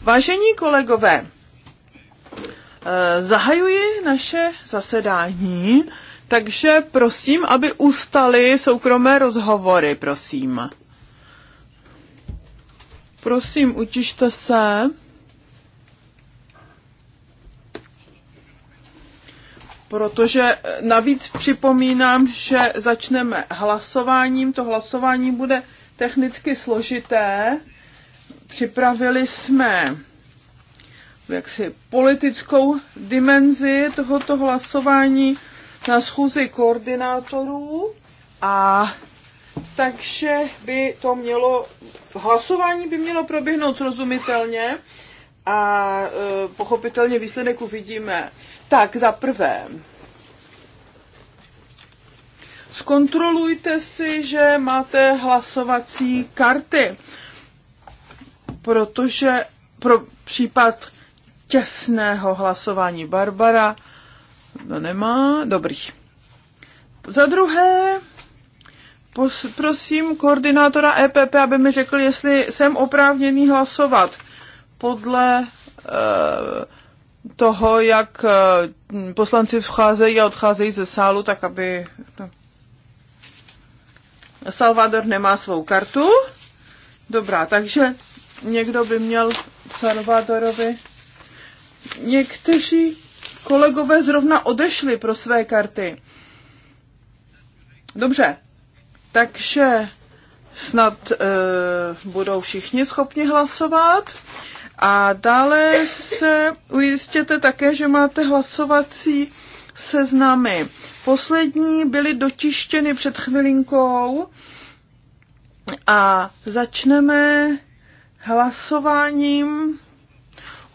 Vážení kolegové, eh, zahajuji naše zasedání, takže prosím, aby ustali soukromé rozhovory, prosím. Prosím, utište se. protože navíc připomínám, že začneme hlasováním. To hlasování bude technicky složité Připravili jsme jaksi politickou dimenzi tohoto hlasování na schůzi koordinátorů a takže by to mělo, hlasování by mělo proběhnout srozumitelně a e, pochopitelně výsledek uvidíme. Tak za prvé, zkontrolujte si, že máte hlasovací karty protože pro případ těsného hlasování Barbara to nemá, dobrý. Za druhé, pos, prosím koordinátora EPP, aby mi řekl, jestli jsem oprávněný hlasovat podle eh, toho, jak eh, poslanci vcházejí a odcházejí ze sálu, tak aby... No. Salvador nemá svou kartu. Dobrá, takže někdo by měl Salvadorovi. Někteří kolegové zrovna odešli pro své karty. Dobře, takže snad e, budou všichni schopni hlasovat. A dále se ujistěte také, že máte hlasovací seznamy. Poslední byly dotištěny před chvilinkou a začneme hlasováním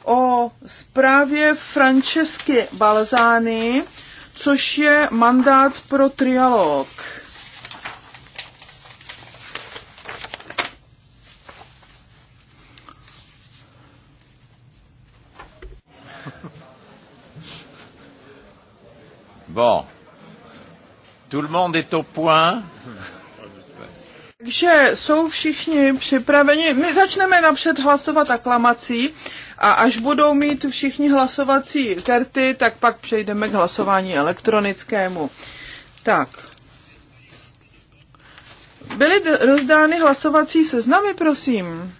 o zprávě Francesky Balzány, což je mandát pro trialog. Bon. Tout le monde est au point. Takže jsou všichni připraveni. My začneme napřed hlasovat aklamací a až budou mít všichni hlasovací karty, tak pak přejdeme k hlasování elektronickému. Tak. Byly rozdány hlasovací seznamy, prosím.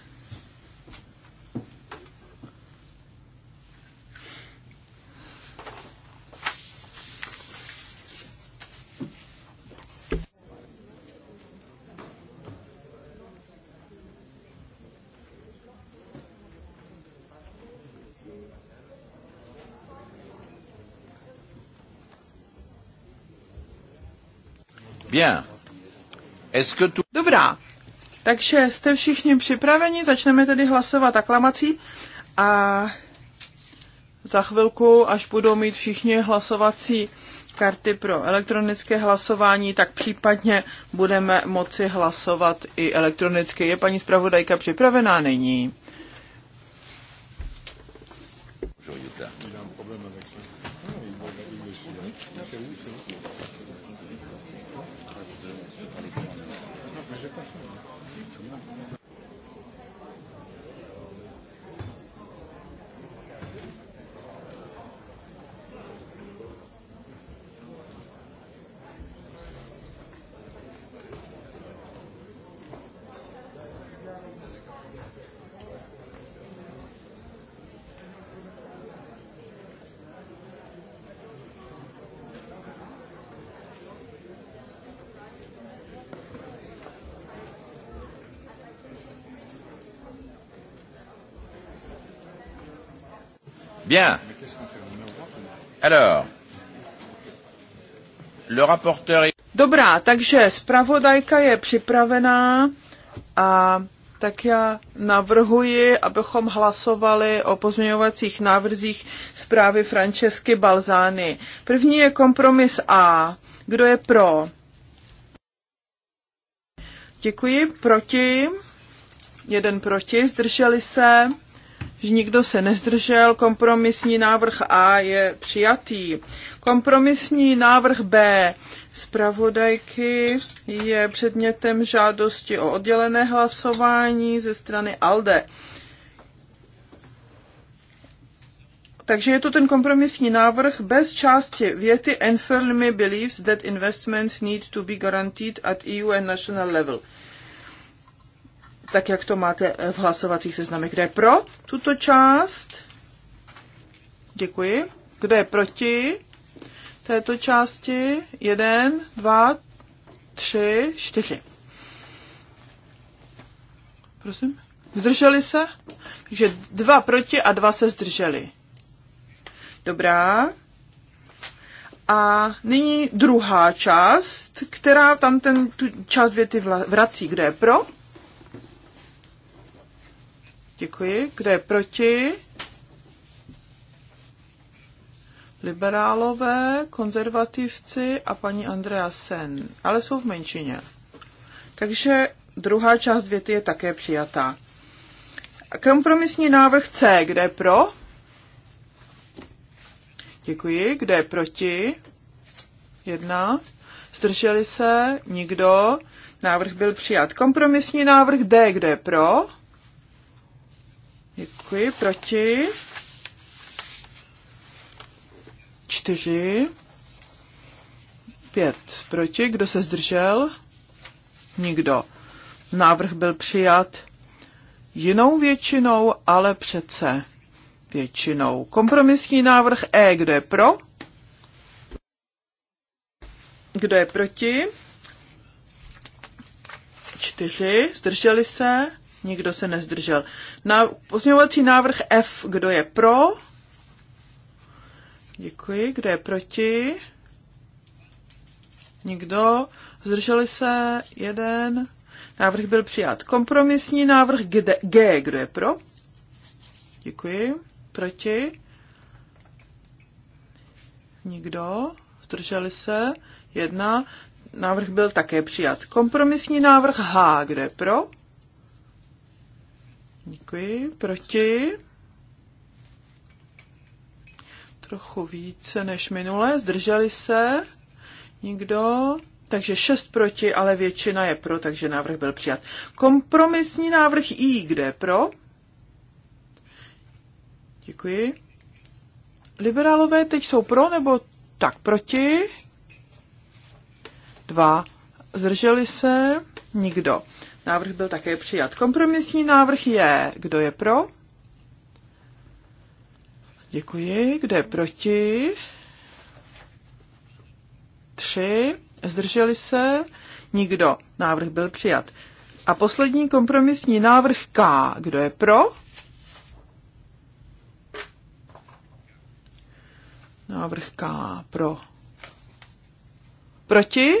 Bien. Dobrá. Takže jste všichni připraveni, začneme tedy hlasovat aklamací a za chvilku, až budou mít všichni hlasovací karty pro elektronické hlasování, tak případně budeme moci hlasovat i elektronicky. Je paní zpravodajka připravená? Není. Bien. Alors, le rapporteur est... Dobrá, takže zpravodajka je připravená a tak já navrhuji, abychom hlasovali o pozměňovacích návrzích zprávy Francesky Balzány. První je kompromis A. Kdo je pro? Děkuji. Proti? Jeden proti. Zdrželi se? že nikdo se nezdržel, kompromisní návrh A je přijatý. Kompromisní návrh B zpravodajky je předmětem žádosti o oddělené hlasování ze strany ALDE. Takže je to ten kompromisní návrh bez části věty and firmly believes that investments need to be guaranteed at EU and national level tak jak to máte v hlasovacích seznamech. Kdo je pro tuto část? Děkuji. Kdo je proti této části? Jeden, dva, tři, čtyři. Prosím? Zdrželi se? Takže dva proti a dva se zdrželi. Dobrá. A nyní druhá část, která tam ten tu část věty vrací. Kdo je pro? Děkuji. Kdo je proti? Liberálové, konzervativci a paní Andrea Sen, ale jsou v menšině. Takže druhá část věty je také přijatá. Kompromisní návrh C, kde je pro? Děkuji. Kde je proti? Jedna. Zdrželi se? Nikdo. Návrh byl přijat. Kompromisní návrh D, kde je pro? Děkuji. Proti? Čtyři. Pět. Proti? Kdo se zdržel? Nikdo. Návrh byl přijat jinou většinou, ale přece většinou. Kompromisní návrh E. Kdo je pro? Kdo je proti? Čtyři. Zdrželi se? Nikdo se nezdržel. Na pozměňovací návrh F, kdo je pro? Děkuji. Kdo je proti? Nikdo. Zdrželi se? Jeden. Návrh byl přijat. Kompromisní návrh G, G kdo je pro? Děkuji. Proti? Nikdo. Zdrželi se? Jedna. Návrh byl také přijat. Kompromisní návrh H, kdo je pro? Děkuji. Proti? Trochu více než minule. Zdrželi se? Nikdo? Takže šest proti, ale většina je pro, takže návrh byl přijat. Kompromisní návrh I, kde je pro? Děkuji. Liberálové teď jsou pro nebo tak proti? Dva. Zdrželi se? Nikdo. Návrh byl také přijat. Kompromisní návrh je, kdo je pro? Děkuji. Kdo je proti? Tři. Zdrželi se? Nikdo. Návrh byl přijat. A poslední kompromisní návrh K. Kdo je pro? Návrh K. Pro. Proti?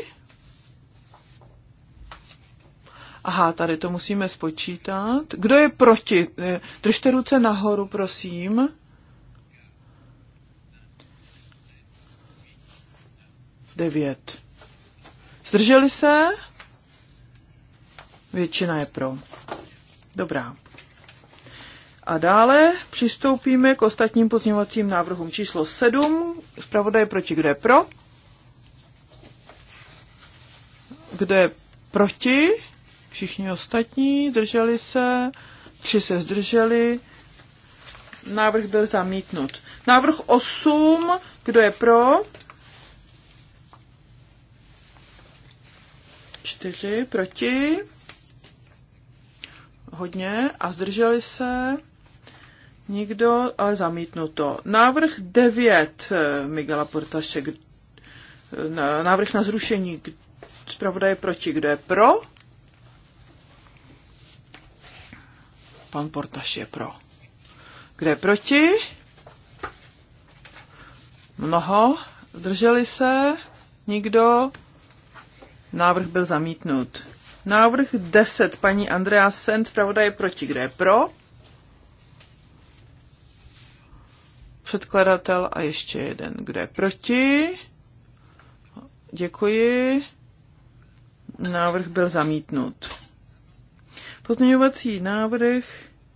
Aha, tady to musíme spočítat. Kdo je proti? Eh, držte ruce nahoru, prosím. Devět. Zdrželi se? Většina je pro. Dobrá. A dále přistoupíme k ostatním pozměňovacím návrhům. Číslo 7. Zpravodaj proti. Kdo je pro? Kdo je proti? Všichni ostatní drželi se, tři se zdrželi, návrh byl zamítnut. Návrh 8, kdo je pro? Čtyři proti. Hodně a zdrželi se. Nikdo, ale zamítnuto. Návrh 9 Miguela Portašek. Návrh na zrušení zpravodaje proti. Kdo je pro? Pan Portaš je pro. Kde je proti? Mnoho. Zdrželi se? Nikdo? Návrh byl zamítnut. Návrh 10. Paní Andrea Sen, zpravodaj je proti. Kde je pro? Předkladatel a ještě jeden. Kde je proti? Děkuji. Návrh byl zamítnut. Pozměňovací návrh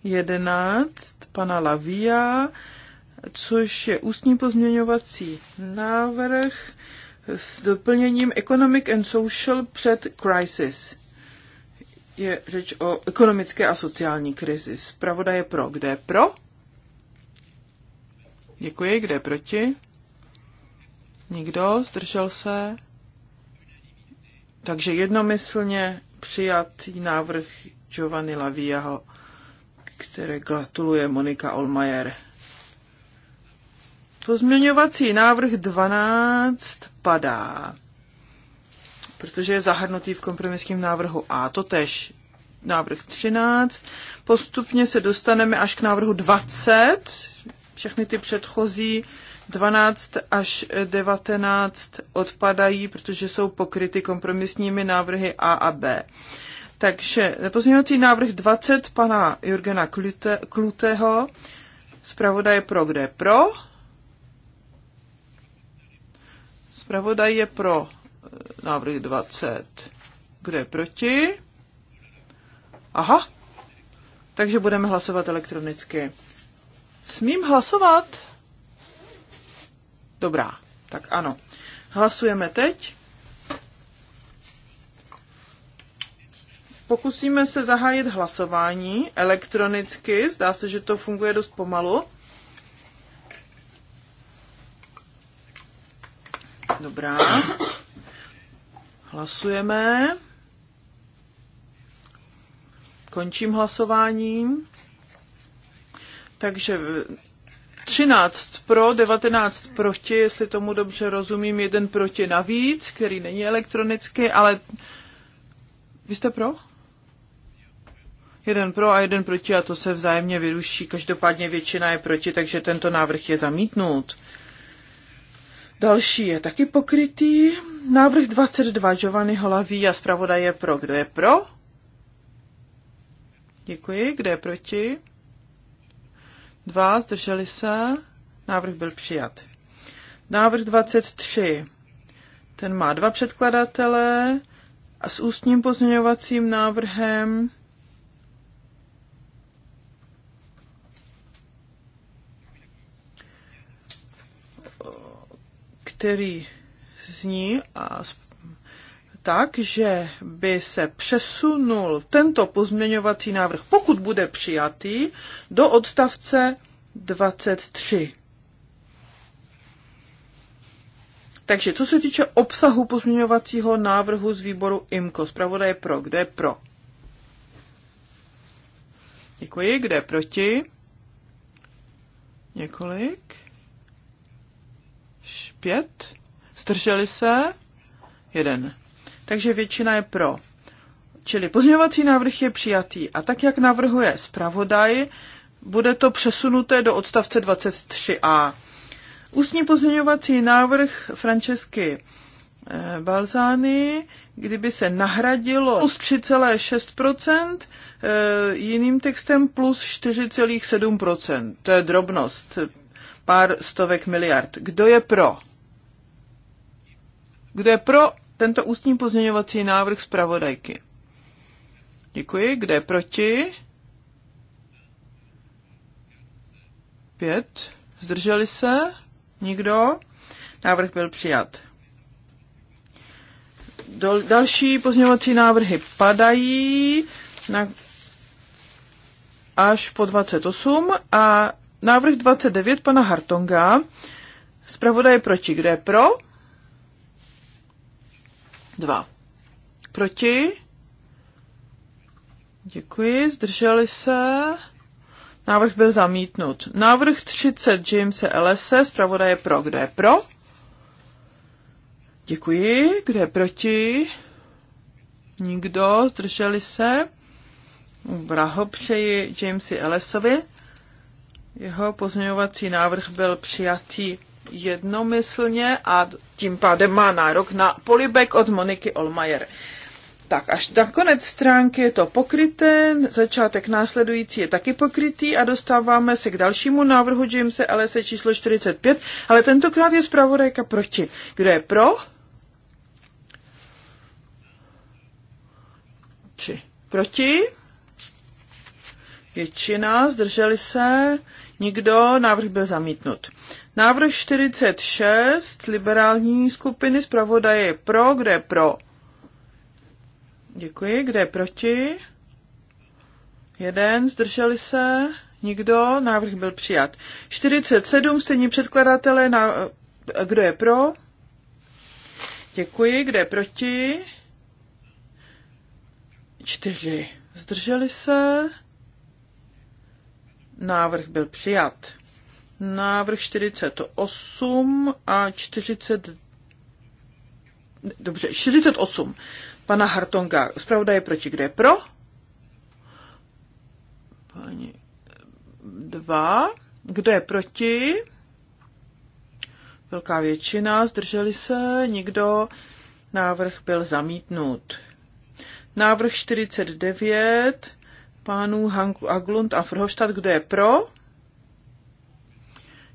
11 pana Lavia, což je ústní pozměňovací návrh s doplněním Economic and Social před Crisis. Je řeč o ekonomické a sociální krizi. Zpravoda je pro. Kde je pro? Děkuji. Kde je proti? Nikdo? Zdržel se? Takže jednomyslně přijatý návrh Giovanni Laviaho, které gratuluje Monika Olmajer. Pozměňovací návrh 12 padá, protože je zahrnutý v kompromisním návrhu A. To tež návrh 13. Postupně se dostaneme až k návrhu 20. Všechny ty předchozí 12 až 19 odpadají, protože jsou pokryty kompromisními návrhy A a B. Takže pozměňovací návrh 20 pana Jurgena Klute, Klutého, zpravodaj pro kde pro. Zpravodaj je pro eh, návrh 20. kde je proti? Aha, takže budeme hlasovat elektronicky. Smím hlasovat? Dobrá, tak ano. Hlasujeme teď. Pokusíme se zahájit hlasování elektronicky. Zdá se, že to funguje dost pomalu. Dobrá. Hlasujeme. Končím hlasováním. Takže 13 pro, 19 proti, jestli tomu dobře rozumím, jeden proti navíc, který není elektronicky, ale vy jste pro? Jeden pro a jeden proti a to se vzájemně vyruší. Každopádně většina je proti, takže tento návrh je zamítnut. Další je taky pokrytý. Návrh 22 Giovanni Holaví a zpravodaj je pro. Kdo je pro? Děkuji. Kdo je proti? Dva. Zdrželi se. Návrh byl přijat. Návrh 23. Ten má dva předkladatele a s ústním pozměňovacím návrhem který zní a tak, že by se přesunul tento pozměňovací návrh, pokud bude přijatý, do odstavce 23. Takže co se týče obsahu pozměňovacího návrhu z výboru IMKO, zpravodaj je pro. Kdo je pro? Děkuji. Kdo je proti? Několik pět, zdrželi se, jeden. Takže většina je pro. Čili pozměňovací návrh je přijatý a tak, jak navrhuje zpravodaj, bude to přesunuté do odstavce 23a. Ústní pozměňovací návrh Francesky eh, Balzány, kdyby se nahradilo plus 3,6% eh, jiným textem plus 4,7%. To je drobnost pár stovek miliard. Kdo je pro? Kdo je pro tento ústní pozměňovací návrh zpravodajky? Děkuji. Kdo je proti? Pět. Zdrželi se? Nikdo? Návrh byl přijat. Do, další pozměňovací návrhy padají na, až po 28 a Návrh 29 pana Hartonga. Zpravodaj proti. Kdo je pro? Dva. Proti? Děkuji. Zdrželi se? Návrh byl zamítnut. Návrh 30 Jamese Ellese. Zpravodaj je pro. Kdo je pro? Děkuji. Kdo je proti? Nikdo. Zdrželi se? Brahopřeji Jamesi Ellesovi. Jeho pozměňovací návrh byl přijatý jednomyslně a tím pádem má nárok na polibek od Moniky Olmajer. Tak až na konec stránky je to pokryté, začátek následující je taky pokrytý a dostáváme se k dalšímu návrhu Jamesa Ellese číslo 45, ale tentokrát je zpravodajka proti. Kdo je pro? Tři. Proti? Většina, zdrželi se. Nikdo, návrh byl zamítnut. Návrh 46, liberální skupiny, zpravodaje pro, kde je pro? Děkuji, kde je proti? Jeden, zdrželi se? Nikdo, návrh byl přijat. 47, stejní předkladatele, na, kdo je pro? Děkuji, kde je proti? Čtyři. Zdrželi se? Návrh byl přijat. Návrh 48 a 40. Dobře, 48. Pana Hartonga. Zpravda je proti. Kde je pro? Pani Dva. Kdo je proti? Velká většina. Zdrželi se. Nikdo. Návrh byl zamítnut. Návrh 49 pánů Hanku Aglund a Frhoštad, kdo je pro?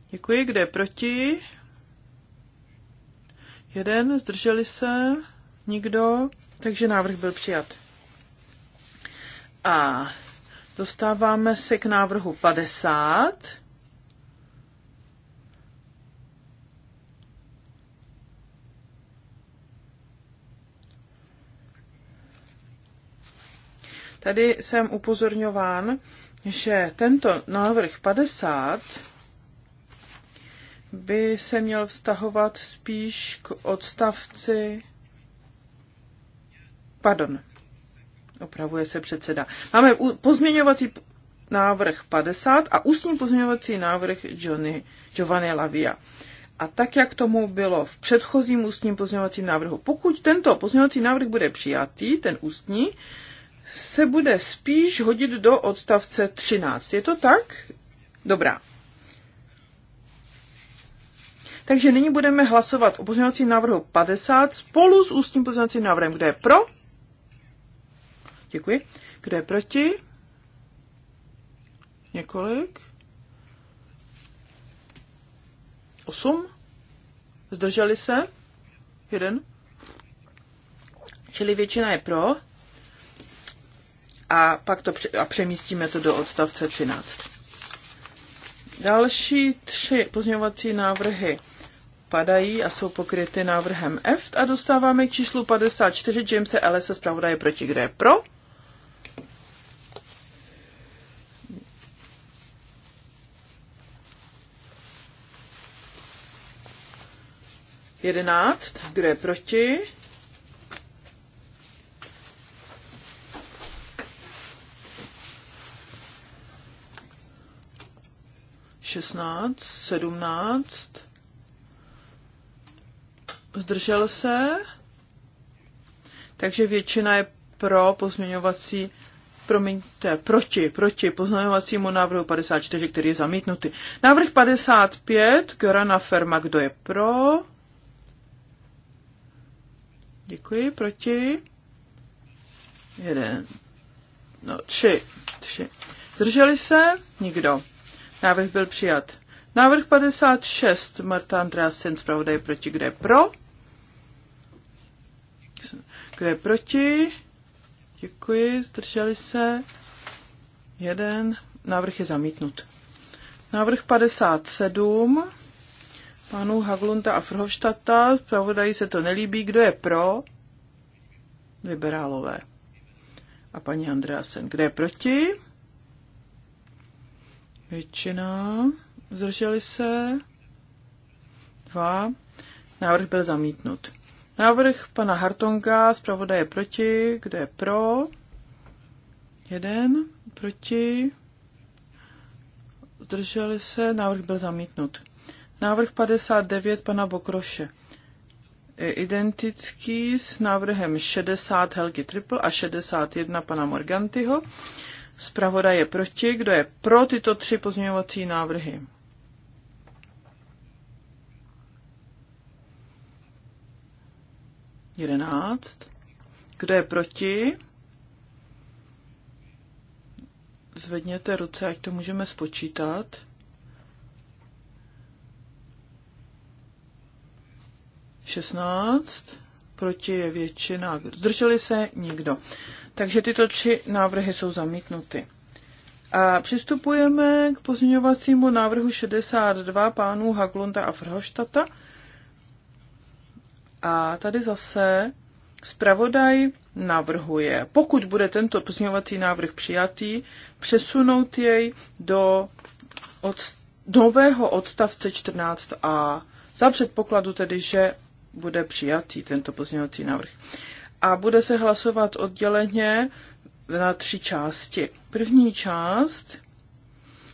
Děkuji, kdo je proti? Jeden, zdrželi se, nikdo, takže návrh byl přijat. A dostáváme se k návrhu 50. Tady jsem upozorňován, že tento návrh 50 by se měl vztahovat spíš k odstavci. Pardon, opravuje se předseda. Máme pozměňovací návrh 50 a ústní pozměňovací návrh Johnny, Giovanni Lavia. A tak, jak tomu bylo v předchozím ústním pozměňovacím návrhu, pokud tento pozměňovací návrh bude přijatý, ten ústní, se bude spíš hodit do odstavce 13. Je to tak? Dobrá. Takže nyní budeme hlasovat o pozměňovacím návrhu 50 spolu s ústním pozměňovacím návrhem. Kdo je pro? Děkuji. Kdo je proti? Několik? Osm? Zdrželi se? Jeden? Čili většina je pro, a pak to a přemístíme to do odstavce 13. Další tři pozměňovací návrhy padají a jsou pokryty návrhem F a dostáváme k číslu 54 Jamese se zpravodaje proti kde je pro. Jedenáct, kdo je proti? 16, 17. Zdržel se. Takže většina je pro pozměňovací, promiňte, proti, proti pozměňovacímu návrhu 54, který je zamítnutý. Návrh 55, Gorana Ferma, kdo je pro? Děkuji, proti? Jeden, no tři, tři. Zdrželi se? Nikdo. Návrh byl přijat. Návrh 56, Marta Andrásen, zpravodaj proti, kde je pro? Kde je proti? Děkuji, zdrželi se. Jeden. Návrh je zamítnut. Návrh 57, pánů Haglunda a Frhovštata, zpravodají se to nelíbí, kdo je pro? Liberálové. A paní Andreasen, kde je proti? Většina. Zdrželi se. Dva. Návrh byl zamítnut. Návrh pana Hartonga, zpravodaje proti, Kdo je pro? Jeden, proti. Zdrželi se, návrh byl zamítnut. Návrh 59 pana Bokroše je identický s návrhem 60 Helgi Triple a 61 pana Morgantyho. Zpravodaj je proti. Kdo je pro tyto tři pozměňovací návrhy? Jedenáct. Kdo je proti? Zvedněte ruce, ať to můžeme spočítat. Šestnáct. Proti je většina. Zdrželi se? Nikdo. Takže tyto tři návrhy jsou zamítnuty. A přistupujeme k pozměňovacímu návrhu 62 pánů Haglunda a Frhoštata. A tady zase zpravodaj navrhuje, pokud bude tento pozměňovací návrh přijatý, přesunout jej do od, nového odstavce 14a, za předpokladu tedy, že bude přijatý tento pozměňovací návrh a bude se hlasovat odděleně na tři části. První část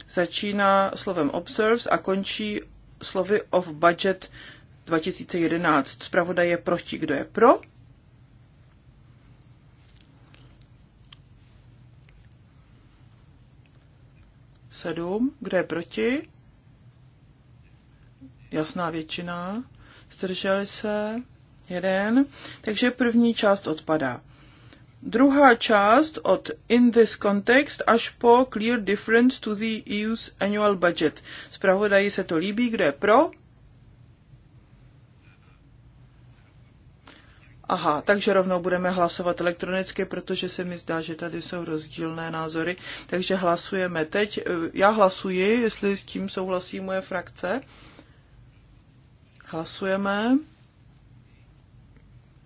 začíná slovem observes a končí slovy of budget 2011. Zpravoda je proti. Kdo je pro? Sedm. Kdo je proti? Jasná většina. Zdrželi se jeden, takže první část odpadá. Druhá část od In this context až po Clear difference to the EU's annual budget. Zpravodají se to líbí, kde je pro? Aha, takže rovnou budeme hlasovat elektronicky, protože se mi zdá, že tady jsou rozdílné názory. Takže hlasujeme teď. Já hlasuji, jestli s tím souhlasí moje frakce. Hlasujeme.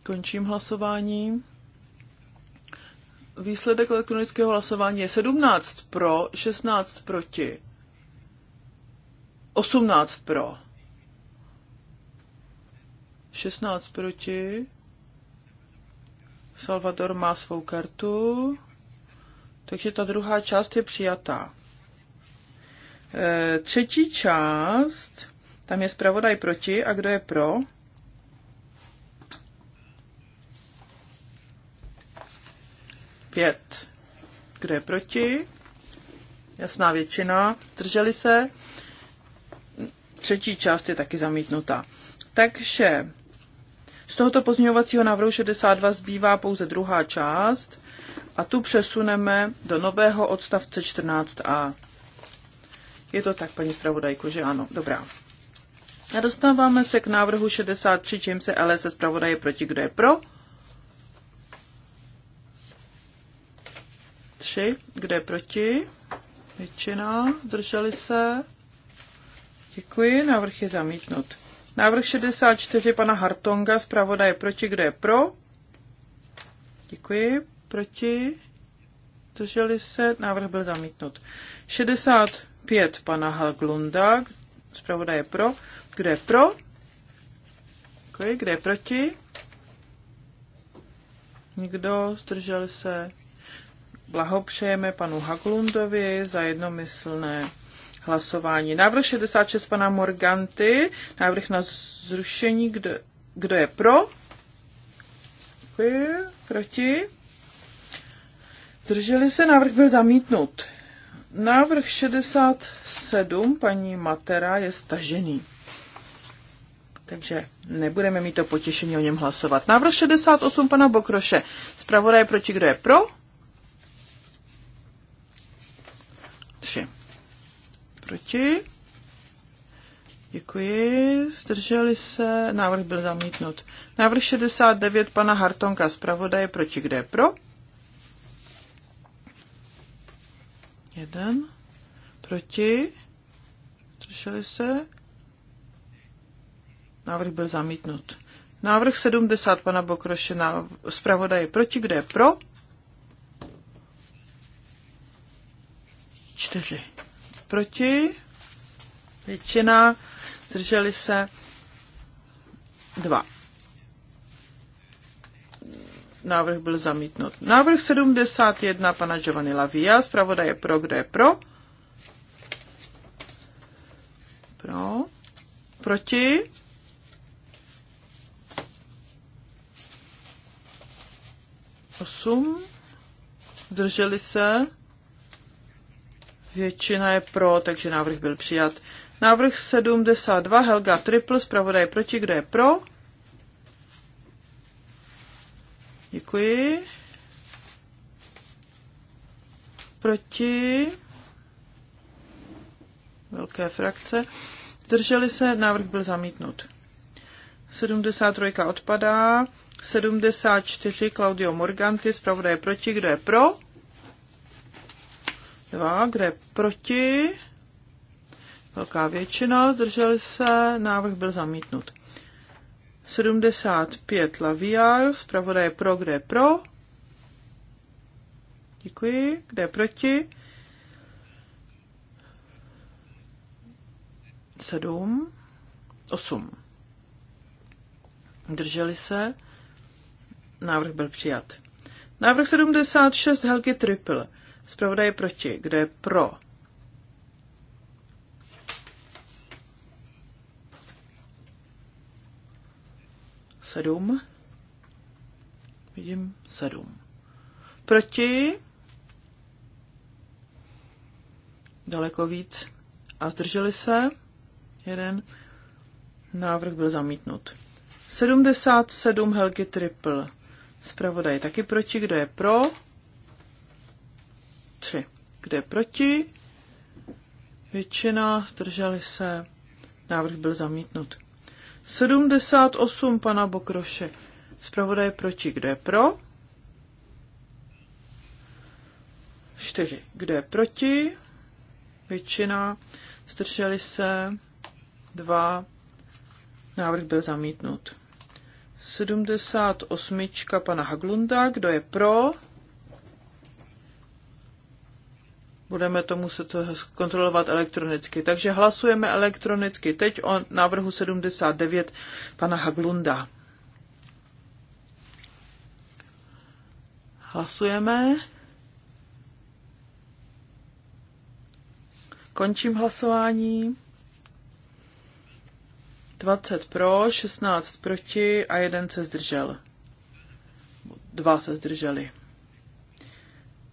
Končím hlasování. Výsledek elektronického hlasování je 17 pro, 16 proti, 18 pro, 16 proti. Salvador má svou kartu, takže ta druhá část je přijatá. Eh, třetí část, tam je zpravodaj proti a kdo je pro? 5. Kdo je proti? Jasná většina. Drželi se. Třetí část je taky zamítnutá. Takže z tohoto pozměňovacího návrhu 62 zbývá pouze druhá část a tu přesuneme do nového odstavce 14a. Je to tak, paní zpravodajko, že ano? Dobrá. A dostáváme se k návrhu 63, čím se LS zpravodaje proti, kdo je pro? 3. Kdo je proti? Většina. Drželi se? Děkuji. Návrh je zamítnut. Návrh 64 pana Hartonga. Zpravoda je proti. Kdo je pro? Děkuji. Proti? Drželi se? Návrh byl zamítnut. 65 pana Haglunda. Zpravoda je pro. Kdo je pro? Děkuji. Kdo je proti? Nikdo. Zdrželi se? Blahopřejeme panu Haglundovi za jednomyslné hlasování. Návrh 66 pana Morganty, návrh na zrušení, kdo, kdo je pro? Děkuji. Proti? Zdrželi se, návrh byl zamítnut. Návrh 67 paní Matera je stažený. Takže nebudeme mít to potěšení o něm hlasovat. Návrh 68 pana Bokroše. Zpravodaj proti, kdo je pro? proti? Děkuji. Zdrželi se. Návrh byl zamítnut. Návrh 69 pana Hartonka zpravodaje proti kde je pro? Jeden. Proti? Zdrželi se. Návrh byl zamítnut. Návrh 70 pana Bokroše na zpravodaje proti kde je pro? Čtyři proti, většina, zdrželi se dva. Návrh byl zamítnut. Návrh 71 pana Giovanni Lavia, Zpravoda je pro, kdo je pro? Pro. Proti? Osm. Drželi se? Většina je pro, takže návrh byl přijat. Návrh 72 Helga Triple, zpravodaj proti, kdo je pro? Děkuji. Proti. Velké frakce. Zdrželi se, návrh byl zamítnut. 73 odpadá. 74 Claudio Morganti, zpravodaj proti, kdo je pro? 2, kde je proti, velká většina, zdrželi se, návrh byl zamítnut. 75 Laviar, zpravodaj je pro, kde je pro. Děkuji, kde je proti. 7, 8. Drželi se. Návrh byl přijat. Návrh 76 Helky Triple. Zpravodaj je proti. Kdo je pro? Sedm. Vidím sedm. Proti? Daleko víc. A zdrželi se? Jeden. Návrh byl zamítnut. 77 Helgi Triple. Zpravodaj taky proti. Kdo je pro? 3. Kdo je proti? Většina, zdrželi se. Návrh byl zamítnut. 78 pana Bokroše. Zpravodaj je proti. Kdo je pro? 4. Kdo je proti? Většina. Zdrželi se. 2. Návrh byl zamítnut. 78. pana Haglunda. Kdo je pro? Budeme to muset kontrolovat elektronicky. Takže hlasujeme elektronicky teď o návrhu 79 pana Haglunda. Hlasujeme. Končím hlasování. 20 pro, 16 proti a jeden se zdržel. Dva se zdrželi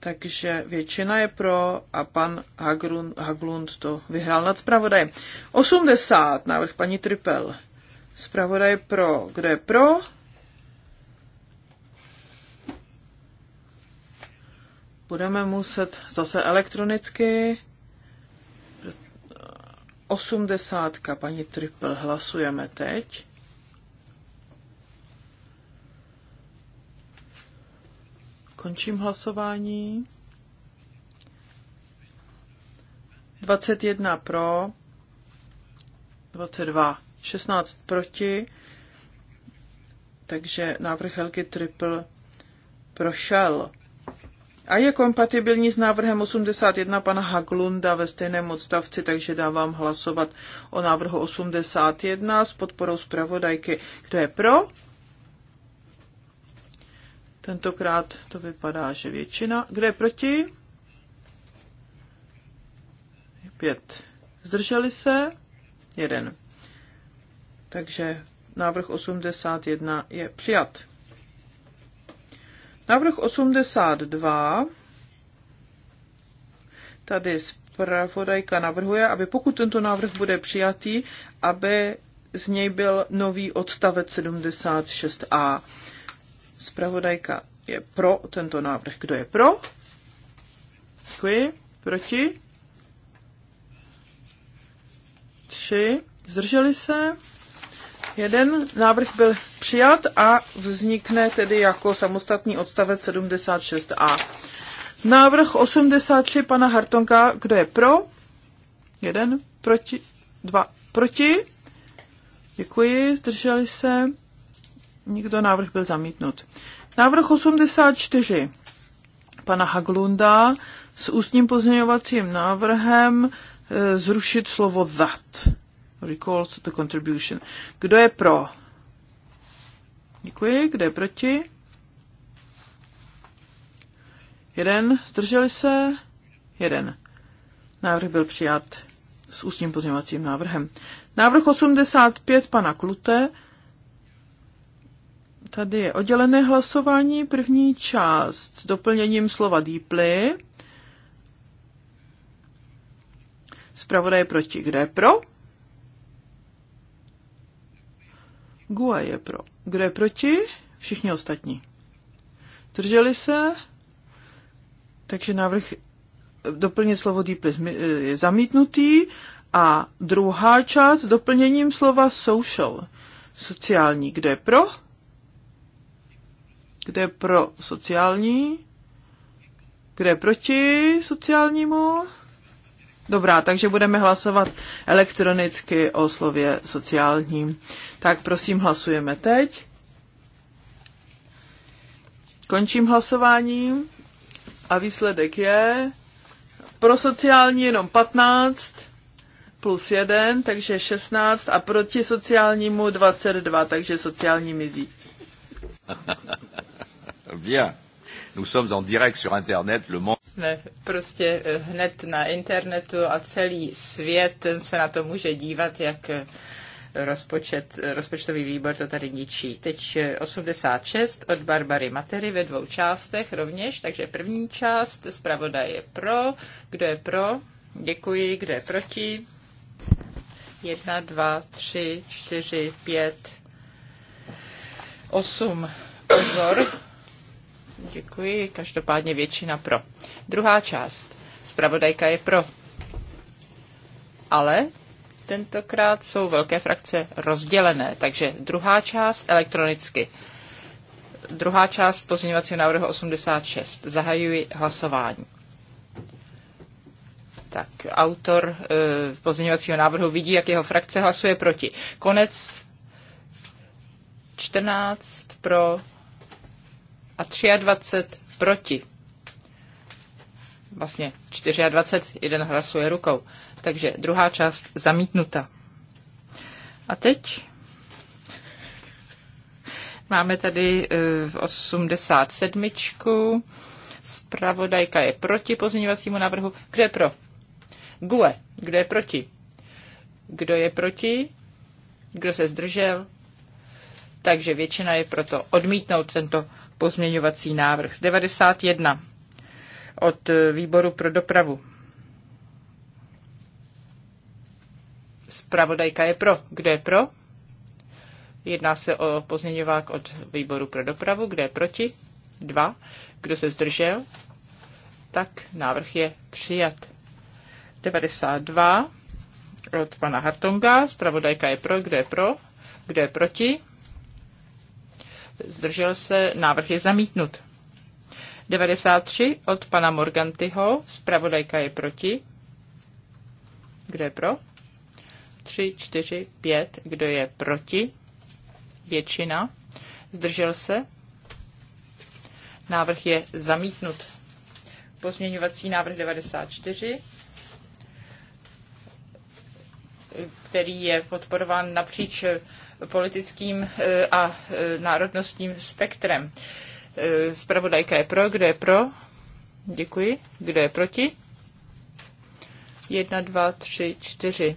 takže většina je pro a pan Haglund, Haglund to vyhrál nad zpravodajem. 80, návrh paní Tripel. Zpravodaj pro. Kdo je pro? Budeme muset zase elektronicky. 80, paní Tripel, hlasujeme teď. Končím hlasování. 21 pro, 22, 16 proti, takže návrh Helgi Triple prošel. A je kompatibilní s návrhem 81 pana Haglunda ve stejném odstavci, takže dávám hlasovat o návrhu 81 s podporou zpravodajky. Kdo je pro? Tentokrát to vypadá, že většina. Kdo je proti? Pět. Zdrželi se? Jeden. Takže návrh 81 je přijat. Návrh 82. Tady zpravodajka navrhuje, aby pokud tento návrh bude přijatý, aby z něj byl nový odstavec 76a. Spravodajka je pro tento návrh. Kdo je pro? Děkuji. Proti? Tři. Zdrželi se? Jeden návrh byl přijat a vznikne tedy jako samostatný odstavec 76a. Návrh 83 pana Hartonka, kdo je pro? Jeden proti, dva proti. Děkuji, zdrželi se. Nikdo návrh byl zamítnut. Návrh 84 pana Haglunda s ústním pozměňovacím návrhem eh, zrušit slovo that. to the contribution. Kdo je pro? Děkuji. Kdo je proti? Jeden. Zdrželi se? Jeden. Návrh byl přijat s ústním pozměňovacím návrhem. Návrh 85 pana Klute Tady je oddělené hlasování, první část s doplněním slova deeply. Zpravodaj je proti. Kdo je pro? Gua je pro. Kdo je proti? Všichni ostatní. Drželi se? Takže návrh doplnit slovo deeply je zamítnutý a druhá část s doplněním slova social. Sociální. Kdo je pro? Kde je pro sociální? Kde je proti sociálnímu? Dobrá, takže budeme hlasovat elektronicky o slově sociální. Tak prosím, hlasujeme teď. Končím hlasování a výsledek je pro sociální jenom 15 plus 1, takže 16 a proti sociálnímu 22, takže sociální mizí. Bien. Nous sommes en direct sur Internet, le monde. Jsme prostě eh, hned na internetu a celý svět se na to může dívat, jak eh, rozpočet, eh, rozpočtový výbor to tady ničí. Teď 86 od Barbary Matery ve dvou částech rovněž, takže první část, zpravoda je pro, kdo je pro, děkuji, kdo je proti. 1, 2, 3, 4, 5, 8. Pozor, Děkuji, každopádně většina pro. Druhá část. Spravodajka je pro. Ale tentokrát jsou velké frakce rozdělené, takže druhá část elektronicky. Druhá část pozměňovacího návrhu 86. Zahajuji hlasování. Tak autor e, pozměňovacího návrhu vidí, jak jeho frakce hlasuje proti. Konec 14 pro a 23 proti. Vlastně 24, jeden hlasuje rukou. Takže druhá část zamítnuta. A teď máme tady 87. E, Spravodajka je proti pozměňovacímu návrhu. Kdo je pro? GUE. Kdo je proti? Kdo je proti? Kdo se zdržel? Takže většina je proto odmítnout tento pozměňovací návrh 91 od výboru pro dopravu. Spravodajka je pro. Kdo je pro? Jedná se o pozměňovák od výboru pro dopravu. Kdo je proti? Dva. Kdo se zdržel? Tak návrh je přijat. 92 od pana Hartonga. Spravodajka je pro. Kdo je pro? Kdo je proti? zdržel se, návrh je zamítnut. 93 od pana Morgantyho, zpravodajka je proti. Kdo je pro? 3, 4, 5, kdo je proti? Většina. Zdržel se? Návrh je zamítnut. Pozměňovací návrh 94, který je podporován napříč politickým eh, a eh, národnostním spektrem. Eh, spravodajka je pro, kdo je pro? Děkuji. Kdo je proti? Jedna, dva, tři, čtyři.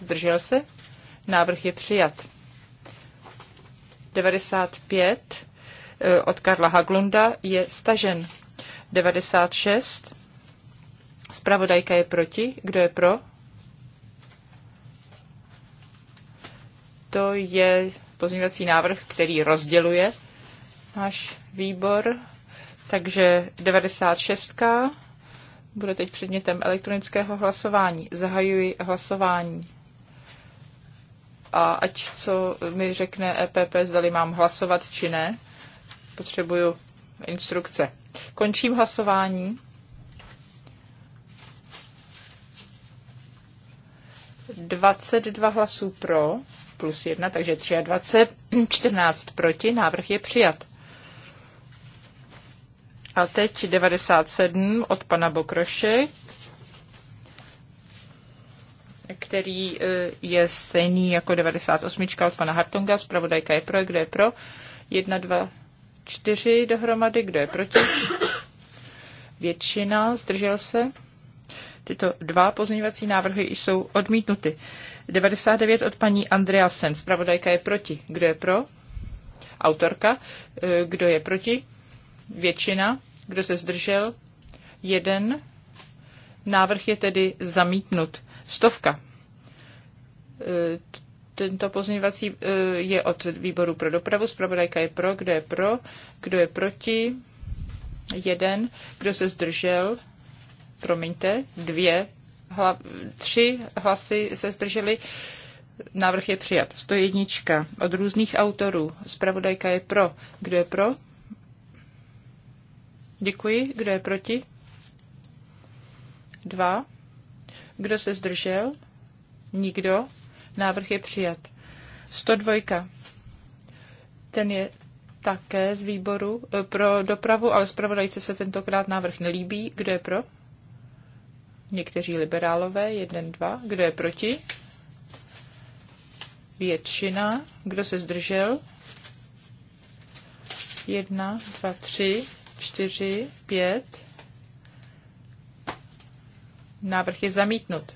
Zdržel se? Návrh je přijat. 95 od Karla Haglunda je stažen. 96. Spravodajka je proti. Kdo je pro? to je pozměňovací návrh, který rozděluje náš výbor. Takže 96 bude teď předmětem elektronického hlasování. Zahajuji hlasování. A ať co mi řekne EPP, zdali mám hlasovat či ne, potřebuju instrukce. Končím hlasování. Dvacet dva hlasů pro, plus 1, takže 23, 14 proti, návrh je přijat. A teď 97 od pana Bokroše, který e, je stejný jako 98 od pana Hartonga. Zpravodajka je pro, kdo je pro? 1, 2, 4 dohromady, kdo je proti? Většina zdržel se. Tyto dva pozměňovací návrhy jsou odmítnuty. 99 od paní Andreasen. Spravodajka je proti. Kdo je pro? Autorka. Eh, kdo je proti? Většina. Kdo se zdržel? Jeden. Návrh je tedy zamítnut. Stovka. Eh, tento pozměňovací eh, je od výboru pro dopravu. Spravodajka je pro. Kdo je pro? Kdo je proti? Jeden. Kdo se zdržel? Promiňte. Dvě hla, tři hlasy se zdrželi. Návrh je přijat. 101 od různých autorů. Spravodajka je pro. Kdo je pro? Děkuji. Kdo je proti? Dva. Kdo se zdržel? Nikdo. Návrh je přijat. 102. Ten je také z výboru eh, pro dopravu, ale zpravodajce se tentokrát návrh nelíbí. Kdo je pro? Někteří liberálové, jeden, dva. Kdo je proti? Většina. Kdo se zdržel? Jedna, dva, tři, čtyři, pět. Návrh je zamítnut.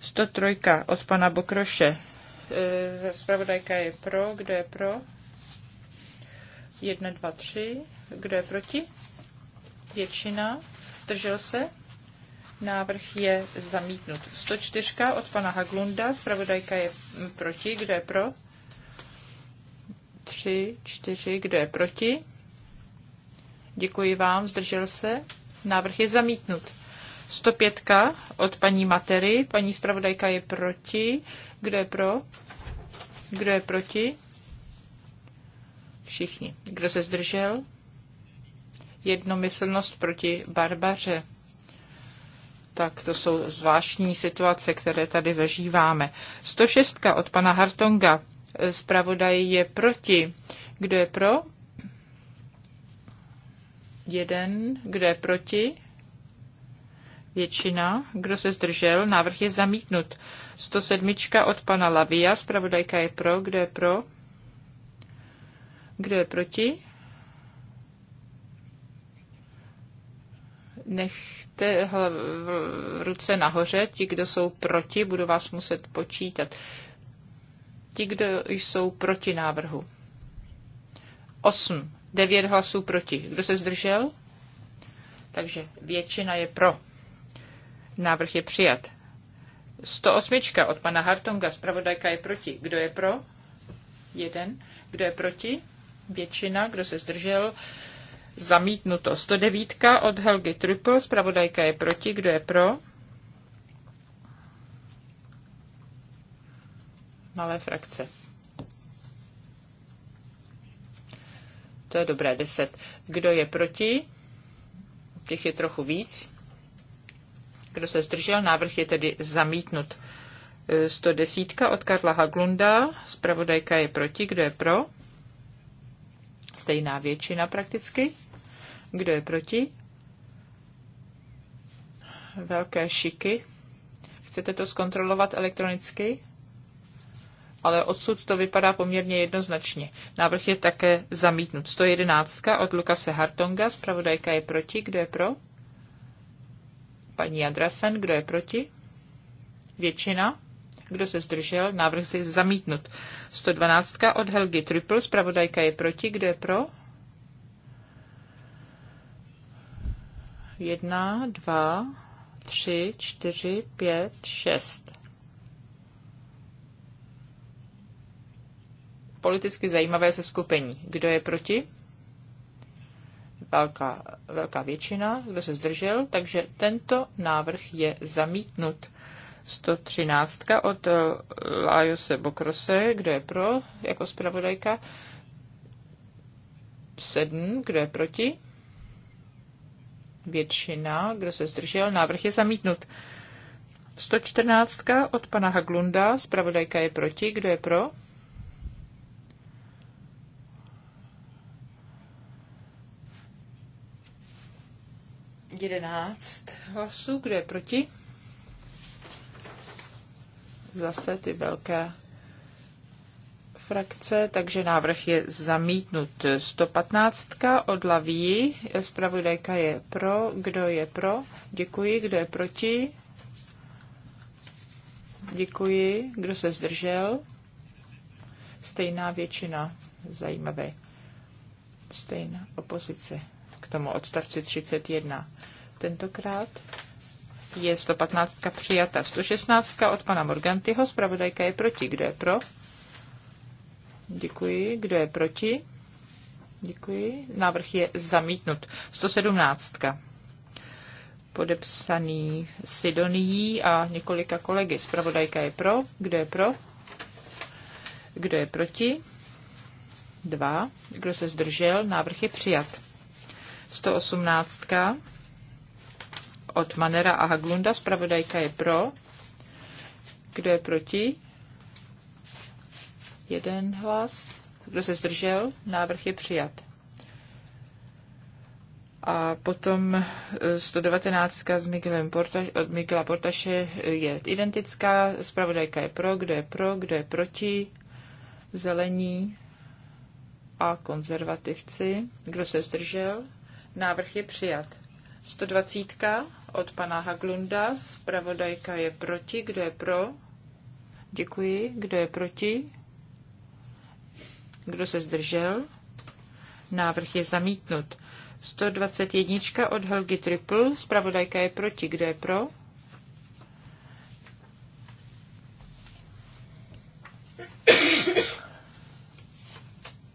103 od pana Bokroše. Spravodajka e, je pro. Kdo je pro? 1, 2, 3. Kdo je proti? Většina. Zdržel se? Návrh je zamítnut. 104 od pana Haglunda. spravodajka je proti. Kdo je pro? 3, 4. Kdo je proti? Děkuji vám. Zdržel se. Návrh je zamítnut. 105 od paní Matery. Paní spravodajka je proti. Kdo je pro? Kdo je proti? Všichni. Kdo se zdržel? Jednomyslnost proti barbaře tak to jsou zvláštní situace, které tady zažíváme. 106 od pana Hartonga. Zpravodaj je proti. Kdo je pro? Jeden. Kdo je proti? Většina. Kdo se zdržel? Návrh je zamítnut. 107 od pana Lavia. Zpravodajka je pro. Kdo je pro? Kdo je proti? nechte ruce nahoře, ti, kdo jsou proti, budu vás muset počítat. Ti, kdo jsou proti návrhu. 8. 9 hlasů proti. Kdo se zdržel? Takže většina je pro. Návrh je přijat. 108 od pana Hartonga, zpravodajka je proti. Kdo je pro? Jeden. Kdo je proti? Většina. Kdo se zdržel? Zamítnuto. 109 od Helgy Triple. zpravodajka je proti. Kdo je pro? Malé frakce. To je dobré, 10. Kdo je proti? Těch je trochu víc. Kdo se zdržel? Návrh je tedy zamítnut. 110 od Karla Haglunda. zpravodajka je proti. Kdo je pro? Stejná většina prakticky. Kdo je proti? Velké šiky. Chcete to zkontrolovat elektronicky? Ale odsud to vypadá poměrně jednoznačně. Návrh je také zamítnut. 111 od Lukase Hartonga, zpravodajka je proti. Kdo je pro? Paní Adrasen, kdo je proti? Většina. Kdo se zdržel? Návrh je zamítnut. 112 od Helgi Triple, zpravodajka je proti. Kdo je pro? Jedna, dva, tři, čtyři, pět, šest. Politicky zajímavé se skupení. Kdo je proti? Velká, velká většina, kdo se zdržel, takže tento návrh je zamítnut. 113 od eh, Lajose Bokrose, kdo je pro, jako zpravodajka. 7, kdo je proti? většina, kdo se zdržel, návrh je zamítnut. 114 od pana Haglunda, zpravodajka je proti, kdo je pro? Jedenáct hlasů, kdo je proti? Zase ty velké frakce, takže návrh je zamítnut. 115. od Laví, zpravodajka je pro. Kdo je pro? Děkuji. Kdo je proti? Děkuji. Kdo se zdržel? Stejná většina. Zajímavé. Stejná opozice k tomu odstavci 31. Tentokrát je 115 přijata. 116 od pana Morgantyho, zpravodajka je proti. Kdo je pro? Děkuji. Kdo je proti? Děkuji. Návrh je zamítnut. 117. Podepsaný Sidonií a několika kolegy. Spravodajka je pro. Kdo je pro? Kdo je proti? Dva. Kdo se zdržel? Návrh je přijat. 118. Od Manera a Haglunda. Spravodajka je pro. Kdo je proti? Jeden hlas. Kdo se zdržel? Návrh je přijat. A potom 119 eh, z Miguelem Porta, od Miguela Portaše eh, je identická. Spravodajka je pro, kdo je pro, kdo je proti. Zelení a konzervativci. Kdo se zdržel? Návrh je přijat. 120 od pana Haglunda. Spravodajka je proti. Kdo je pro? Děkuji. Kdo je proti? Kdo se zdržel? Návrh je zamítnut. 121 od Helgi Triple. Spravodajka je proti. Kdo je pro?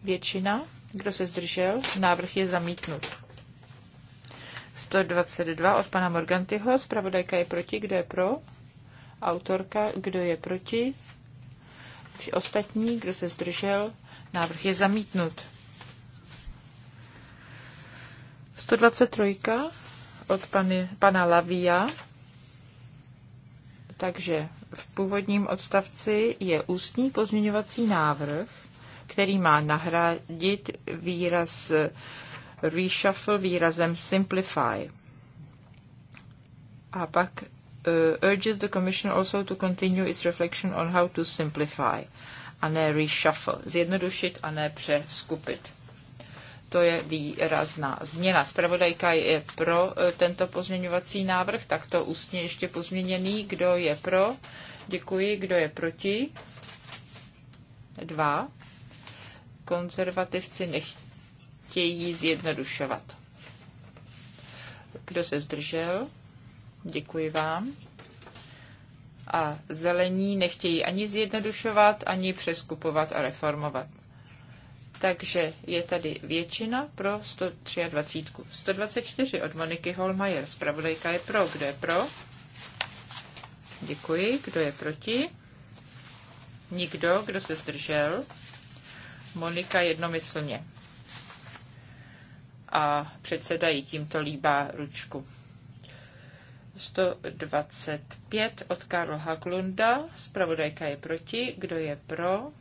Většina. Kdo se zdržel? Návrh je zamítnut. 122 od pana Morgantyho. Spravodajka je proti. Kdo je pro? Autorka. Kdo je proti? Ostatní. Kdo se zdržel? Návrh je zamítnut. 123 od pany, pana Lavia. Takže v původním odstavci je ústní pozměňovací návrh, který má nahradit výraz reshuffle výrazem simplify. A pak uh, urges the Commission also to continue its reflection on how to simplify a ne reshuffle, zjednodušit a ne přeskupit. To je výrazná změna. Spravodajka je pro e, tento pozměňovací návrh, tak to ústně ještě pozměněný. Kdo je pro? Děkuji. Kdo je proti? Dva. Konzervativci nechtějí zjednodušovat. Kdo se zdržel? Děkuji vám a zelení nechtějí ani zjednodušovat, ani přeskupovat a reformovat. Takže je tady většina pro 123. 124 od Moniky Holmajer. Spravodajka je pro. Kdo je pro? Děkuji. Kdo je proti? Nikdo. Kdo se zdržel? Monika jednomyslně. A předseda jí tímto líbá ručku. 125 od Karla Haglunda. Spravodajka je proti. Kdo je pro?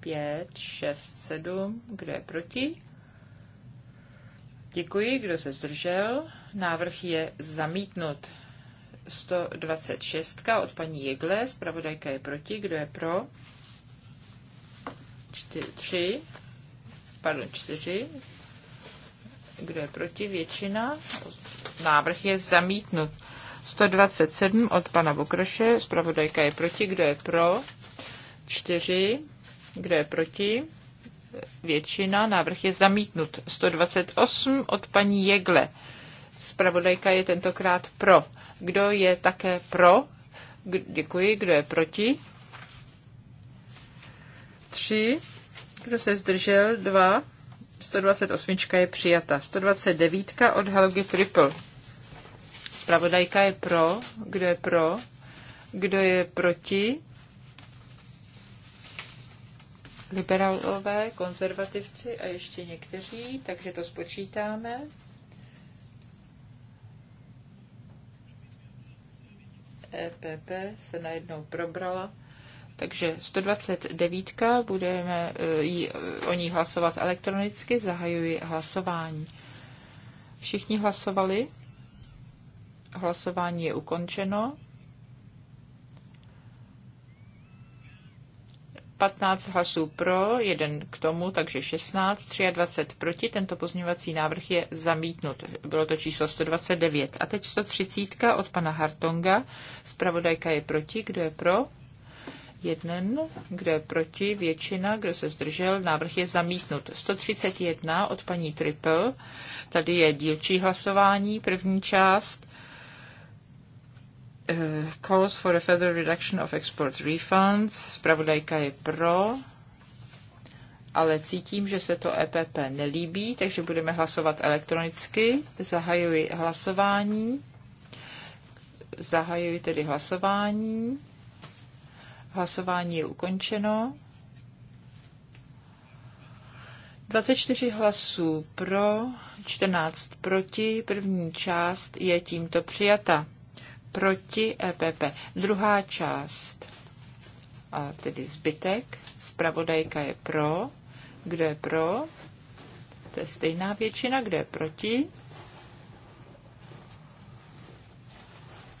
5, 6, 7. Kdo je proti? Děkuji. Kdo se zdržel? Návrh je zamítnut. 126 od paní Jegle. Spravodajka je proti. Kdo je pro? 4, 3. Pardon, 4. Kdo je proti? Většina. Návrh je zamítnut. 127 od pana Bokroše. Zpravodajka je proti. Kdo je pro? 4. Kdo je proti? Většina. Návrh je zamítnut. 128 od paní Jegle. Zpravodajka je tentokrát pro. Kdo je také pro? Děkuji. Kdo je proti? 3. Kdo se zdržel? 2. 128 je přijata. 129 od Helgi Triple. Spravodajka je pro. Kdo je pro? Kdo je proti? Liberálové, konzervativci a ještě někteří, takže to spočítáme. EPP se najednou probrala takže 129 budeme e, jí, e, o ní hlasovat elektronicky. Zahajuji hlasování. Všichni hlasovali. Hlasování je ukončeno. 15 hlasů pro, jeden k tomu, takže 16, 23 proti. Tento pozměňovací návrh je zamítnut. Bylo to číslo 129. A teď 130 od pana Hartonga. Spravodajka je proti. Kdo je pro? jeden, kdo je proti, většina, kdo se zdržel, návrh je zamítnut. 131 od paní Triple, tady je dílčí hlasování, první část, uh, calls for a further reduction of export refunds, zpravodajka je pro, ale cítím, že se to EPP nelíbí, takže budeme hlasovat elektronicky. Zahajuji hlasování. Zahajuji tedy hlasování. Hlasování je ukončeno. 24 hlasů pro, 14 proti, první část je tímto přijata. Proti EPP. Druhá část, a tedy zbytek, zpravodajka je pro. Kdo je pro? To je stejná většina. Kdo je proti?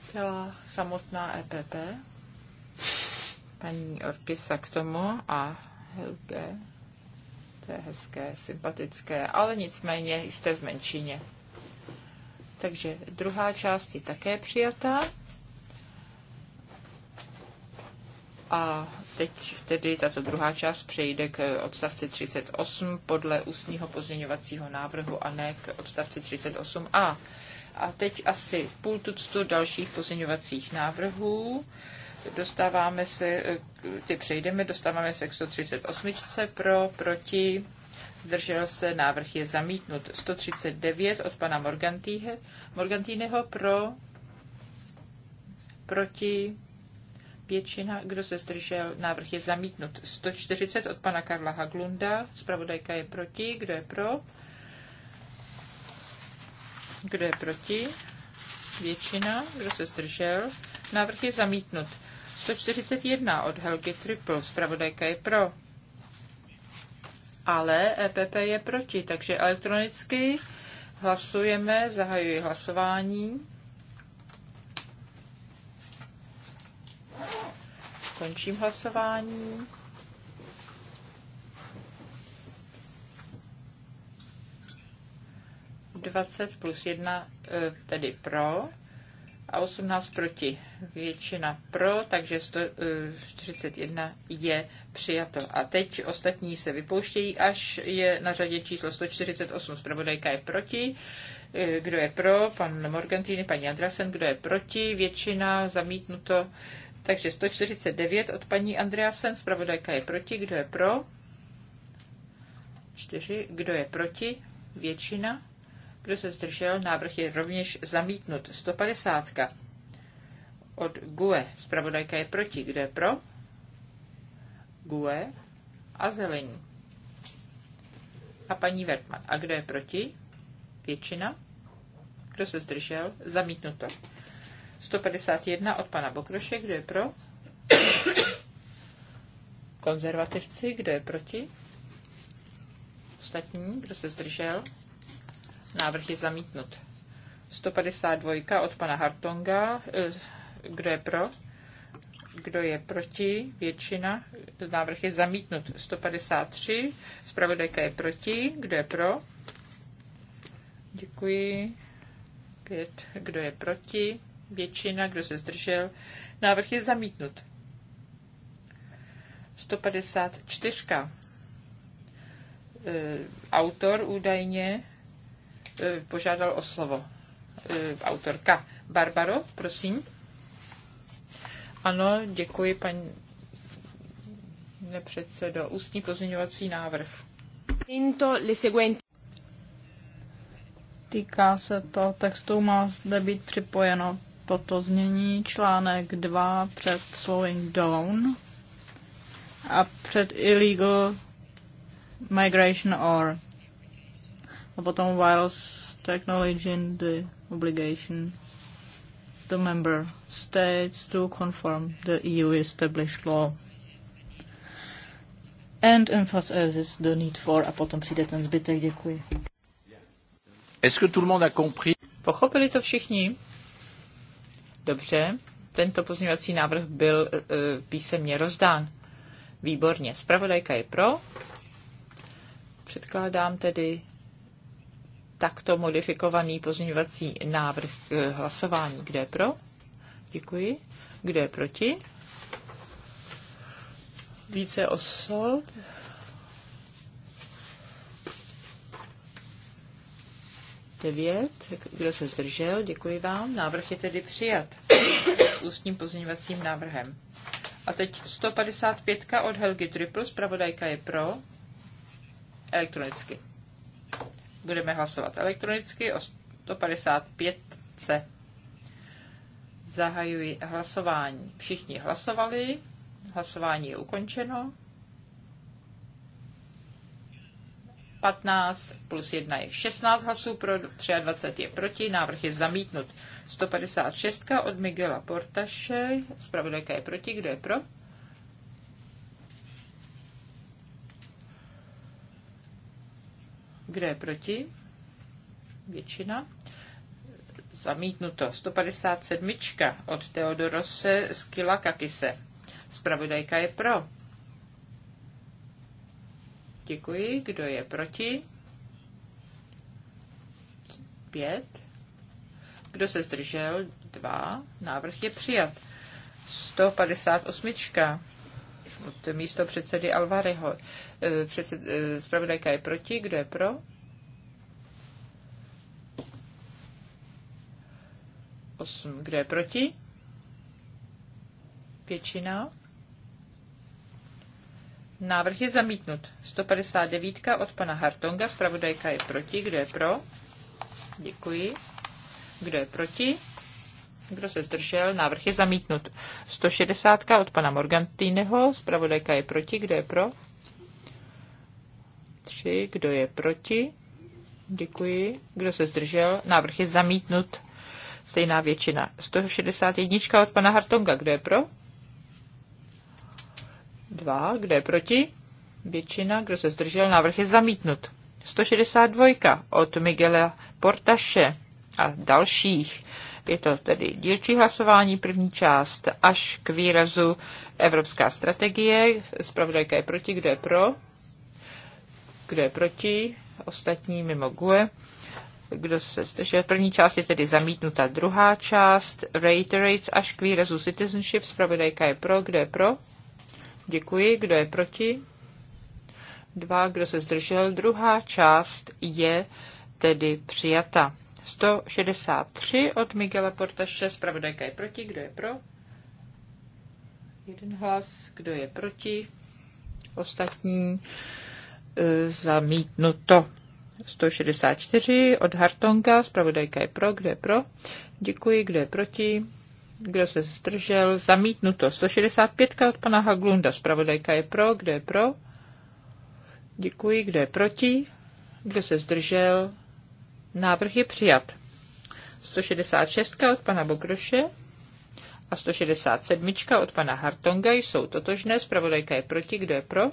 Celá samotná EPP paní Orkisa k tomu a Helge. To je hezké, sympatické, ale nicméně jste v menšině. Takže druhá část je také přijatá. A teď tedy tato druhá část přejde k odstavci 38 podle ústního pozměňovacího návrhu a ne k odstavci 38a. A teď asi půl tuctu dalších pozměňovacích návrhů. Dostáváme se, eh, ty přejdeme, dostáváme se k 138. pro, proti, zdržel se, návrh je zamítnut. 139 od pana Morgantíhe, Morgantíneho pro, proti, většina, kdo se zdržel, návrh je zamítnut. 140 od pana Karla Haglunda, zpravodajka je proti, kdo je pro, kdo je proti, většina, kdo se zdržel, Návrh je zamítnut. 141 od Helgi Triple. Zpravodajka je pro. Ale EPP je proti, takže elektronicky hlasujeme, zahajuji hlasování. Končím hlasování. Dvacet plus jedna, eh, tedy pro, a 18 proti. Většina pro, takže 141 eh, je přijato. A teď ostatní se vypouštějí, až je na řadě číslo 148. Zpravodajka je proti. Eh, kdo je pro? Pan Morgantini, paní Andrasen. Kdo je proti? Většina zamítnuto. Takže 149 od paní Andreasen. Zpravodajka je proti. Kdo je pro? 4. Kdo je proti? Většina kdo se zdržel, návrh je rovněž zamítnut. 150. Od GUE. Spravodajka je proti. Kdo je pro? GUE a zelení. A paní Vertman. A kdo je proti? Většina. Kdo se zdržel? Zamítnuto. 151 od pana Bokroše. Kdo je pro? Konzervativci. Kdo je proti? Ostatní. Kdo se zdržel? Návrh je zamítnut. 152 od pana Hartonga. Eh, kdo je pro? Kdo je proti? Většina. Návrh je zamítnut. 153. Spravodajka je proti. Kdo je pro? Děkuji. Pět. Kdo je proti? Většina. Kdo se zdržel? Návrh je zamítnut. 154. Eh, autor údajně E, požádal o slovo. E, autorka. Barbaro, prosím. Ano, děkuji, paní nepředsedo. Ústní pozměňovací návrh. Týká se to textu, má zde být připojeno toto znění článek 2 před slowing down a před illegal migration or a potom Wireless Technology and the Obligation the member states to conform the EU established law. And emphasizes the need for a potom přijde ten zbytek. Děkuji. Est-ce que tout le monde a compris? Pochopili to všichni? Dobře. Tento pozměňovací návrh byl uh, písemně rozdán. Výborně. Spravodajka je pro. Předkládám tedy takto modifikovaný pozměňovací návrh k hlasování. Kde je pro? Děkuji. Kde je proti? Více osob. Devět. Kdo se zdržel? Děkuji vám. Návrh je tedy přijat s ústním pozměňovacím návrhem. A teď 155 od Helgi Triple. Spravodajka je pro. Elektronicky. Budeme hlasovat elektronicky o 155. Zahajuji hlasování. Všichni hlasovali. Hlasování je ukončeno. 15 plus 1 je 16 hlasů pro, 23 je proti, návrh je zamítnut. 156 od Miguela Portaše, zpravodajka je proti, kdo je pro? Kdo je proti? Většina. Zamítnuto. 157. od Teodorose Skila Kakise. Spravodajka je pro. Děkuji. Kdo je proti? Pět. Kdo se zdržel? Dva. Návrh je přijat. 158. Od místo předsedy Alvareho. Eh, Předsed, spravodajka eh, je proti. Kdo je pro? Osm. Kdo je proti? Většina. Návrh je zamítnut. 159 od pana Hartonga. Spravodajka je proti. Kdo je pro? Děkuji. Kdo je proti? Kdo se zdržel? Návrh je zamítnut. 160 od pana Morgantýneho, Spravodajka je proti. Kdo je pro? 3. Kdo je proti? Děkuji. Kdo se zdržel? Návrh je zamítnut. Stejná většina. 161 od pana Hartonga. Kdo je pro? 2. Kdo je proti? Většina. Kdo se zdržel? Návrh je zamítnut. 162 od Miguela Portaše a dalších. Je to tedy dílčí hlasování, první část až k výrazu Evropská strategie. Spravodajka je proti, kdo je pro? Kdo je proti? Ostatní mimo GUE. Kdo se zdržel? První část je tedy zamítnuta. Druhá část reiterates až k výrazu citizenship. zpravodajka je pro. Kdo je pro? Děkuji. Kdo je proti? Dva. Kdo se zdržel? Druhá část je tedy přijata. 163 od Miguela Portaše. zpravodajka je proti. Kdo je pro? Jeden hlas. Kdo je proti? Ostatní zamítnuto. 164 od Hartonga, zpravodajka je pro, kdo je pro. Děkuji, kdo je proti. Kdo se zdržel? Zamítnuto. 165 od pana Haglunda, zpravodajka je pro, kdo je pro. Děkuji, kdo je proti. Kdo se zdržel? Návrh je přijat. 166 od pana Bokroše a 167 od pana Hartonga jsou totožné. Zpravodajka je proti, kdo je pro?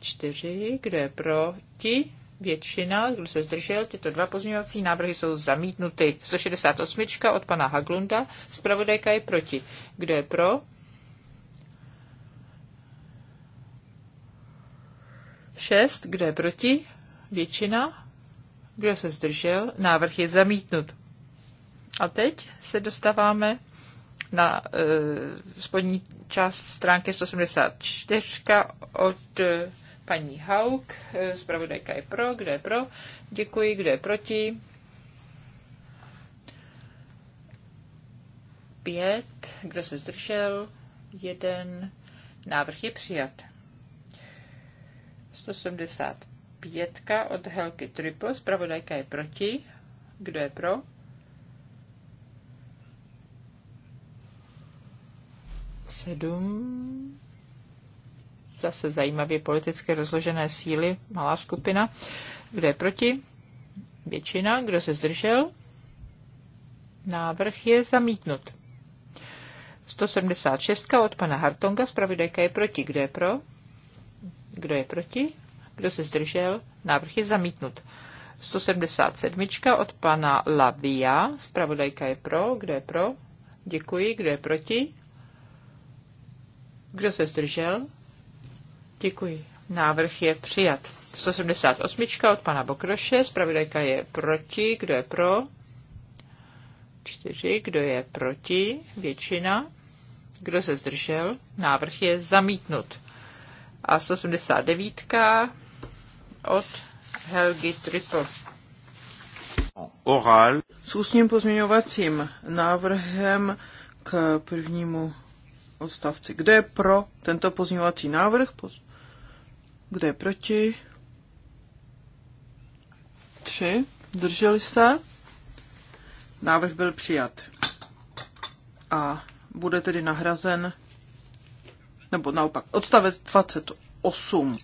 4, kdo je proti, většina, kdo se zdržel, tyto dva pozměňovací návrhy jsou zamítnuty. 168 od pana Haglunda, zpravodajka je proti. Kdo je pro? Šest, kdo je proti? Většina. Kdo se zdržel? Návrh je zamítnut. A teď se dostáváme na e, spodní část stránky 184 od e, Paní Hauk, eh, zpravodajka je pro, kdo je pro? Děkuji, kdo je proti? Pět, kdo se zdržel? Jeden, návrh je přijat. 175 od Helky Triple, zpravodajka je proti, kdo je pro? Sedm, zase zajímavě politicky rozložené síly, malá skupina. Kdo je proti? Většina. Kdo se zdržel? Návrh je zamítnut. 176 od pana Hartonga, zpravodajka je proti. Kdo je pro? Kdo je proti? Kdo se zdržel? Návrh je zamítnut. 177 od pana Labia, zpravodajka je pro. Kdo je pro? Děkuji. Kdo je proti? Kdo se zdržel? Děkuji. Návrh je přijat. 178 od pana Bokroše, zpravodajka je proti, kdo je pro? Čtyři, kdo je proti? Většina. Kdo se zdržel? Návrh je zamítnut. A 189 od Helgi Triple. Oral. S ústním pozměňovacím návrhem k prvnímu odstavci. Kdo je pro tento pozměňovací návrh? Kdo je proti? Tři. Drželi se? Návrh byl přijat. A bude tedy nahrazen, nebo naopak, odstavec 28,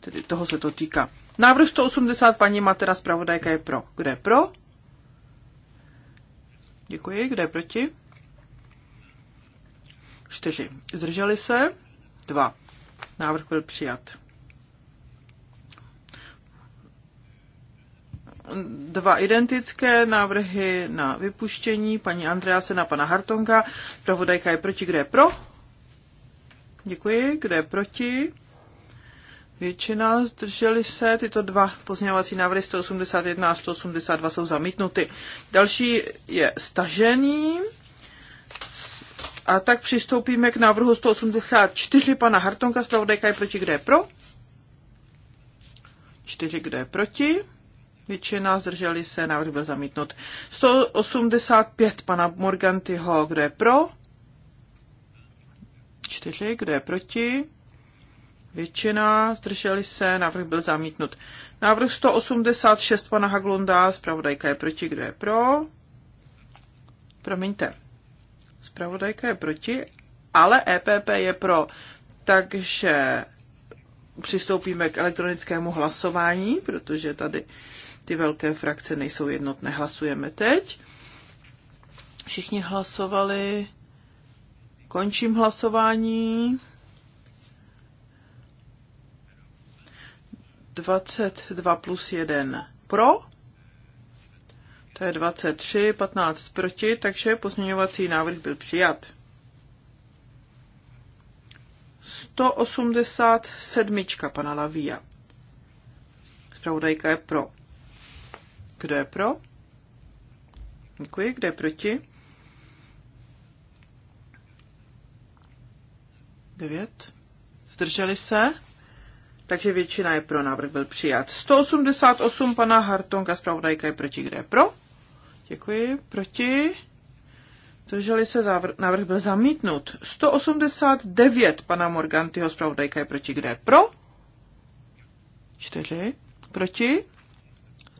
tedy toho se to týká. Návrh 180 paní Matera zpravodajka je pro. Kdo je pro? Děkuji. Kdo je proti? Čtyři. Zdrželi se? Dva. Návrh byl přijat. dva identické návrhy na vypuštění paní Andrease na pana Hartonga. Pravodajka je proti, kde je pro? Děkuji, kde je proti? Většina zdrželi se, tyto dva pozměňovací návrhy 181 a 182 jsou zamítnuty. Další je stažený. A tak přistoupíme k návrhu 184 pana Hartonka, zpravodajka je proti, kde je pro? 4, kde je proti? Většina zdrželi se, návrh byl zamítnut. 185 pana Morgantyho, kdo je pro? 4, kdo je proti? Většina zdrželi se, návrh byl zamítnut. Návrh 186 pana Haglunda, zpravodajka je proti, kdo je pro? Promiňte, zpravodajka je proti, ale EPP je pro. Takže přistoupíme k elektronickému hlasování, protože tady ty velké frakce nejsou jednotné. Hlasujeme teď. Všichni hlasovali. Končím hlasování. 22 plus 1 pro. To je 23, 15 proti, takže pozměňovací návrh byl přijat. 187. pana Lavia. Zpravodajka je pro. Kdo je pro? Děkuji. Kdo je proti? 9. Zdrželi se? Takže většina je pro, návrh byl přijat. 188 pana Hartonka, zpravodajka je proti, kde je pro? Děkuji, proti. Drželi se, závr- návrh byl zamítnut. 189 pana Morgantyho, zpravodajka je proti, kde je pro? 4. Proti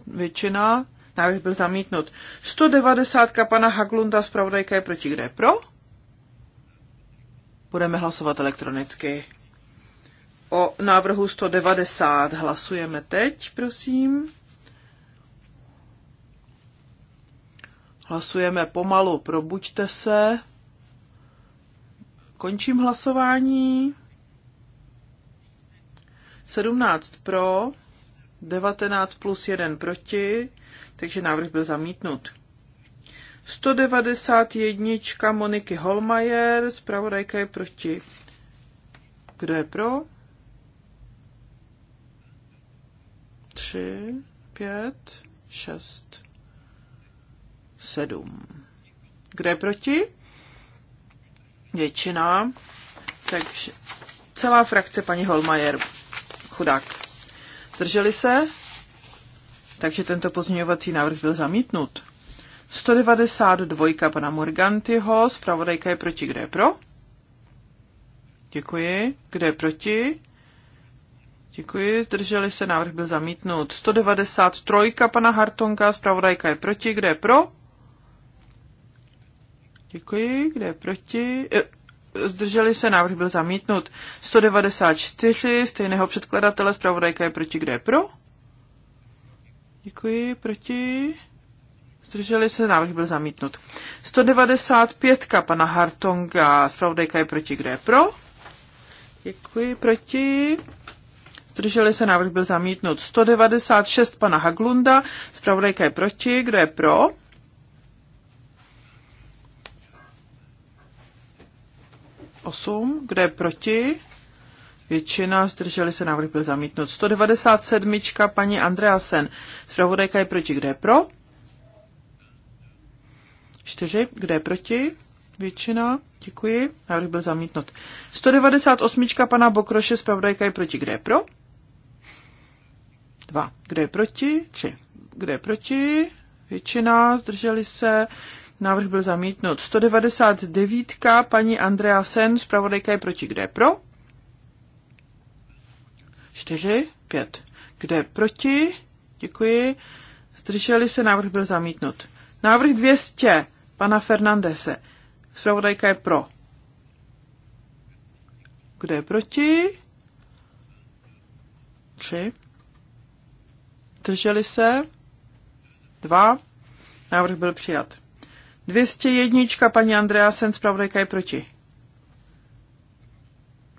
většina. Návrh byl zamítnut. 190 pana Haglunda, zpravodajka je proti. Kde je pro? Budeme hlasovat elektronicky. O návrhu 190 hlasujeme teď, prosím. Hlasujeme pomalu, probuďte se. Končím hlasování. 17 pro, 19 plus 1 proti, takže návrh byl zamítnut. 191 Moniky Holmajer, zpravodajka je proti. Kdo je pro? 3, 5, 6, 7. Kdo je proti? Většina. Takže celá frakce paní Holmajer. Chudák. Zdrželi se? Takže tento pozměňovací návrh byl zamítnut. 192 pana Morgantyho, zpravodajka je proti, kde je pro? Děkuji. Kde je proti? Děkuji, zdrželi se, návrh byl zamítnut. 193 pana Hartonka, zpravodajka je proti, kde je pro? Děkuji, kde je proti? Eh, zdrželi se, návrh byl zamítnut. 194, stejného předkladatele, zpravodajka je proti, kde je pro? Děkuji, proti. Zdrželi se, návrh byl zamítnut. 195, pana Hartonga, zpravodajka je proti, kde je pro? Děkuji, proti. Zdrželi se, návrh byl zamítnut. 196, pana Haglunda, zpravodajka je proti, kdo je pro? 8, kdo je proti? Většina, zdrželi se, návrh byl zamítnut. 197, paní Andreasen. Zpravodajka je proti, kdo je pro? 4, kdo je proti? Většina, děkuji, návrh byl zamítnut. 198, pana Bokroše, zpravodajka je proti, kdo je pro? 2, kdo je proti? 3, kdo je proti? Většina, zdrželi se, Návrh byl zamítnut. 199. Paní Andrea Sen, zpravodajka je proti. Kde je pro? 4, 5. Kde je proti? Děkuji. Zdrželi se, návrh byl zamítnut. Návrh 200. Pana Fernandese. Zpravodajka je pro. Kde je proti? 3. Drželi se? 2. Návrh byl přijat. 201. paní Andrea Sen, zpravodajka je proti.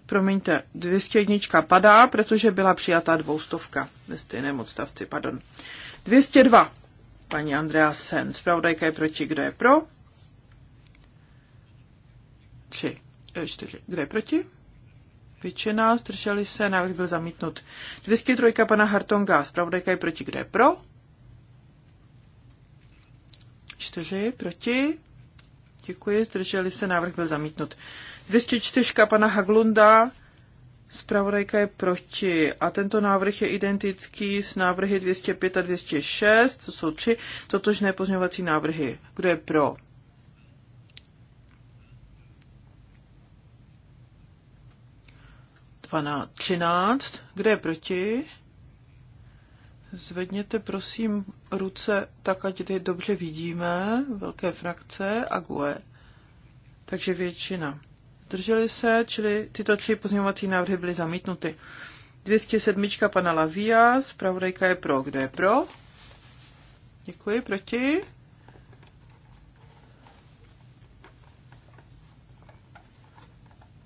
Promiňte, 201 padá, protože byla přijatá dvoustovka ve stejném odstavci, pardon. 202. Paní Andrea Sen, zpravodajka je proti, kdo je pro? 3, 4, eh, kdo je proti? Většina, zdrželi se, návrh byl zamítnut. 203. pana Hartonga, zpravodajka je proti, kdo je pro? 4 proti. Děkuji, zdrželi se, návrh byl zamítnut. 204 pana Haglunda, zpravodajka je proti a tento návrh je identický s návrhy 205 a 206, to jsou tři totožné pozměňovací návrhy. Kdo je pro? Dvanáct, třináct. Kdo je proti? Zvedněte prosím ruce tak, ať ty dobře vidíme, velké frakce a GUE. Takže většina. Drželi se, čili tyto tři pozměňovací návrhy byly zamítnuty. 207. pana Lavia, zpravodajka je pro. Kdo je pro? Děkuji, proti?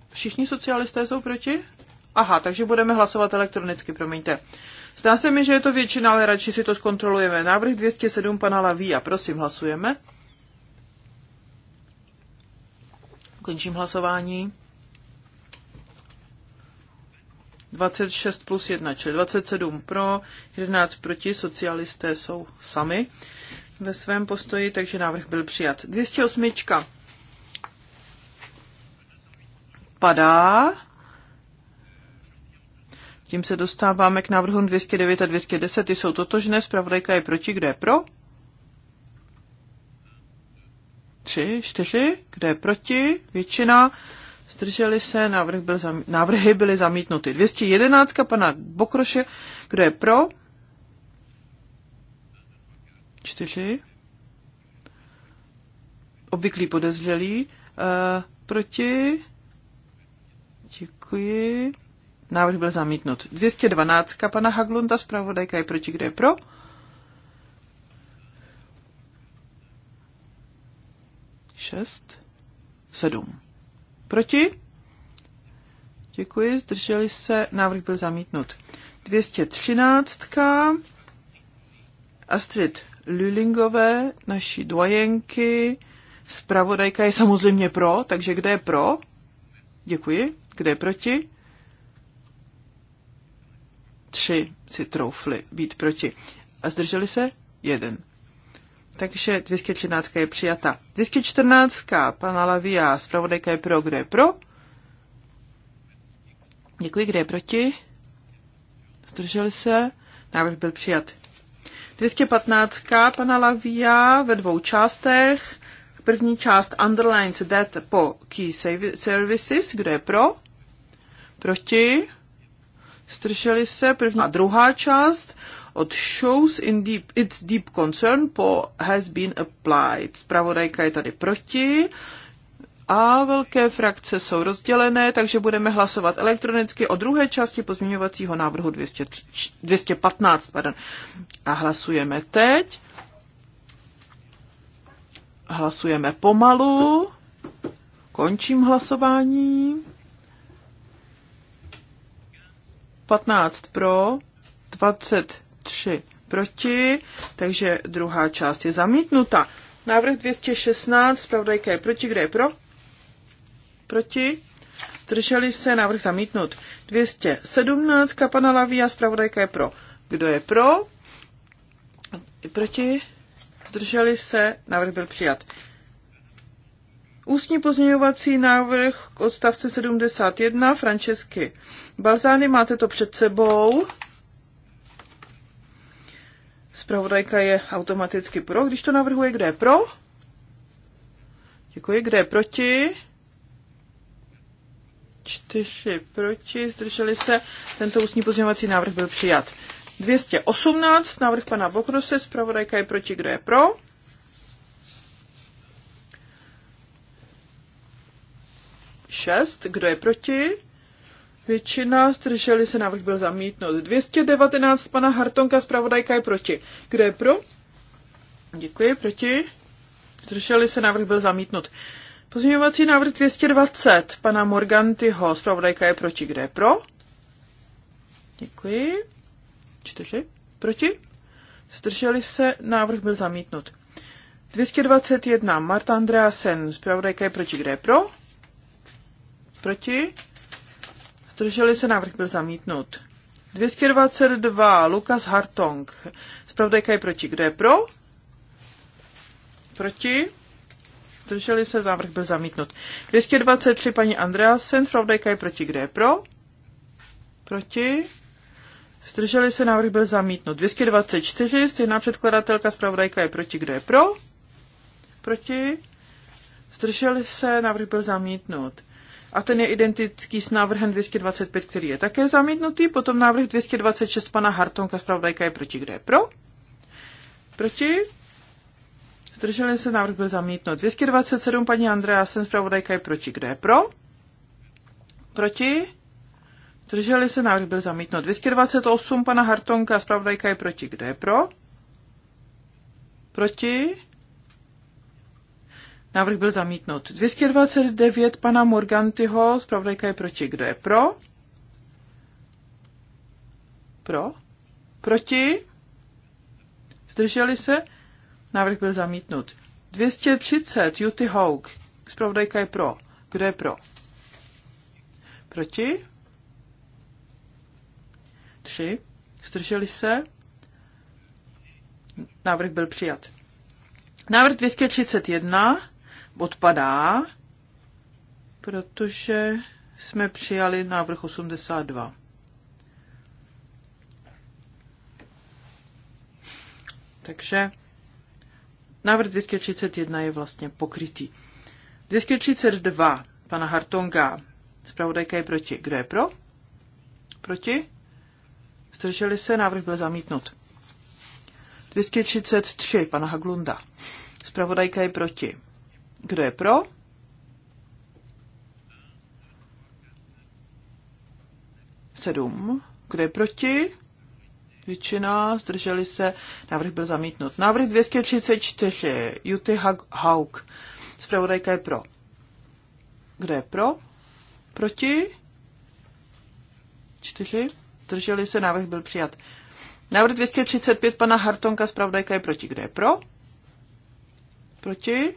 Všichni socialisté jsou proti? Aha, takže budeme hlasovat elektronicky, promiňte. Zdá se mi, že je to většina, ale radši si to zkontrolujeme. Návrh 207 pana Laví a prosím, hlasujeme. Končím hlasování. 26 plus 1, čili 27 pro, 11 proti, socialisté jsou sami ve svém postoji, takže návrh byl přijat. 208. Padá. Tím se dostáváme k návrhům 209 a 210. Ty jsou totožné, zpravodajka je proti. Kdo je pro? Tři, čtyři. Kdo je proti? Většina. Zdrželi se, návrh byl zam... návrhy byly zamítnuty. 211 pana Bokroše. Kdo je pro? Čtyři. Obvyklý podezřelý. E, eh, proti? Děkuji. Návrh byl zamítnut. 212. Pana Haglunda, zpravodajka je proti, kde je pro? Šest. Sedm. Proti? Děkuji, zdrželi se. Návrh byl zamítnut. 213. Astrid Lulingové, naší dvojenky. Spravodajka je samozřejmě pro, takže kde je pro? Děkuji. Kde je proti? tři si troufli být proti. A zdrželi se jeden. Takže 213 je přijata. 214, pana Lavia, zpravodajka je pro, kdo je pro? Děkuji, kdo je proti? Zdrželi se? Návrh byl přijat. 215, pana Lavia, ve dvou částech. První část underlines that po key services, kdo je pro? Proti? Stršeli se, první a druhá část od shows in deep, its deep concern po has been applied. Spravodajka je tady proti a velké frakce jsou rozdělené, takže budeme hlasovat elektronicky o druhé části pozměňovacího návrhu 200, 215. Pardon. A hlasujeme teď. Hlasujeme pomalu. Končím hlasování. 15 pro, 23 proti, takže druhá část je zamítnuta. Návrh 216, zpravodajka je proti, kdo je pro? Proti. Drželi se, návrh zamítnut. 217, kapana Lavia, zpravodajka je pro. Kdo je pro? Proti. Drželi se, návrh byl přijat. Ústní pozměňovací návrh k odstavce 71 Francesky Balzány, máte to před sebou. Spravodajka je automaticky pro, když to navrhuje, kdo je pro. Děkuji, Kdo je proti. Čtyři proti, zdrželi se. Tento ústní pozměňovací návrh byl přijat. 218, návrh pana Bokrose, zpravodajka je proti, kdo je pro. 6. Kdo je proti? Většina, strželi se, návrh byl zamítnut. 219 pana Hartonka, zpravodajka je proti. Kdo je pro? Děkuji, proti. Zdrželi se, návrh byl zamítnut. Pozměňovací návrh 220 pana Morgantyho, zpravodajka je proti. Kdo je pro? Děkuji. Čtyři. Proti? Zdrželi se, návrh byl zamítnut. 221 Marta Andreasen, zpravodajka je proti. Kdo je pro? Proti? Zdrželi se, návrh byl zamítnut. 222, Lukas Hartong. Zpravodajka je proti. Kdo je pro? Proti? Zdrželi se, návrh byl zamítnut. 223, paní Andreasen. Zpravodajka je proti. Kdo je pro? Proti? Zdrželi se, návrh byl zamítnut. 224, stejná předkladatelka, zpravodajka je proti. Kdo je pro? Proti? Zdrželi se, návrh byl zamítnut a ten je identický s návrhem 225, který je také zamítnutý. Potom návrh 226 pana Hartonka, zpravodajka je proti. Kdo je pro? Proti? Zdrželi se, návrh byl zamítnut. 227 paní Andrea, jsem zpravodajka je proti. Kdo je pro? Proti? Zdrželi se, návrh byl zamítnut. 228 pana Hartonka, zpravodajka je proti. Kdo je pro? Proti? Návrh byl zamítnut. 229 pana Morgantyho, zpravodajka je proti. Kdo je pro? Pro? Proti? Zdrželi se? Návrh byl zamítnut. 230 Juty Hawk, zpravodajka je pro. Kdo je pro? Proti? Tři. Zdrželi se? Návrh byl přijat. Návrh 231 odpadá, protože jsme přijali návrh 82. Takže návrh 231 je vlastně pokrytý. 232 pana Hartonga. Zpravodajka je proti. Kdo je pro? Proti? Zdrželi se, návrh byl zamítnut. 233 pana Haglunda. Zpravodajka je proti. Kdo je pro? Sedm. Kdo je proti? Většina, zdrželi se, návrh byl zamítnut. Návrh 234, Juty Haug. Zpravodajka je pro. Kdo je pro? Proti? Čtyři. Zdrželi se, návrh byl přijat. Návrh 235 pana Hartonka, zpravodajka je proti. Kdo je pro? Proti?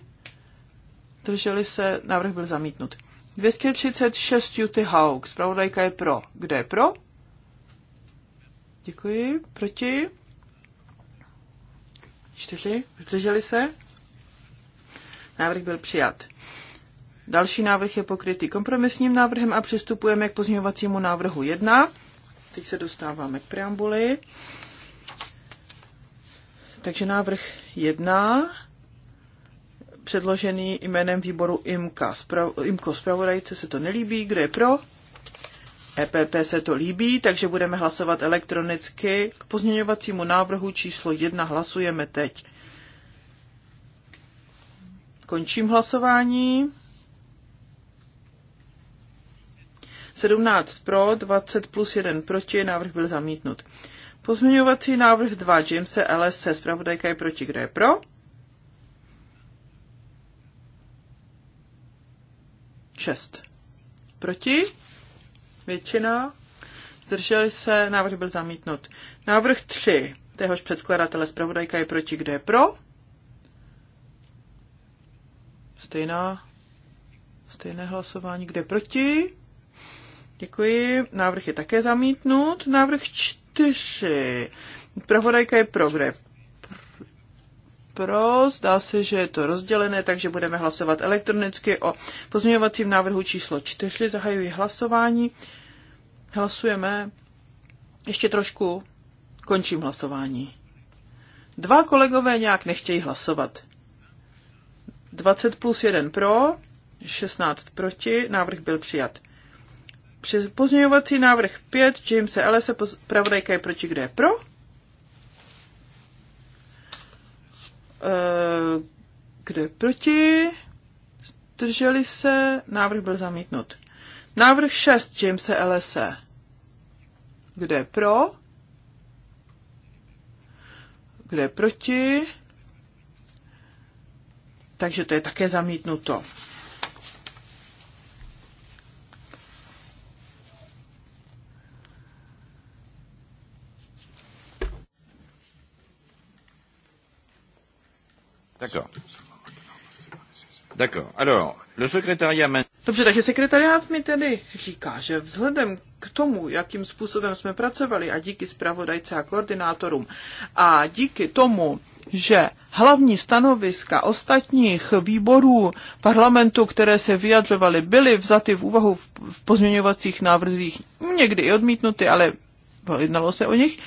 Drželi se, návrh byl zamítnut. 236 Juty Haug. Zpravodajka je pro. Kdo je pro? Děkuji. Proti? Čtyři. Zdrželi se? Návrh byl přijat. Další návrh je pokrytý kompromisním návrhem a přistupujeme k pozměňovacímu návrhu 1. Teď se dostáváme k preambuli. Takže návrh 1 předložený jménem výboru IMKA. Sprav, IMKO zpravodajce se to nelíbí, kdo je pro? EPP se to líbí, takže budeme hlasovat elektronicky. K pozměňovacímu návrhu číslo 1 hlasujeme teď. Končím hlasování. 17 pro, 20 plus 1 proti, návrh byl zamítnut. Pozměňovací návrh 2 Jamese LS zpravodajka je proti, kdo je pro? 6. Proti? Většina. Zdrželi se, návrh byl zamítnut. Návrh 3. Téhož předkladatele zpravodajka je proti, kdo je pro? Stejná, stejné hlasování, kde proti? Děkuji. Návrh je také zamítnut. Návrh 4. Pravodajka je pro, kde je pro. Zdá se, že je to rozdělené, takže budeme hlasovat elektronicky o pozměňovacím návrhu číslo 4. Zahajuji hlasování. Hlasujeme. Ještě trošku. Končím hlasování. Dva kolegové nějak nechtějí hlasovat. 20 plus 1 pro, 16 proti, návrh byl přijat. pozměňovací návrh 5, Jamesa Ellese, pravodajka je proti, kde je pro? Eh, kdo je proti? Zdrželi se? Návrh byl zamítnut. Návrh 6 Jamese Ellese. Kdo je pro? Kdo je proti? Takže to je také zamítnuto. D'accord. D'accord. Alors, le secrétariat... Dobře, takže sekretariát mi tedy říká, že vzhledem k tomu, jakým způsobem jsme pracovali a díky zpravodajce a koordinátorům a díky tomu, že hlavní stanoviska ostatních výborů parlamentu, které se vyjadřovaly, byly vzaty v úvahu v pozměňovacích návrzích, někdy i odmítnuty, ale jednalo se o nich,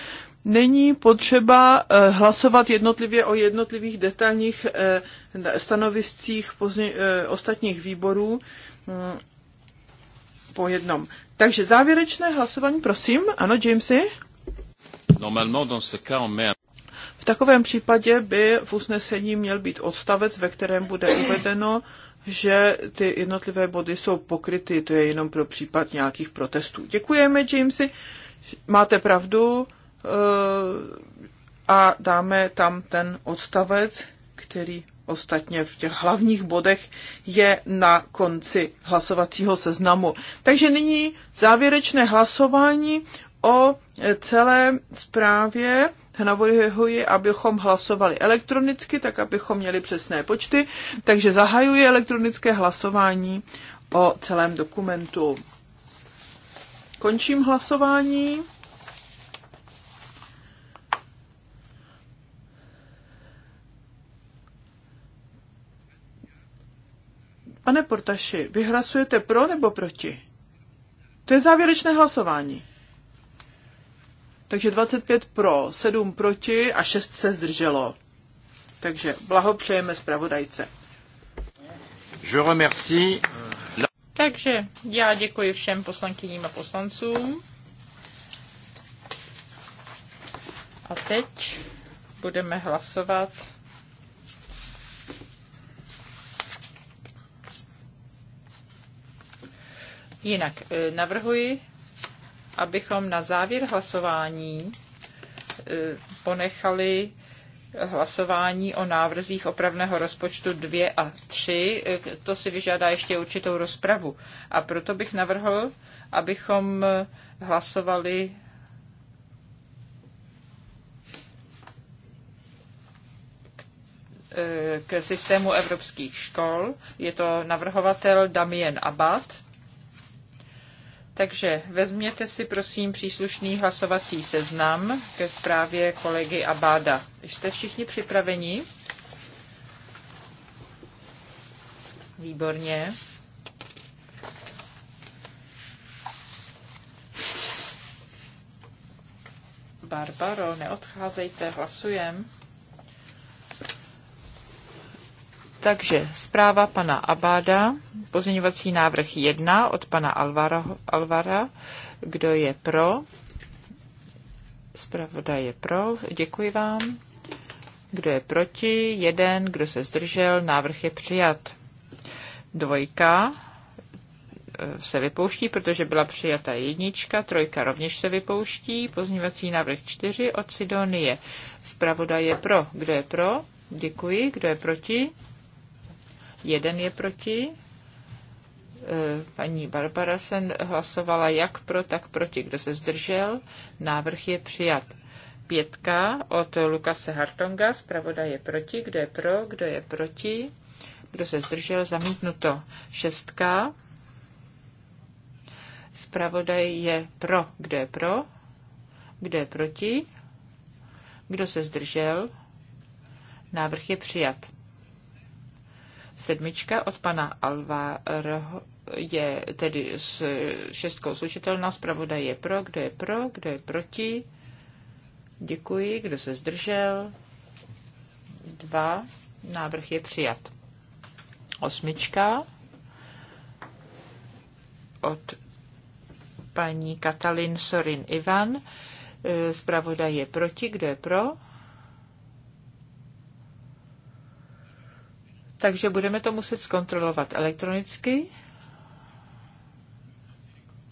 není potřeba eh, hlasovat jednotlivě o jednotlivých detailních eh, stanoviscích eh, ostatních výborů mm, po jednom. Takže závěrečné hlasování, prosím. Ano, Jamesy? V takovém případě by v usnesení měl být odstavec, ve kterém bude uvedeno, že ty jednotlivé body jsou pokryty. To je jenom pro případ nějakých protestů. Děkujeme, Jamesy. Máte pravdu Eh, a dáme tam ten odstavec, který ostatně v těch hlavních bodech je na konci hlasovacího seznamu. Takže nyní závěrečné hlasování o eh, celé zprávě navrhuji, abychom hlasovali elektronicky, tak abychom měli přesné počty. Takže zahajuji elektronické hlasování o celém dokumentu. Končím hlasování. Pane Portaši, vy hlasujete pro nebo proti? To je závěrečné hlasování. Takže 25 pro, 7 proti a 6 se zdrželo. Takže blahopřejeme zpravodajce. Je remercie. Takže já děkuji všem poslankyním a poslancům. A teď budeme hlasovat Jinak e, navrhuji, abychom na závěr hlasování e, ponechali hlasování o návrzích opravného rozpočtu 2 a 3. E, to si vyžádá ještě určitou rozpravu. A proto bych navrhl, abychom hlasovali k systému evropských škol. Je to navrhovatel Damien Abad. Takže vezměte si prosím příslušný hlasovací seznam ke zprávě kolegy Abáda. Jste všichni připraveni? Výborně. Barbaro, neodcházejte, hlasujeme. Takže zpráva pana Abáda, pozměňovací návrh 1 od pana Alvara, Alvara. Kdo je pro? Zpravoda je pro. Děkuji vám. Kdo je proti? Jeden. Kdo se zdržel? Návrh je přijat. Dvojka eh, se vypouští, protože byla přijata jednička, trojka rovněž se vypouští, pozměňovací návrh čtyři od Sidonie. Zpravoda je pro. Kdo je pro? Děkuji. Kdo je proti? Jeden je proti. E, paní Barbara Sen hlasovala jak pro, tak proti. Kdo se zdržel? Návrh je přijat. Pětka od Lukase Hartonga, zpravoda je proti. Kdo je pro, kdo je proti? Kdo se zdržel? Zamítnuto. Šestka. Zpravodaj je pro. Kdo je pro? Kdo je proti? Kdo se zdržel? Návrh je přijat. Sedmička od pana Alvaro je tedy s šestkou slučitelná. Zpravodaj je pro, kdo je pro, kdo je proti. Děkuji, kdo se zdržel. Dva. Návrh je přijat. Osmička od paní Katalin Sorin Ivan. Zpravodaj je proti, kdo je pro? Takže budeme to muset zkontrolovat elektronicky.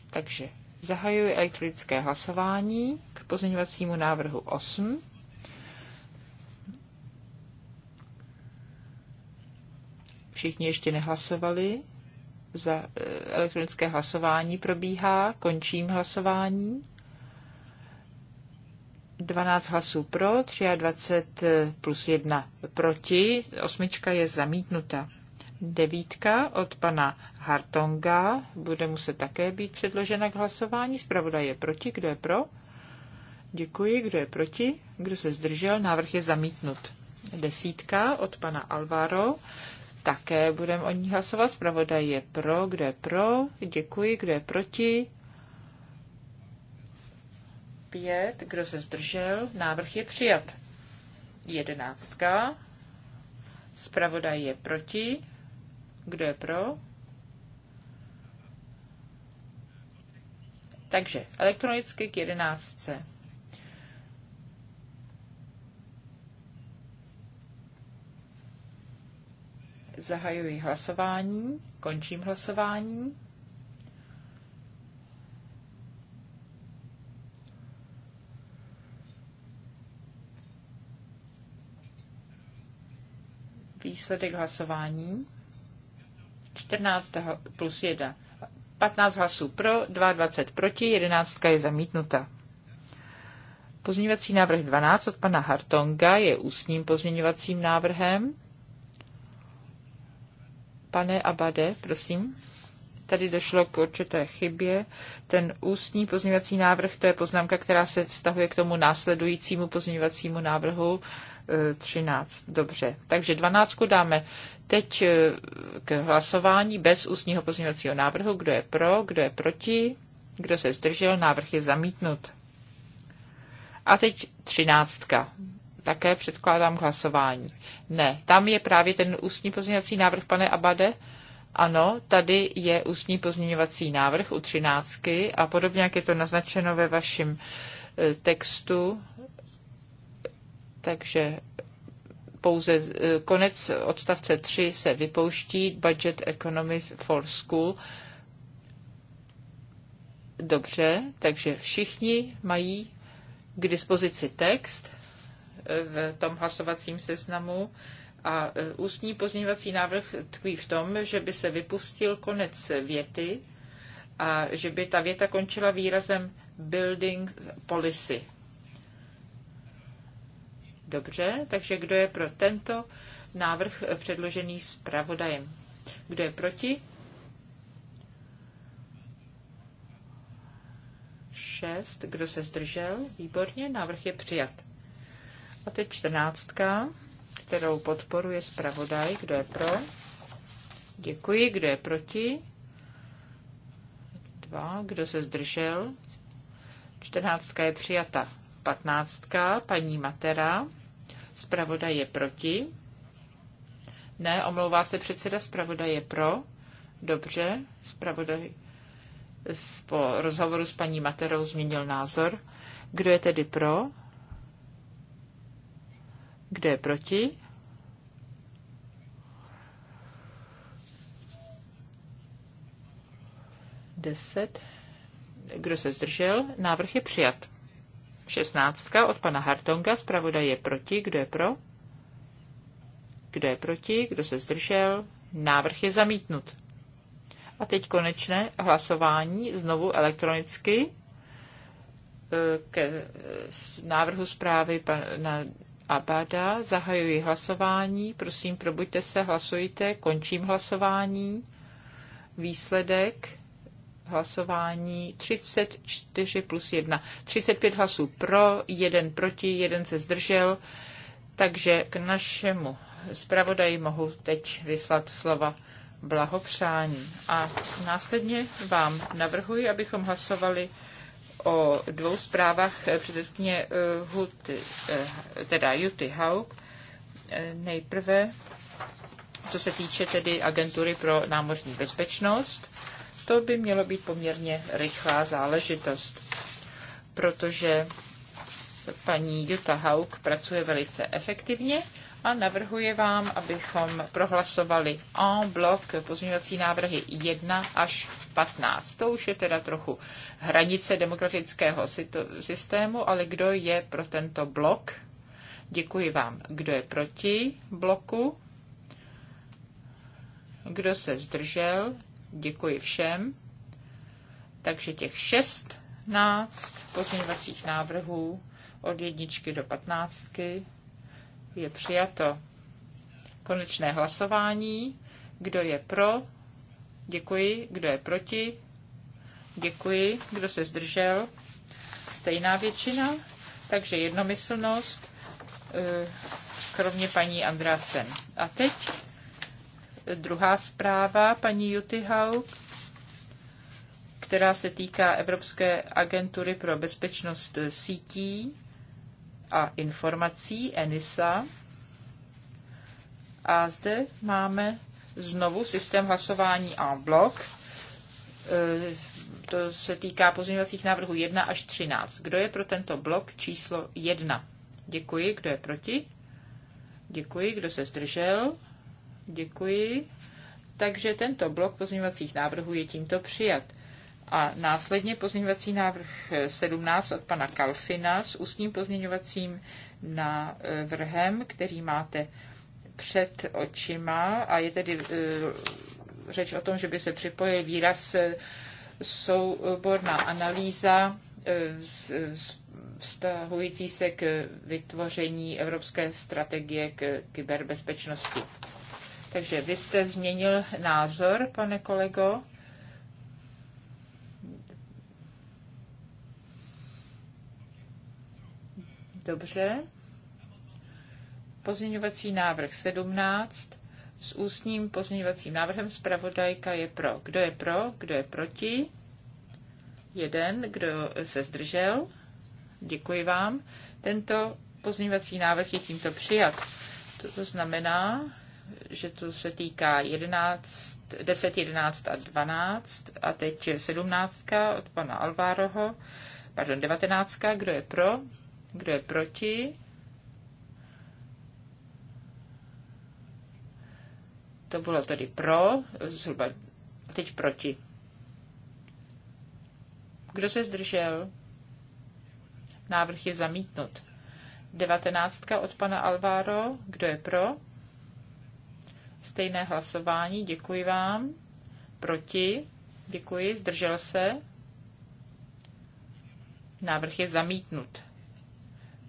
Takže zahajuji elektronické hlasování k pozměňovacímu návrhu 8. Všichni ještě nehlasovali. Za eh, elektronické hlasování probíhá. Končím hlasování. 12 hlasů pro, 23 eh, plus 1 proti, osmička je zamítnuta. Devítka od pana Hartonga bude muset také být předložena k hlasování. Zpravodaj je proti, kdo je pro? Děkuji, kdo je proti? Kdo se zdržel? Návrh je zamítnut. Desítka od pana Alvaro. Také budeme o ní hlasovat. Zpravodaj je pro, kdo je pro? Děkuji, kdo je proti? 5. Kdo se zdržel? Návrh je přijat. Jedenáctka. Spravodaj je proti. Kdo je pro? Takže elektronicky k jedenáctce. Zahajuji hlasování, končím hlasování. výsledek hlasování. 14 plus 1. 15 hlasů pro, 22 proti, 11 je zamítnuta. Pozměňovací návrh 12 od pana Hartonga je ústním pozměňovacím návrhem. Pane Abade, prosím. Tady došlo k určité chybě. Ten ústní pozměňovací návrh, to je poznámka, která se vztahuje k tomu následujícímu pozměňovacímu návrhu 13. Eh, Dobře. Takže 12 dáme teď eh, k hlasování bez ústního pozměňovacího návrhu. Kdo je pro, kdo je proti, kdo se zdržel, návrh je zamítnut. A teď 13 také předkládám k hlasování. Ne, tam je právě ten ústní pozměňovací návrh, pane Abade. Ano, tady je ústní pozměňovací návrh u třináctky a podobně, jak je to naznačeno ve vašem e, textu, takže pouze e, konec odstavce 3 se vypouští Budget Economies for School. Dobře, takže všichni mají k dispozici text e, v tom hlasovacím seznamu. A e, ústní pozměňovací návrh tkví v tom, že by se vypustil konec věty a že by ta věta končila výrazem building policy. Dobře, takže kdo je pro tento návrh předložený zpravodajem? Kdo je proti? Šest. Kdo se zdržel? Výborně, návrh je přijat. A teď čtrnáctka kterou podporuje zpravodaj. Kdo je pro? Děkuji. Kdo je proti? Dva. Kdo se zdržel? Čtrnáctka je přijata. Patnáctka, paní Matera. Zpravodaj je proti. Ne, omlouvá se předseda, zpravodaj je pro. Dobře, zpravodaj po rozhovoru s paní Materou změnil názor. Kdo je tedy pro? Kdo je proti? Deset. Kdo se zdržel? Návrh je přijat. Šestnáctka od pana Hartonga. Zpravodaj je proti. Kdo je pro? Kdo je proti? Kdo se zdržel? Návrh je zamítnut. A teď konečné hlasování znovu elektronicky eh, ke návrhu zprávy pana Abada. Zahajuji hlasování. Prosím, probuďte se, hlasujte. Končím hlasování. Výsledek hlasování 34 plus 1. 35 hlasů pro, 1 proti, 1 se zdržel. Takže k našemu zpravodaji mohu teď vyslat slova blahopřání. A následně vám navrhuji, abychom hlasovali o dvou zprávách eh, předsedkyně eh, Huty, eh, teda Juty Hauk. Nejprve, co se týče tedy agentury pro námořní bezpečnost, to by mělo být poměrně rychlá záležitost, protože paní Jutta Hauk pracuje velice efektivně a navrhuji vám, abychom prohlasovali en blok pozměňovací návrhy 1 až 15. To už je teda trochu hranice demokratického systému, ale kdo je pro tento blok? Děkuji vám. Kdo je proti bloku? Kdo se zdržel? Děkuji všem. Takže těch 16 pozměňovacích návrhů od jedničky do patnáctky je přijato. Konečné hlasování. Kdo je pro? Děkuji. Kdo je proti? Děkuji. Kdo se zdržel? Stejná většina. Takže jednomyslnost, eh, kromě paní Andrásen. A teď eh, druhá zpráva paní Juty Haug, která se týká Evropské agentury pro bezpečnost eh, sítí a informací ENISA. A zde máme znovu systém hlasování a blok. E, to se týká pozměňovacích návrhů 1 až 13. Kdo je pro tento blok číslo 1? Děkuji. Kdo je proti? Děkuji. Kdo se zdržel? Děkuji. Takže tento blok pozměňovacích návrhů je tímto přijat. A následně pozměňovací návrh 17 od pana Kalfina s ústním pozměňovacím návrhem, který máte před očima a je tedy e, řeč o tom, že by se připojil výraz e, souborná analýza e, vztahující se k vytvoření evropské strategie k kyberbezpečnosti. Takže vy jste změnil názor, pane kolego? Dobře. Pozměňovací návrh 17 s ústním pozměňovacím návrhem zpravodajka je pro. Kdo je pro? Kdo je proti? Jeden. Kdo se zdržel? Děkuji vám. Tento pozměňovací návrh je tímto přijat. To znamená, že to se týká 11, 10, 11 a 12 a teď 17 od pana Alvároho, pardon, 19. Kdo je pro? Kdo je proti? To bylo tedy pro, zhruba teď proti. Kdo se zdržel? Návrh je zamítnut. Devatenáctka od pana Alváro. Kdo je pro? Stejné hlasování. Děkuji vám. Proti? Děkuji. Zdržel se? Návrh je zamítnut.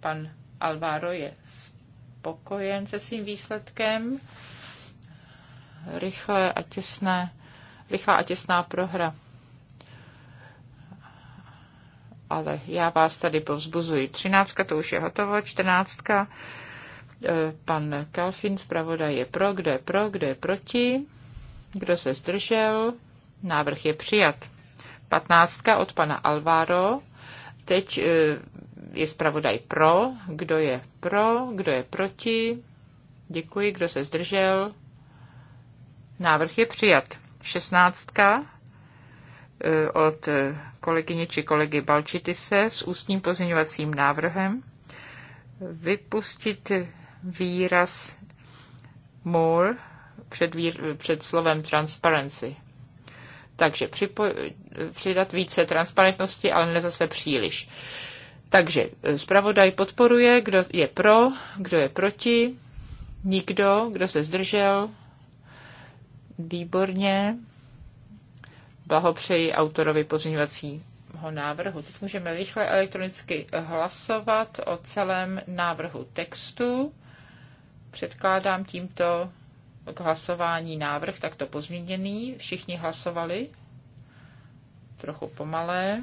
Pan Alvaro je spokojen se svým výsledkem. rychle a těsné, rychlá a těsná prohra. Ale já vás tady povzbuzuji. Třináctka to už je hotovo, čtrnáctka. Eh, pan Kalfin zpravodaj je pro, kdo je pro, kdo je proti, kdo se zdržel. Návrh je přijat. Patnáctka od pana Alvaro. Teď eh, je zpravodaj pro, kdo je pro, kdo je proti. Děkuji, kdo se zdržel. Návrh je přijat. Šestnáctka eh, od eh, kolegyně či kolegy Balčitise s ústním pozměňovacím návrhem vypustit výraz more před, výr, před slovem transparency. Takže připo, přidat více transparentnosti, ale ne zase příliš. Takže eh, zpravodaj podporuje, kdo je pro, kdo je proti, nikdo, kdo se zdržel. Výborně. Blahopřeji autorovi pozměňovacího návrhu. Teď můžeme rychle elektronicky hlasovat o celém návrhu textu. Předkládám tímto k hlasování návrh takto pozměněný. Všichni hlasovali trochu pomalé.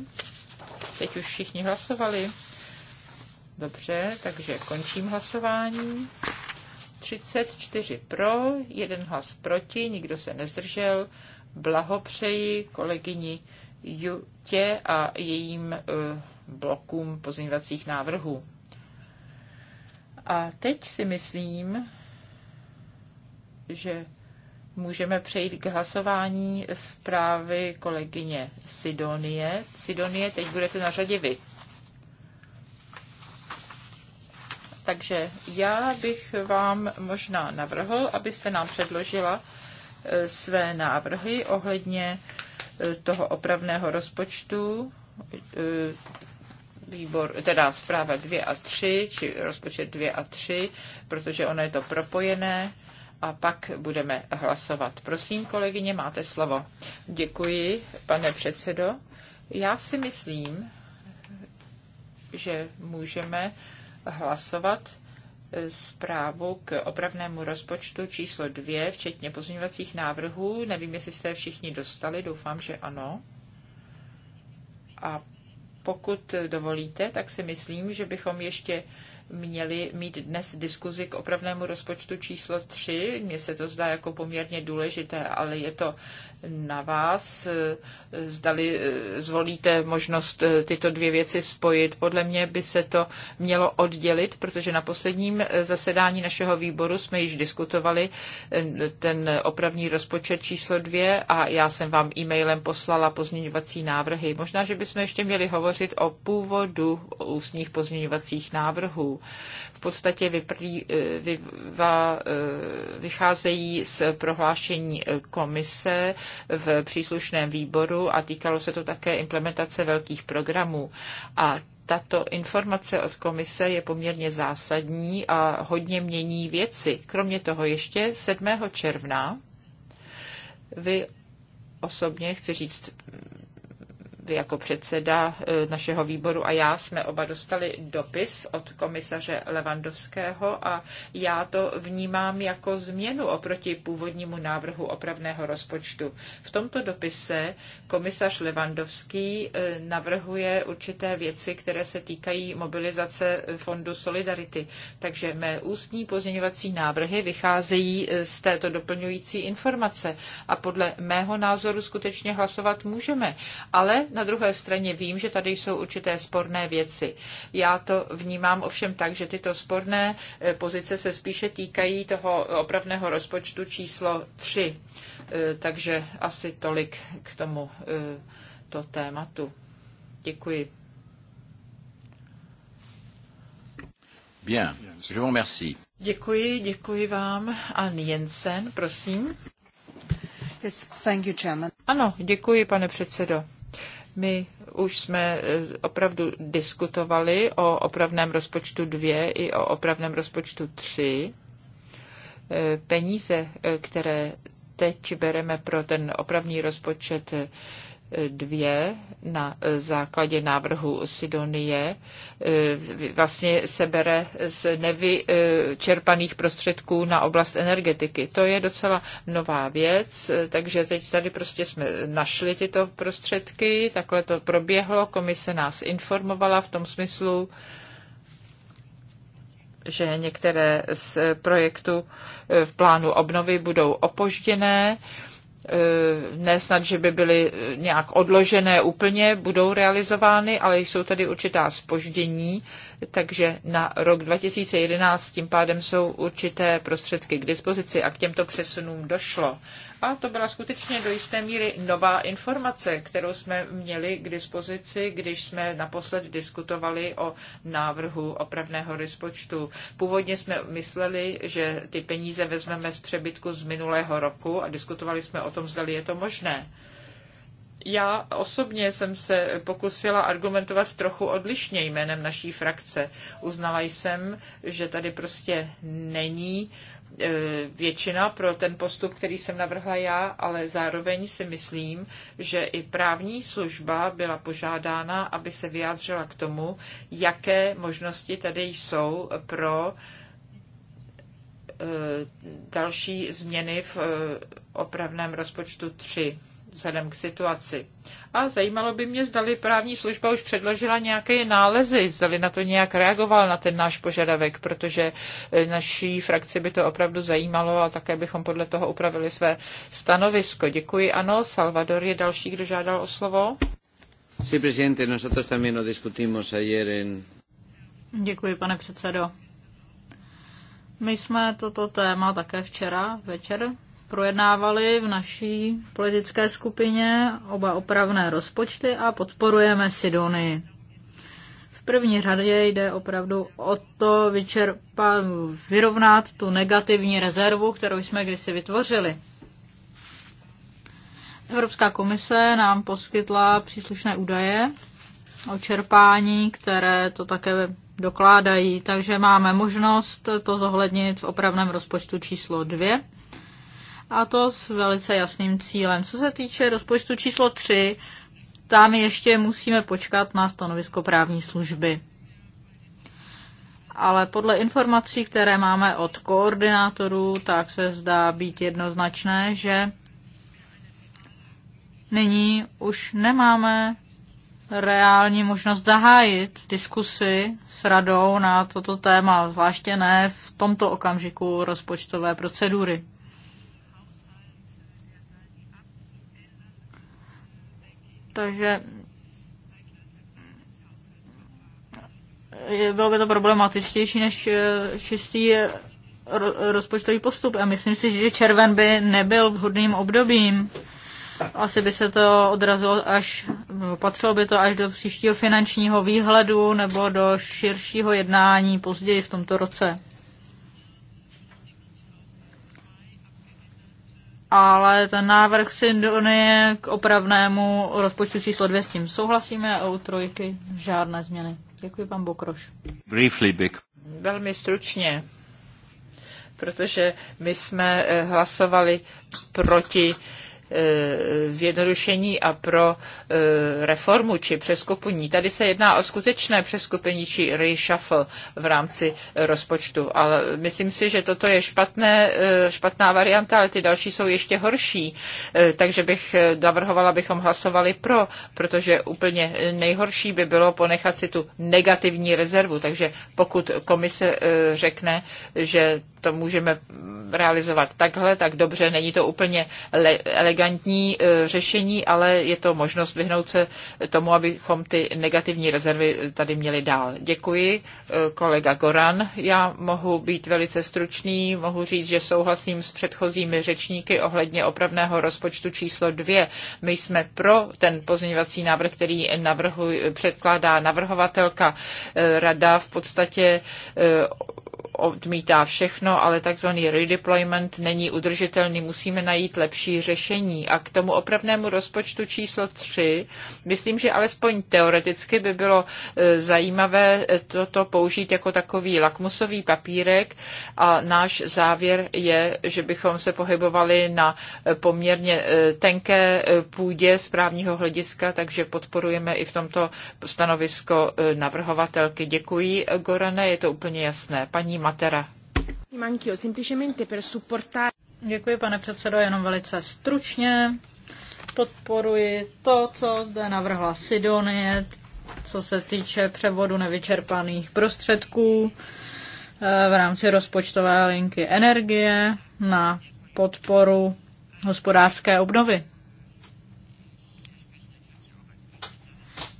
Teď už všichni hlasovali. Dobře, takže končím hlasování. 34 pro, jeden hlas proti, nikdo se nezdržel. Blahopřeji kolegyni Jutě a jejím eh, blokům pozměňovacích návrhů. A teď si myslím, že Můžeme přejít k hlasování zprávy kolegyně Sidonie. Sidonie, teď budete na řadě vy. Takže já bych vám možná navrhl, abyste nám předložila e, své návrhy ohledně e, toho opravného rozpočtu, e, výbor, teda zpráva 2 a 3, či rozpočet 2 a 3, protože ono je to propojené a pak budeme hlasovat. Prosím, kolegyně, máte slovo. Děkuji, pane předsedo. Já si myslím, že můžeme hlasovat zprávu k opravnému rozpočtu číslo dvě včetně pozměňovacích návrhů. Nevím, jestli jste je všichni dostali, doufám, že ano. A pokud dovolíte, tak si myslím, že bychom ještě měli mít dnes diskuzi k opravnému rozpočtu číslo 3. Mně se to zdá jako poměrně důležité, ale je to na vás, eh, zdali eh, zvolíte možnost eh, tyto dvě věci spojit. Podle mě by se to mělo oddělit, protože na posledním zasedání našeho výboru jsme již diskutovali ten opravní rozpočet číslo dvě a já jsem vám e-mailem poslala pozměňovací návrhy. Možná, že bychom ještě měli hovořit o původu ústních pozměňovacích návrhů, podstatě vyprý, eh, vyva, eh, vycházejí z prohlášení eh, komise v příslušném výboru a týkalo se to také implementace velkých programů. A tato informace od komise je poměrně zásadní a hodně mění věci. Kromě toho ještě 7. června vy osobně, chci říct vy jako předseda e, našeho výboru a já jsme oba dostali dopis od komisaře Levandovského a já to vnímám jako změnu oproti původnímu návrhu opravného rozpočtu. V tomto dopise komisař Levandovský e, navrhuje určité věci, které se týkají mobilizace Fondu Solidarity. Takže mé ústní pozměňovací návrhy vycházejí e, z této doplňující informace a podle mého názoru skutečně hlasovat můžeme. Ale na druhé straně vím, že tady jsou určité sporné věci. Já to vnímám ovšem tak, že tyto sporné eh, pozice se spíše týkají toho opravného rozpočtu číslo 3. Eh, takže asi tolik k tomu eh, to tématu. Děkuji. Bien, je vous merci. Děkuji, děkuji vám. A Jensen, prosím. Yes, thank you, chairman. Ano, děkuji, pane předsedo. My už jsme e, opravdu diskutovali o opravném rozpočtu 2 i o opravném rozpočtu 3. E, peníze, e, které teď bereme pro ten opravný rozpočet dvě na základě návrhu Sidonie e, vlastně sebere z nevyčerpaných prostředků na oblast energetiky. To je docela nová věc, e, takže teď tady prostě jsme našli tyto prostředky, takhle to proběhlo, komise nás informovala v tom smyslu, že některé z projektů e, v plánu obnovy budou opožděné. Eh, ne snad, že by byly eh, nějak odložené úplně, budou realizovány, ale jsou tady určitá spoždění takže na rok 2011 tím pádem jsou určité prostředky k dispozici a k těmto přesunům došlo. A to byla skutečně do jisté míry nová informace, kterou jsme měli k dispozici, když jsme naposled diskutovali o návrhu opravného rozpočtu. Původně jsme mysleli, že ty peníze vezmeme z přebytku z minulého roku a diskutovali jsme o tom, zda je to možné. Já osobně jsem se pokusila argumentovat trochu odlišně jménem naší frakce. Uznala jsem, že tady prostě není e, většina pro ten postup, který jsem navrhla já, ale zároveň si myslím, že i právní služba byla požádána, aby se vyjádřila k tomu, jaké možnosti tady jsou pro e, další změny v e, opravném rozpočtu 3 vzhledem k situaci. A zajímalo by mě, zdali právní služba už předložila nějaké nálezy, zdali na to nějak reagoval na ten náš požadavek, protože e, naší frakci by to opravdu zajímalo a také bychom podle toho upravili své stanovisko. Děkuji. Ano, Salvador je další, kdo žádal o slovo. Sí, presidente, nosotros también lo discutimos ayer en... Děkuji, pane předsedo. My jsme toto téma také včera večer projednávali v naší politické skupině oba opravné rozpočty a podporujeme Sidonii. V první řadě jde opravdu o to vyčerpat, vyrovnat tu negativní rezervu, kterou jsme kdysi vytvořili. Evropská komise nám poskytla příslušné údaje o čerpání, které to také dokládají, takže máme možnost to zohlednit v opravném rozpočtu číslo 2 a to s velice jasným cílem. Co se týče rozpočtu číslo 3, tam ještě musíme počkat na stanovisko právní služby. Ale podle informací, které máme od koordinátorů, tak se zdá být jednoznačné, že nyní už nemáme reální možnost zahájit diskusy s radou na toto téma, zvláště ne v tomto okamžiku rozpočtové procedury. Takže bylo by to problematičtější než eh, čistý eh, rozpočtový postup. A myslím si, že červen by nebyl vhodným obdobím. Asi by se to odrazilo až, no, patřilo by to až do příštího finančního výhledu nebo do širšího jednání později v tomto roce. ale ten návrh Syndonie k opravnému rozpočtu číslo 2 s tím souhlasíme a u trojky žádné změny. Děkuji, pan Bokroš. Briefly, big. Velmi stručně, protože my jsme eh, hlasovali proti eh, zjednodušení a pro Eh, reformu či přeskupení. Tady se jedná o skutečné přeskupení či reshuffle v rámci rozpočtu. Ale myslím si, že toto je špatné, eh, špatná varianta, ale ty další jsou ještě horší. Eh, takže bych navrhovala, abychom hlasovali pro, protože úplně nejhorší by bylo ponechat si tu negativní rezervu. Takže pokud komise řekne, že to můžeme realizovat takhle, tak dobře, není to úplně elegantní řešení, ale je to možnost vyhnout se tomu, abychom ty negativní rezervy tady měli dál. Děkuji, eh, kolega Goran. Já mohu být velice stručný, mohu říct, že souhlasím s předchozími řečníky ohledně opravného rozpočtu číslo dvě. My jsme pro ten pozměňovací návrh, který navrhuj, předkládá navrhovatelka. Eh, Rada v podstatě eh, odmítá všechno, ale takzvaný redeployment není udržitelný. Musíme najít lepší řešení. A k tomu opravnému rozpočtu číslo 3, myslím, že alespoň teoreticky by bylo e, zajímavé e, toto použít jako takový lakmusový papírek a náš závěr je, že bychom se pohybovali na e, poměrně tenké půdě správního hlediska, takže podporujeme i v tomto stanovisko navrhovatelky. Děkuji, Gorane, je to úplně jasné. Paní Matera. Děkuji, pane předsedo, jenom velice stručně. Podporuji to, co zde navrhla Sidonie, co se týče převodu nevyčerpaných prostředků eh, v rámci rozpočtové linky energie na podporu hospodářské obnovy.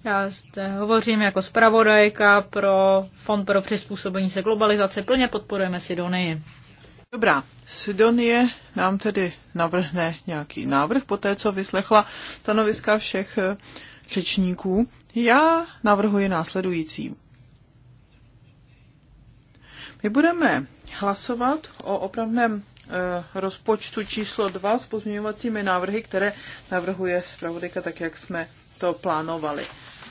Já zde hovořím jako zpravodajka pro Fond pro přizpůsobení se globalizace. Plně podporujeme Sidonii. Dobrá, Sidonie nám tedy navrhne nějaký návrh po té, co vyslechla stanoviska všech eh, řečníků. Já navrhuji následující. My budeme hlasovat o opravném eh, rozpočtu číslo 2 s pozměňovacími návrhy, které navrhuje zpravodajka tak, jak jsme to plánovali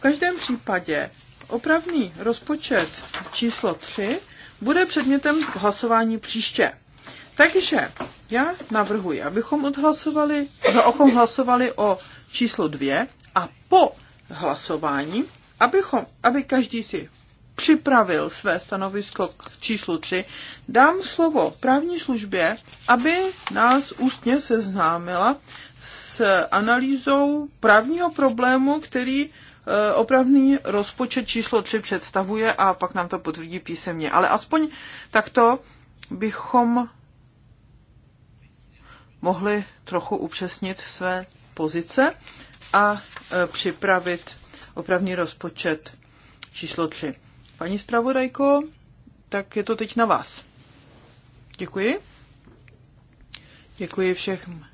každém případě opravný rozpočet číslo 3 bude předmětem hlasování příště. Takže já navrhuji, abychom odhlasovali, no, abychom hlasovali o číslo 2 a po hlasování, abychom, aby každý si připravil své stanovisko k číslu 3, dám slovo právní službě, aby nás ústně seznámila s analýzou právního problému, který E, opravný rozpočet číslo 3 představuje a pak nám to potvrdí písemně. Ale aspoň takto bychom mohli trochu upřesnit své pozice a e, připravit opravný rozpočet číslo 3. Paní zpravodajko, tak je to teď na vás. Děkuji. Děkuji všem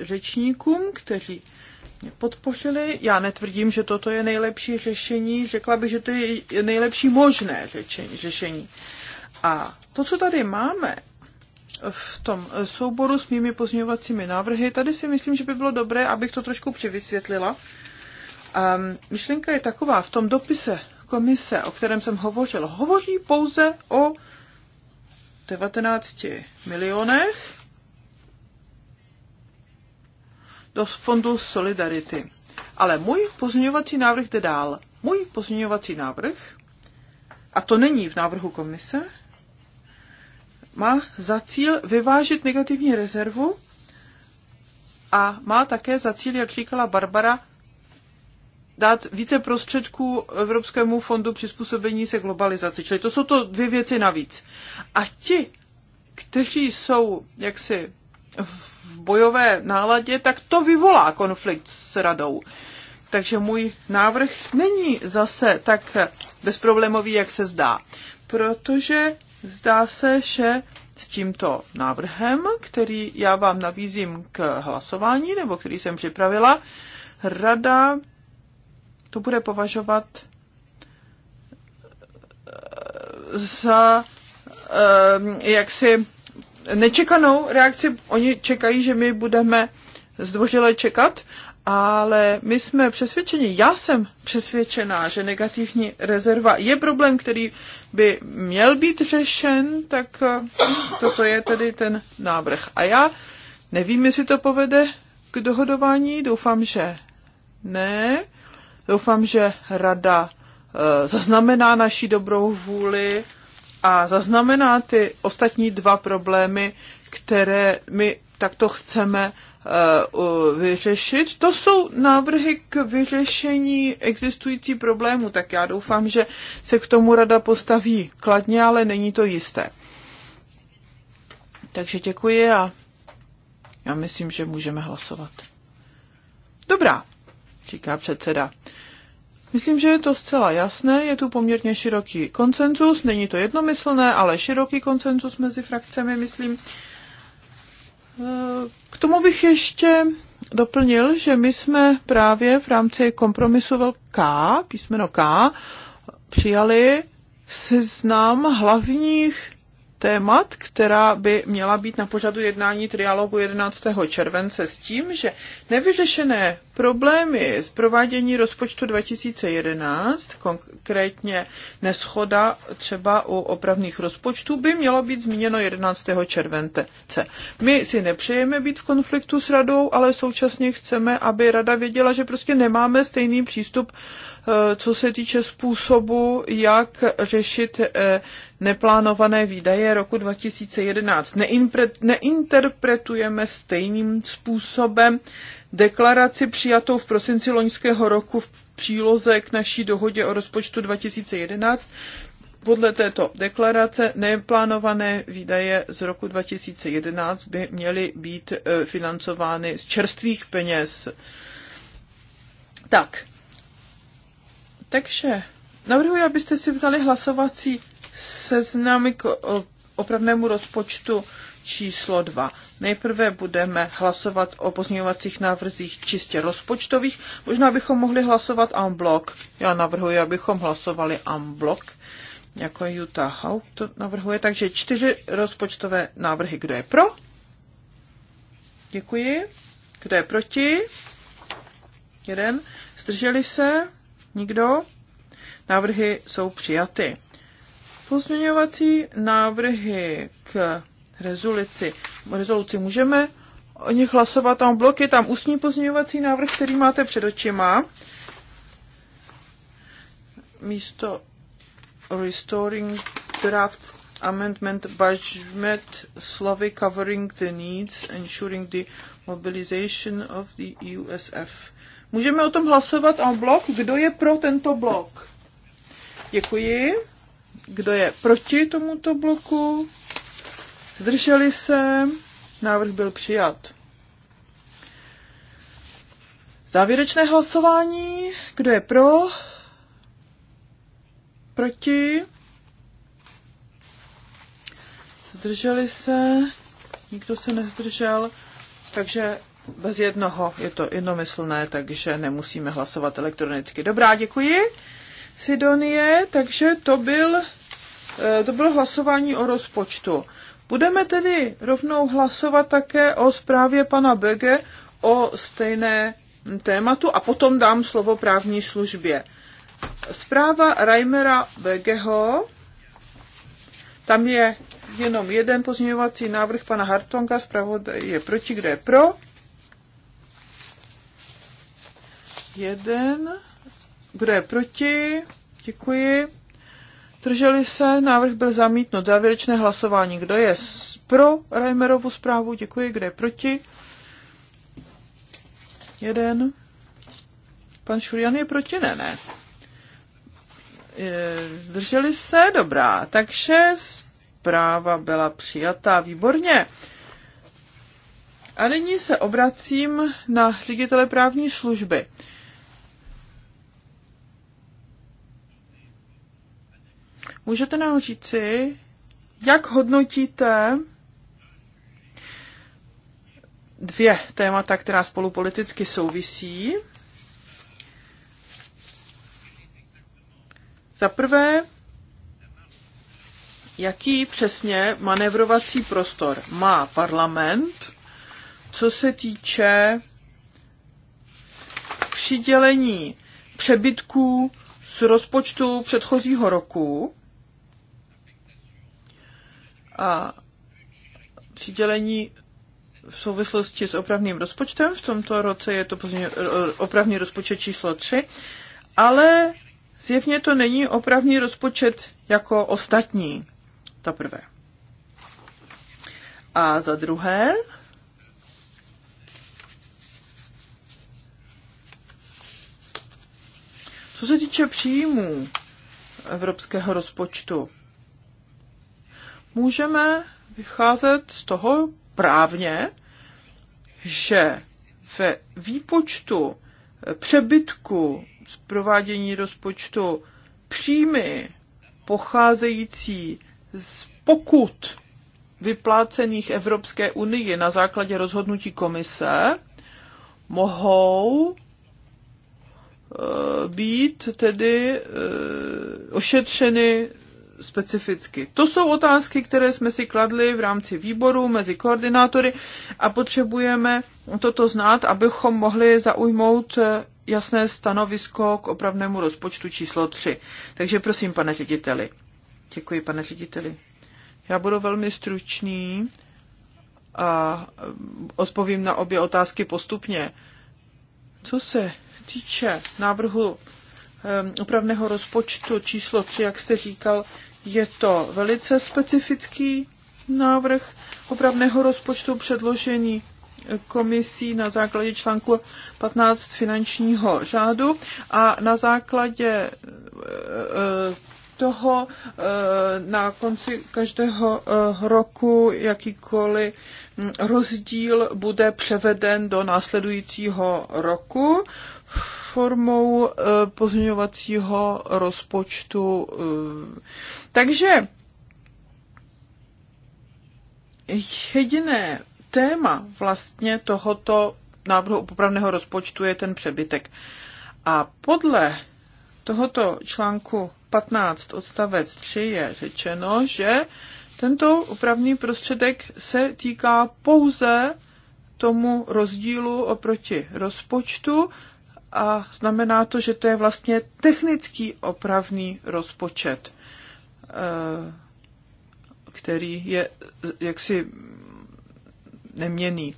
řečníkům, kteří Vlastně podpořili. Já netvrdím, že toto je nejlepší řešení, řekla bych, že to je nejlepší možné řešení. A to, co tady máme v tom souboru s mými pozměňovacími návrhy, tady si myslím, že by bylo dobré, abych to trošku přivysvětlila. Um, myšlenka je taková, v tom dopise komise, o kterém jsem hovořil, hovoří pouze o 19 milionech do fondu Solidarity. Ale můj pozměňovací návrh jde dál. Můj pozměňovací návrh, a to není v návrhu komise, má za cíl vyvážit negativní rezervu a má také za cíl, jak říkala Barbara, dát více prostředků Evropskému fondu přizpůsobení se globalizaci. Čili to jsou to dvě věci navíc. A ti, kteří jsou jaksi v bojové náladě, tak to vyvolá konflikt s radou. Takže můj návrh není zase tak bezproblémový, jak se zdá, protože zdá se, že s tímto návrhem, který já vám nabízím k hlasování, nebo který jsem připravila, rada to bude považovat eh, za eh, jaksi nečekanou reakci. Oni čekají, že my budeme zdvořile čekat, ale my jsme přesvědčeni, já jsem přesvědčená, že negativní rezerva je problém, který by měl být řešen, tak hm, toto je tedy ten návrh. A já nevím, jestli to povede k dohodování, doufám, že ne. Doufám, že rada eh, zaznamená naší dobrou vůli a zaznamená ty ostatní dva problémy, které my takto chceme eh, vyřešit. To jsou návrhy k vyřešení existující problému, tak já doufám, že se k tomu rada postaví kladně, ale není to jisté. Takže děkuji a já myslím, že můžeme hlasovat. Dobrá, říká předseda. Myslím, že je to zcela jasné, je tu poměrně široký koncenzus, není to jednomyslné, ale široký koncenzus mezi frakcemi, myslím. K tomu bych ještě doplnil, že my jsme právě v rámci kompromisu K, písmeno K, přijali seznam hlavních témat, která by měla být na pořadu jednání trialogu 11. července s tím, že nevyřešené problémy z provádění rozpočtu 2011, konkrétně neschoda třeba u opravných rozpočtů, by mělo být zmíněno 11. července. My si nepřejeme být v konfliktu s radou, ale současně chceme, aby rada věděla, že prostě nemáme stejný přístup Eh, co se týče způsobu, jak řešit eh, neplánované výdaje roku 2011. Neinterpretujeme stejným způsobem deklaraci přijatou v prosinci loňského roku v příloze k naší dohodě o rozpočtu 2011. Podle této deklarace neplánované výdaje z roku 2011 by měly být eh, financovány z čerstvých peněz. Tak, takže navrhuji, abyste si vzali hlasovací seznamy k opravnému rozpočtu číslo 2. Nejprve budeme hlasovat o pozměňovacích návrzích čistě rozpočtových. Možná bychom mohli hlasovat en blok. Já navrhuji, abychom hlasovali en blok, jako Utah Hauk to navrhuje. Takže čtyři rozpočtové návrhy. Kdo je pro? Děkuji. Kdo je proti? Jeden. Zdrželi se? Nikdo? Návrhy jsou přijaty. Pozměňovací návrhy k rezoluci. Rezoluci můžeme o nich hlasovat tam bloky, tam ústní pozměňovací návrh, který máte před očima. Místo restoring draft amendment budget slovy covering the needs, ensuring the mobilization of the USF Můžeme o tom hlasovat o blok. Kdo je pro tento blok? Děkuji. Kdo je proti tomuto bloku? Zdrželi se? Návrh byl přijat. Závěrečné hlasování. Kdo je pro? Proti? Zdrželi se? Nikdo se nezdržel. Takže bez jednoho je to jednomyslné, takže nemusíme hlasovat elektronicky. Dobrá, děkuji. Sidonie, takže to, byl, eh, to bylo hlasování o rozpočtu. Budeme tedy rovnou hlasovat také o zprávě pana Bege o stejné tématu a potom dám slovo právní službě. Zpráva Reimera Begeho, tam je jenom jeden pozměňovací návrh pana Hartonga, zpravodaj je proti, kde je pro jeden. Kdo je proti? Děkuji. Drželi se, návrh byl zamítnut. Závěrečné hlasování. Kdo je pro Reimerovu zprávu? Děkuji. Kdo je proti? Jeden. Pan Šurian je proti? Ne, ne. Zdrželi se? Dobrá. Takže zpráva byla přijatá. Výborně. A nyní se obracím na ředitele právní služby. Můžete nám říci, jak hodnotíte dvě témata, která spolu politicky souvisí? Za prvé, jaký přesně manevrovací prostor má parlament, co se týče přidělení přebytků z rozpočtu předchozího roku a přidělení v souvislosti s opravným rozpočtem. V tomto roce je to opravný rozpočet číslo 3, ale zjevně to není opravný rozpočet jako ostatní. Za prvé. A za druhé, co se týče příjmů evropského rozpočtu, můžeme vycházet z toho právně, že ve výpočtu přebytku z provádění rozpočtu příjmy pocházející z pokut vyplácených Evropské unii na základě rozhodnutí komise mohou eh, být tedy eh, ošetřeny specificky. To jsou otázky, které jsme si kladli v rámci výboru mezi koordinátory a potřebujeme toto znát, abychom mohli zaujmout eh, jasné stanovisko k opravnému rozpočtu číslo 3. Takže prosím, pane řediteli. Děkuji, pane řediteli. Já budu velmi stručný a eh, odpovím na obě otázky postupně. Co se týče návrhu eh, opravného rozpočtu číslo 3, jak jste říkal, je to velice specifický návrh opravného rozpočtu předložení komisí na základě článku 15 finančního řádu a na základě e, e, toho e, na konci každého roku jakýkoliv rozdíl bude převeden do následujícího roku formou eh, pozměňovacího rozpočtu. Eh. Takže jediné téma vlastně tohoto návrhu popravného rozpočtu je ten přebytek. A podle tohoto článku 15 odstavec 3 je řečeno, že tento opravný prostředek se týká pouze tomu rozdílu oproti rozpočtu a znamená to, že to je vlastně technický opravný rozpočet, eh, který je eh, jaksi neměný.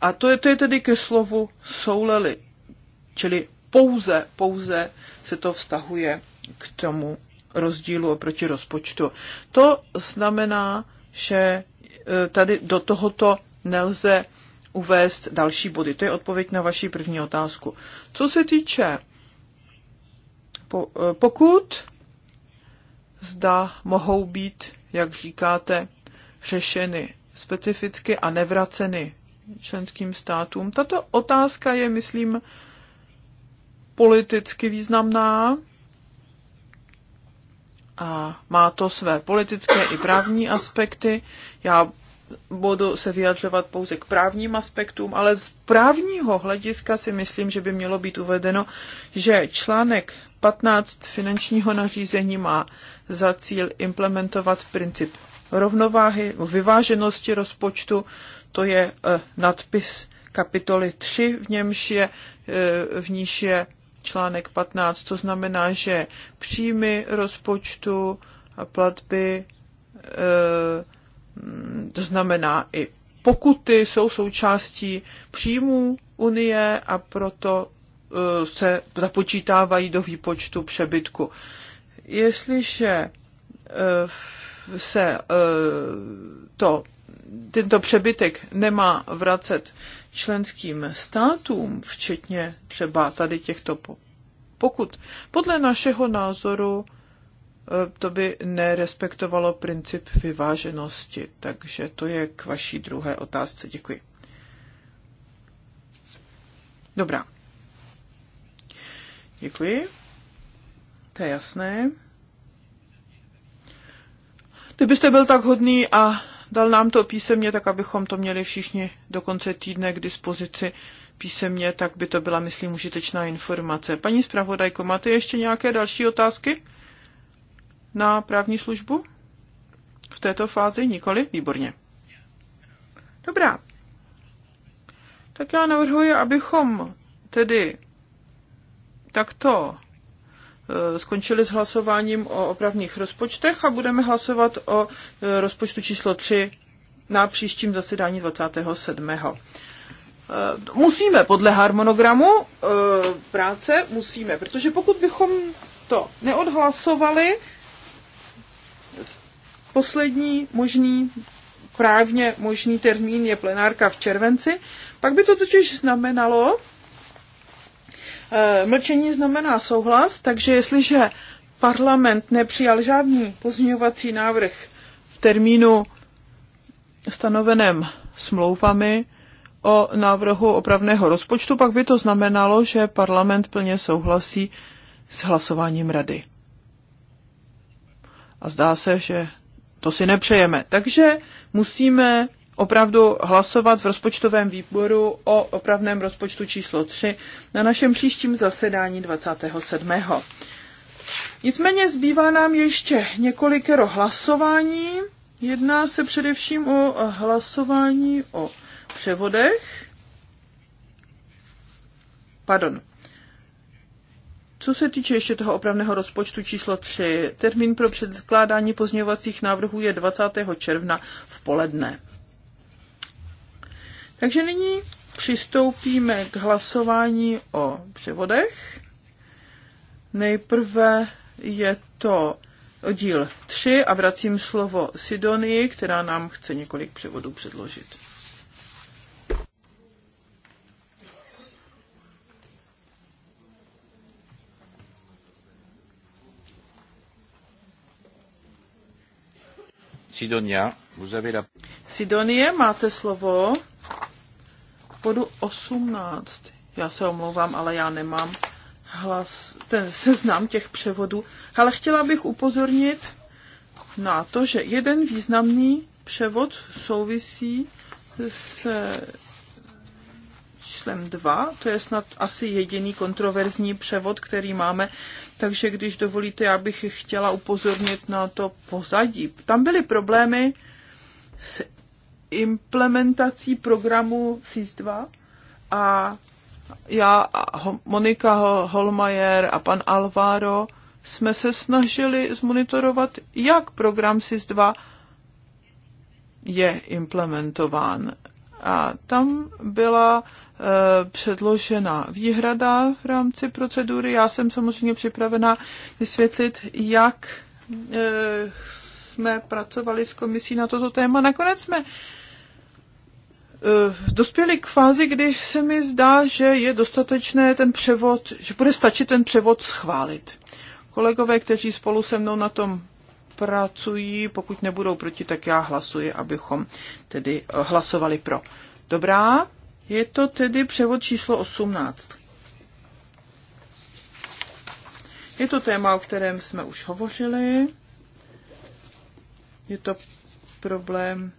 A to je, to je tedy ke slovu souleli, čili pouze, pouze se to vztahuje k tomu rozdílu oproti rozpočtu. To znamená, že eh, tady do tohoto nelze uvést další body. To je odpověď na vaši první otázku. Co se týče e, pokud, zda mohou být, jak říkáte, řešeny specificky a nevraceny členským státům. Tato otázka je, myslím, politicky významná a má to své politické i právní aspekty. Já budu se vyjadřovat pouze k právním aspektům, ale z právního hlediska si myslím, že by mělo být uvedeno, že článek 15 finančního nařízení má za cíl implementovat princip rovnováhy, vyváženosti rozpočtu, to je eh, nadpis kapitoly 3, v němž je, eh, v níž je článek 15. To znamená, že příjmy rozpočtu a platby e, Mm, to znamená i pokuty jsou součástí příjmů Unie a proto e, se započítávají do výpočtu přebytku. Jestliže e, se e, to, tento přebytek nemá vracet členským státům, včetně třeba tady těchto pokut, podle našeho názoru to by nerespektovalo princip vyváženosti. Takže to je k vaší druhé otázce. Děkuji. Dobrá. Děkuji. To je jasné. Kdybyste byl tak hodný a dal nám to písemně, tak abychom to měli všichni do konce týdne k dispozici písemně, tak by to byla, myslím, užitečná informace. Paní zpravodajko, máte ještě nějaké další otázky? na právní službu? V této fázi nikoli? Výborně. Dobrá. Tak já navrhuji, abychom tedy takto eh, skončili s hlasováním o opravných rozpočtech a budeme hlasovat o eh, rozpočtu číslo 3 na příštím zasedání 27. Eh, musíme podle harmonogramu práce, musíme, protože pokud bychom to neodhlasovali, Poslední možný, právně možný termín je plenárka v červenci. Pak by to totiž znamenalo, eh, mlčení znamená souhlas, takže jestliže parlament nepřijal žádný pozměňovací návrh v termínu stanoveném smlouvami o návrhu opravného rozpočtu, pak by to znamenalo, že parlament plně souhlasí s hlasováním rady. A zdá se, že to si nepřejeme. Takže musíme opravdu hlasovat v rozpočtovém výboru o opravném rozpočtu číslo 3 na našem příštím zasedání 27. Nicméně zbývá nám ještě několikero hlasování. Jedná se především o hlasování o převodech. Pardon, co se týče ještě toho opravného rozpočtu číslo 3, termín pro předkládání pozměňovacích návrhů je 20. června v poledne. Takže nyní přistoupíme k hlasování o převodech. Nejprve je to díl 3 a vracím slovo Sidonii, která nám chce několik převodů předložit. Sidonia, vous avez la... Sidonie, máte slovo. Bodu 18. Já se omlouvám, ale já nemám hlas, ten seznam těch převodů. Ale chtěla bych upozornit na to, že jeden významný převod souvisí s číslem 2, to je snad asi jediný kontroverzní převod, který máme, takže když dovolíte, já bych chtěla upozornit na to pozadí. Tam byly problémy s implementací programu SIS 2 a já, Monika Holmajer a pan Alvaro jsme se snažili zmonitorovat, jak program SIS 2 je implementován. A tam byla Eh, předložena výhrada v rámci procedury. Já jsem samozřejmě připravena vysvětlit, jak eh, jsme pracovali s komisí na toto téma. Nakonec jsme eh, dospěli k fázi, kdy se mi zdá, že je dostatečné ten převod, že bude stačit ten převod schválit. Kolegové, kteří spolu se mnou na tom pracují, pokud nebudou proti, tak já hlasuji, abychom tedy hlasovali pro. Dobrá, je to tedy převod číslo 18. Je to téma, o kterém jsme už hovořili. Je to problém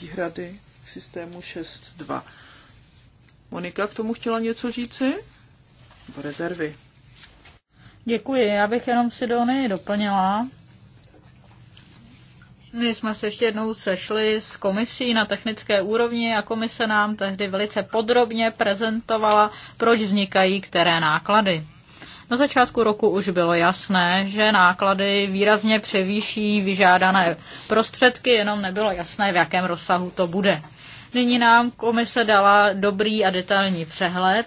výhrady systému 6.2. Monika k tomu chtěla něco říci? Rezervy. Děkuji, já bych jenom něj doplnila, my jsme se ještě jednou sešli s komisí na technické úrovni a komise nám tehdy velice podrobně prezentovala, proč vznikají které náklady. Na začátku roku už bylo jasné, že náklady výrazně převýší vyžádané prostředky, jenom nebylo jasné, v jakém rozsahu to bude. Nyní nám komise dala dobrý a detailní přehled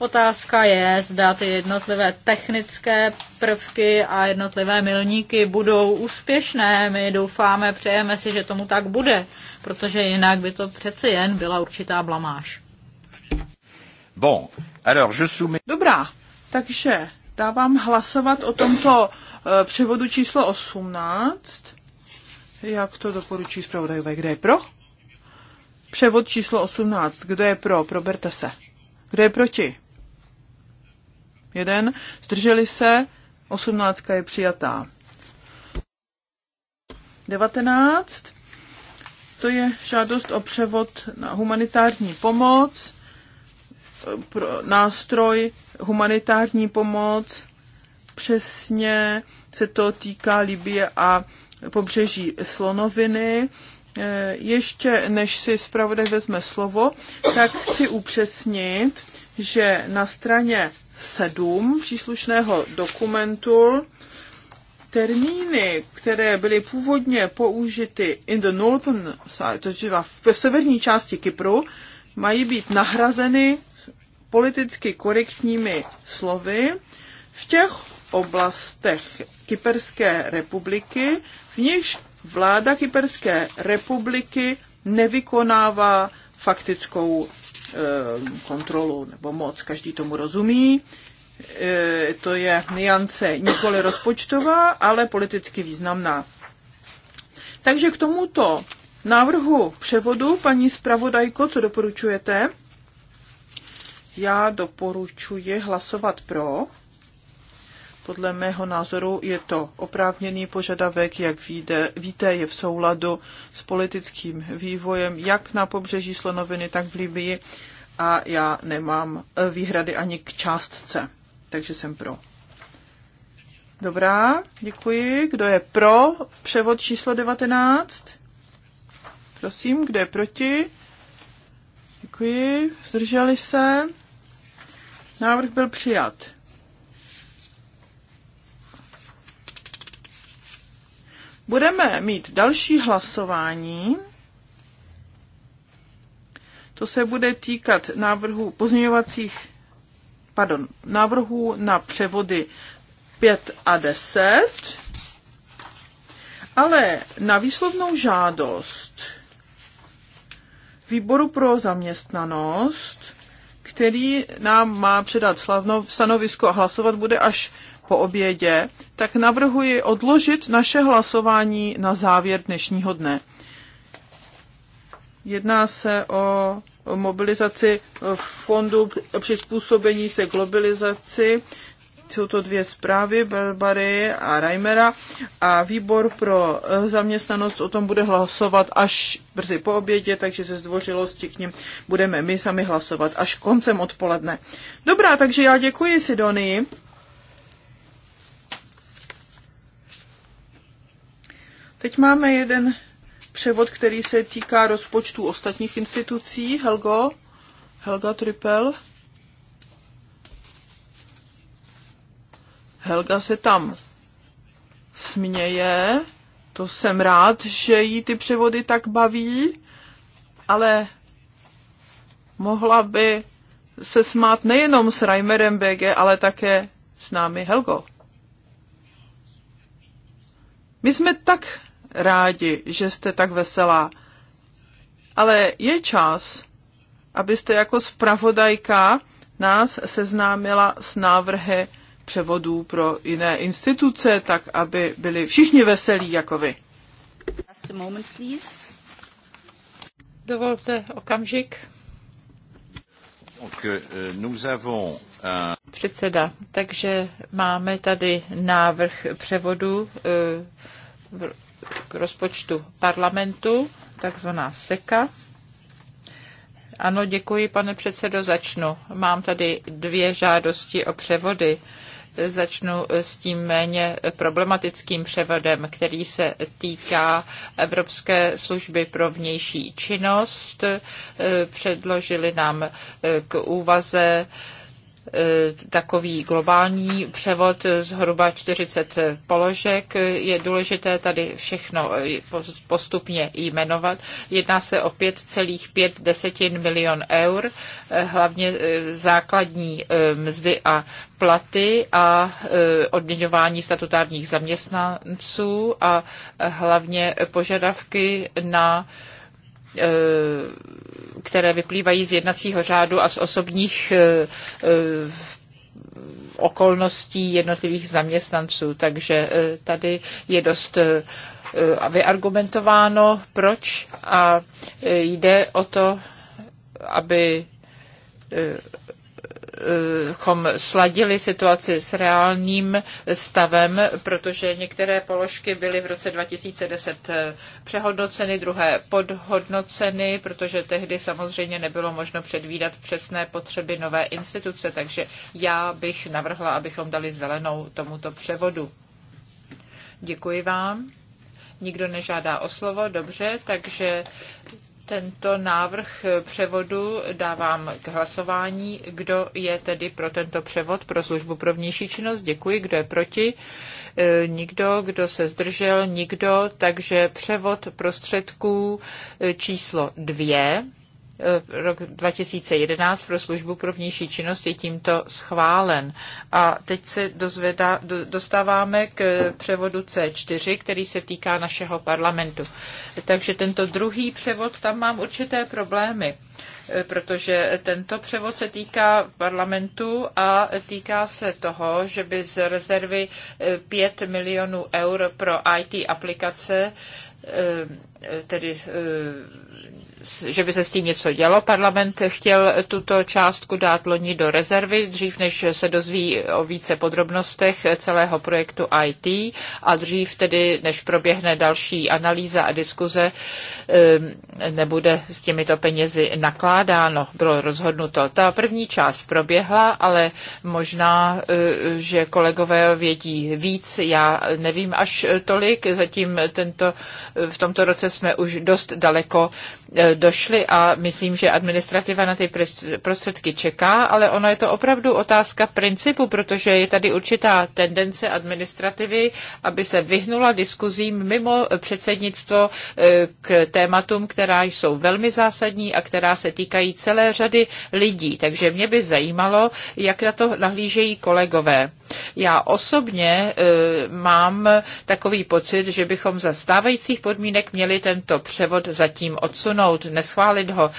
Otázka je, zda ty jednotlivé technické prvky a jednotlivé milníky budou úspěšné. My doufáme, přejeme si, že tomu tak bude, protože jinak by to přeci jen byla určitá blamáž. Bon, alors je soumets... Dobrá, takže dávám hlasovat o tomto eh, převodu číslo 18. Jak to doporučí zpravodajové? Kde je pro? Převod číslo 18. Kdo je pro? Proberte se. Kdo je proti? jeden, zdrželi se, osmnáctka je přijatá. Devatenáct, to je žádost o převod na humanitární pomoc, pro nástroj humanitární pomoc, přesně se to týká Libie a pobřeží Slonoviny. Eh, ještě než si zpravodaj vezme slovo, tak chci upřesnit, že na straně 7 příslušného dokumentu termíny, které byly původně použity in the northern side, to znamená v severní části Kypru, mají být nahrazeny politicky korektními slovy v těch oblastech Kyperské republiky, v nichž vláda Kyperské republiky nevykonává faktickou Eh, kontrolu nebo moc, každý tomu rozumí. Eh, to je niance nikoli rozpočtová, ale politicky významná. Takže k tomuto návrhu převodu, paní zpravodajko, co doporučujete? Já doporučuji hlasovat pro. Podle mého názoru je to oprávněný požadavek, jak víde, víte, je v souladu s politickým vývojem, jak na pobřeží Slonoviny, tak v Libii a já nemám eh, výhrady ani k částce, takže jsem pro. Dobrá, děkuji. Kdo je pro převod číslo 19? Prosím, kdo je proti? Děkuji. Zdrželi se. Návrh byl přijat. Budeme mít další hlasování. To se bude týkat návrhů pozměňovacích, pardon, návrhů na převody 5 a 10, ale na výslovnou žádost výboru pro zaměstnanost, který nám má předat slavno, stanovisko a hlasovat bude až po obědě, tak navrhuji odložit naše hlasování na závěr dnešního dne. Jedná se o mobilizaci fondu přizpůsobení se globalizaci. Jsou to dvě zprávy, Barbary a Reimera. A výbor pro zaměstnanost o tom bude hlasovat až brzy po obědě, takže ze zdvořilosti k ním budeme my sami hlasovat až koncem odpoledne. Dobrá, takže já děkuji Sidonii. Teď máme jeden převod, který se týká rozpočtu ostatních institucí. Helgo, Helga Trippel. Helga se tam směje, to jsem rád, že jí ty převody tak baví, ale mohla by se smát nejenom s Reimerem BG, ale také s námi Helgo. My jsme tak rádi, že jste tak veselá. Ale je čas, abyste jako zpravodajka nás seznámila s návrhy převodů pro jiné instituce, tak aby byli všichni veselí jako vy. Just moment, please. Dovolte okamžik. Euh, euh, Předseda, takže máme tady návrh převodu euh, k rozpočtu parlamentu, takzvaná SEKA. Ano, děkuji, pane předsedo, začnu. Mám tady dvě žádosti o převody. Začnu s tím méně problematickým převodem, který se týká Evropské služby pro vnější činnost. Eh, předložili nám eh, k úvaze Eh, takový globální převod zhruba 40 položek. Je důležité tady všechno eh, postupně jmenovat. Jedná se o 5,5 desetin milion eur, eh, hlavně základní mzdy a platy a odměňování statutárních zaměstnanců a hlavně požadavky na Eh, které vyplývají z jednacího řádu a z osobních eh, eh, okolností jednotlivých zaměstnanců. Takže tady je dost vyargumentováno, proč a jde o to, aby abychom sladili situaci s reálným stavem, protože některé položky byly v roce 2010 eh, přehodnoceny, druhé podhodnoceny, protože tehdy samozřejmě nebylo možno předvídat přesné potřeby nové instituce, takže já bych navrhla, abychom dali zelenou tomuto převodu. Děkuji vám. Nikdo nežádá o slovo, dobře, takže tento návrh převodu dávám k hlasování. Kdo je tedy pro tento převod pro službu pro vnější činnost? Děkuji. Kdo je proti? E, nikdo. Kdo se zdržel? Nikdo. Takže převod prostředků e, číslo dvě Eh, rok 2011 pro službu pro vnější činnost je tímto schválen. A teď se dozvědá, dostáváme k převodu C4, který se týká našeho parlamentu. Takže tento druhý převod, tam mám určité problémy eh, protože tento převod se týká parlamentu a týká se toho, že by z rezervy 5 eh, milionů eur pro IT aplikace, tedy že by se s tím něco dělo. Parlament chtěl tuto částku dát loni do rezervy, dřív než se dozví o více podrobnostech celého projektu IT a dřív tedy, než proběhne další analýza a diskuze, nebude s těmito penězi nakládáno, bylo rozhodnuto. Ta první část proběhla, ale možná, eh, že kolegové vědí víc, já nevím až tolik, zatím tento, v tomto roce jsme už dost daleko E, došly a myslím, že administrativa na ty prostředky čeká, ale ono je to opravdu otázka principu, protože je tady určitá tendence administrativy, aby se vyhnula diskuzím mimo předsednictvo e, k tématům, která jsou velmi zásadní a která se týkají celé řady lidí. Takže mě by zajímalo, jak na to nahlížejí kolegové. Já osobně e, mám takový pocit, že bychom za stávajících podmínek měli tento převod zatím odsunout zamítnout, neschválit ho.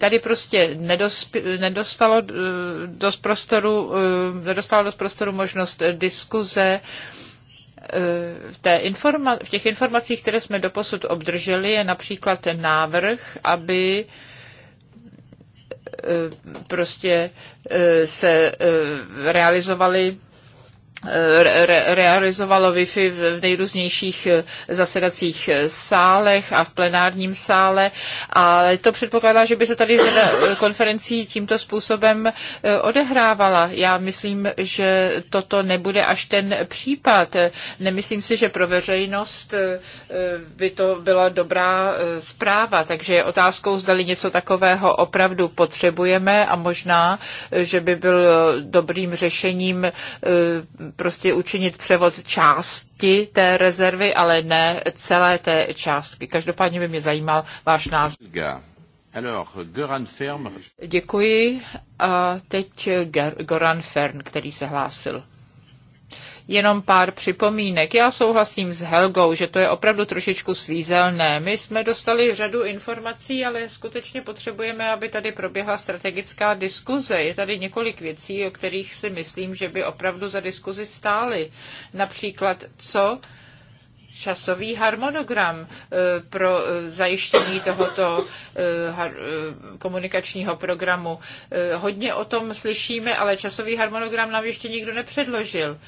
Tady prostě nedosp- nedostalo eh, do prostoru, eh, nedostalo dost prostoru možnost diskuze, eh, v, té informa- v těch informacích, které jsme doposud obdrželi, je například ten návrh, aby prostě se realizovaly re- realizovalo Wi-Fi v nejrůznějších eh, zasedacích eh, sálech a v plenárním sále, ale to předpokládá, že by se tady řada eh, konferencí tímto způsobem odehrávala. Já myslím, že toto nebude až ten případ. Nemyslím si, že pro veřejnost by to byla dobrá zpráva, takže je otázkou, zdali něco takového opravdu potřebujeme a možná, že by byl dobrým řešením prostě učinit převod části té rezervy, ale ne celé té částky. Každopádně by mě zajímal váš názor. Děkuji. A teď Goran Fern, který se hlásil. Jenom pár připomínek. Já souhlasím s Helgou, že to je opravdu trošičku svízelné. My jsme dostali řadu informací, ale skutečně potřebujeme, aby tady proběhla strategická diskuze. Je tady několik věcí, o kterých si myslím, že by opravdu za diskuzi stály. Například, co časový harmonogram e, pro e, zajištění tohoto e, komunikačního programu. Hodně o tom slyšíme, ale časový harmonogram nám ještě nikdo nepředložil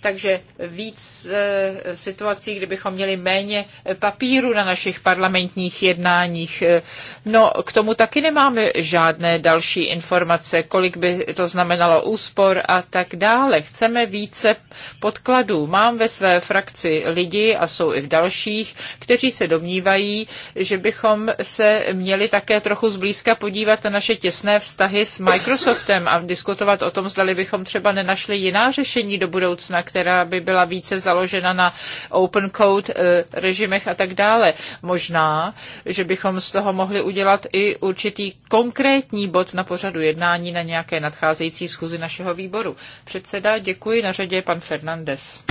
takže víc eh, situací, kdybychom měli méně eh, papíru na našich parlamentních jednáních. Eh, no, k tomu taky nemáme žádné další informace, kolik by to znamenalo úspor a tak dále. Chceme více podkladů. Mám ve své frakci lidi a jsou i v dalších, kteří se domnívají, že bychom se měli také trochu zblízka podívat na naše těsné vztahy s Microsoftem a diskutovat o tom, zdali bychom třeba nenašli jiná řešení do budoucna, která by byla více založena na open code eh, režimech a tak dále. Možná, že bychom z toho mohli udělat i určitý konkrétní bod na pořadu jednání na nějaké nadcházející schůzi našeho výboru. Předseda, děkuji, na řadě je pan Fernandez.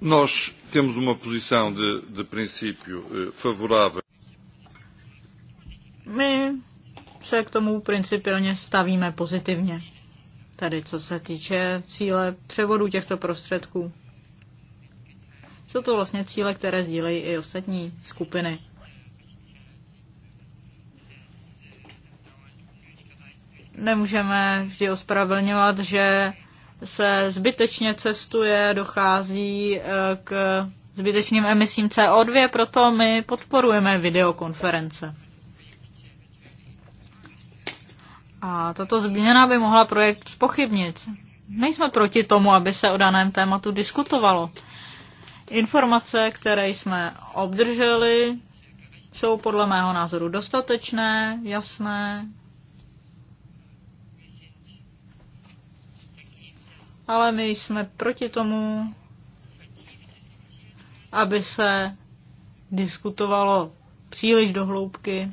Nós temos uma posição de, de princípio eh, favorável. My se k tomu principiálně stavíme pozitivně. Tady co se týče cíle převodu těchto prostředků. Jsou to vlastně cíle, které sdílejí i ostatní skupiny. Nemůžeme vždy ospravedlňovat, že se zbytečně cestuje, dochází eh, k zbytečným emisím CO2, proto my podporujeme videokonference. A tato změna by mohla projekt spochybnit. Nejsme proti tomu, aby se o daném tématu diskutovalo. Informace, které jsme obdrželi, jsou podle mého názoru dostatečné, jasné. Ale my jsme proti tomu, aby se diskutovalo příliš hloubky.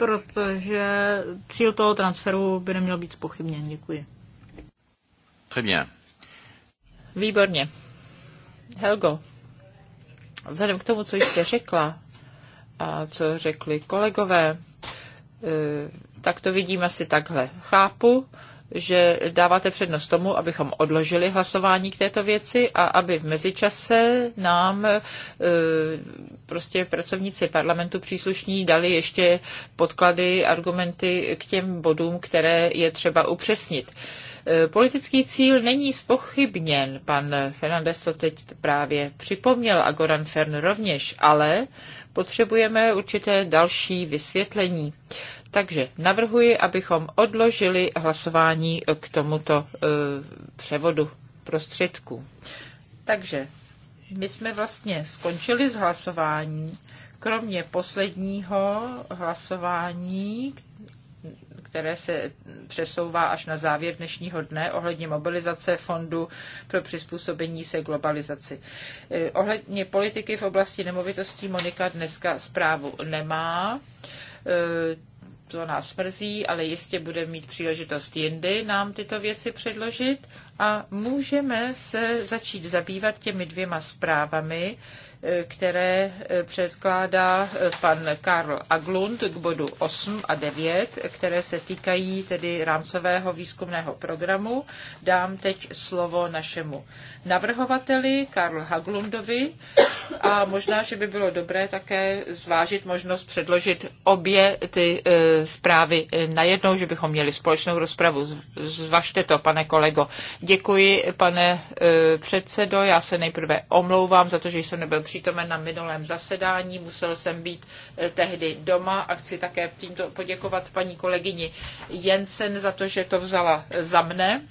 protože cíl toho transferu by neměl být spochybněn. Děkuji. Très bien. Výborně. Helgo, vzhledem k tomu, co jste řekla a co řekli kolegové, eh, tak to vidím asi takhle. Chápu, že dáváte přednost tomu, abychom odložili hlasování k této věci a aby v mezičase nám e, prostě pracovníci parlamentu příslušní dali ještě podklady, argumenty k těm bodům, které je třeba upřesnit. E, politický cíl není spochybněn, pan Fernandez to teď právě připomněl a Goran Fern rovněž, ale potřebujeme určité další vysvětlení. Takže navrhuji, abychom odložili hlasování k tomuto e, převodu prostředků. Takže my jsme vlastně skončili s hlasování, kromě posledního hlasování, které se přesouvá až na závěr dnešního dne ohledně mobilizace Fondu pro přizpůsobení se globalizaci. E, ohledně politiky v oblasti nemovitostí Monika dneska zprávu nemá e, to nás mrzí, ale jistě budeme mít příležitost jindy nám tyto věci předložit a můžeme se začít zabývat těmi dvěma zprávami, které eh, předkládá eh, pan Karl Aglund k bodu 8 a 9, které se týkají tedy rámcového výzkumného programu. Dám teď slovo našemu navrhovateli Karl Haglundovi a možná, že by bylo dobré také zvážit možnost předložit obě ty eh, zprávy zprávy najednou, že bychom měli společnou rozpravu. Zvažte to, pane kolego. Děkuji, pane předsedo. Já se nejprve omlouvám za to, že jsem nebyl přítomen na minulém zasedání, musel jsem být eh, tehdy doma a chci také tímto poděkovat paní kolegyni Jensen za to, že to vzala eh, za mne.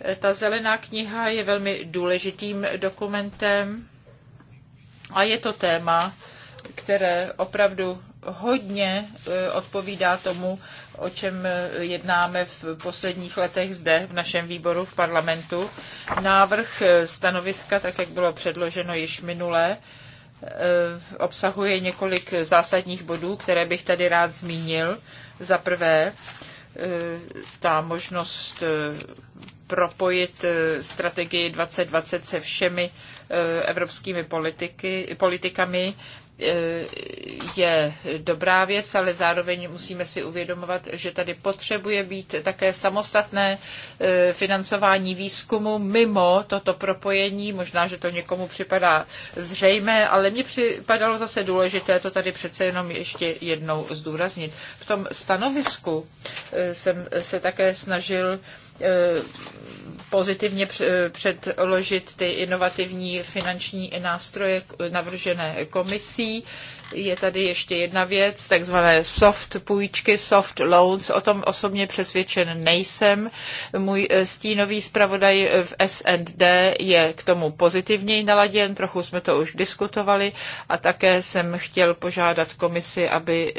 Eh, ta zelená kniha je velmi důležitým dokumentem a je to téma, které opravdu hodně e, odpovídá tomu, o čem e, jednáme v posledních letech zde v našem výboru v parlamentu. Návrh e, stanoviska, tak jak bylo předloženo již minule, obsahuje několik zásadních bodů, které bych tady rád zmínil. Za prvé, ta možnost propojit strategii 2020 se všemi evropskými politiky, politikami je dobrá věc, ale zároveň musíme si uvědomovat, že tady potřebuje být také samostatné e, financování výzkumu mimo toto propojení. Možná, že to někomu připadá zřejmé, ale mně připadalo zase důležité to tady přece jenom ještě jednou zdůraznit. V tom stanovisku e, jsem se také snažil Eh, pozitivně předložit ty inovativní finanční nástroje navržené komisí je tady ještě jedna věc, takzvané soft půjčky, soft loans. O tom osobně přesvědčen nejsem. Můj eh, stínový zpravodaj v SND je k tomu pozitivněji naladěn, trochu jsme to už diskutovali a také jsem chtěl požádat komisi, aby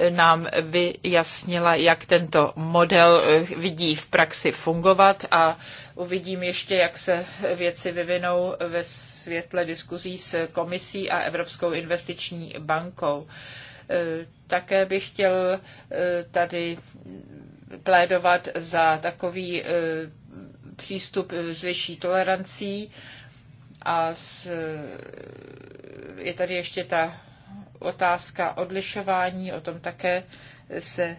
eh, nám vyjasnila, jak tento model eh, vidí v praxi fungovat a Uvidím ještě, jak se věci vyvinou ve světle diskuzí s komisí a Evropskou investiční bankou. E, také bych chtěl e, tady plédovat za takový e, přístup s vyšší tolerancí a s, je tady ještě ta otázka odlišování, o tom také se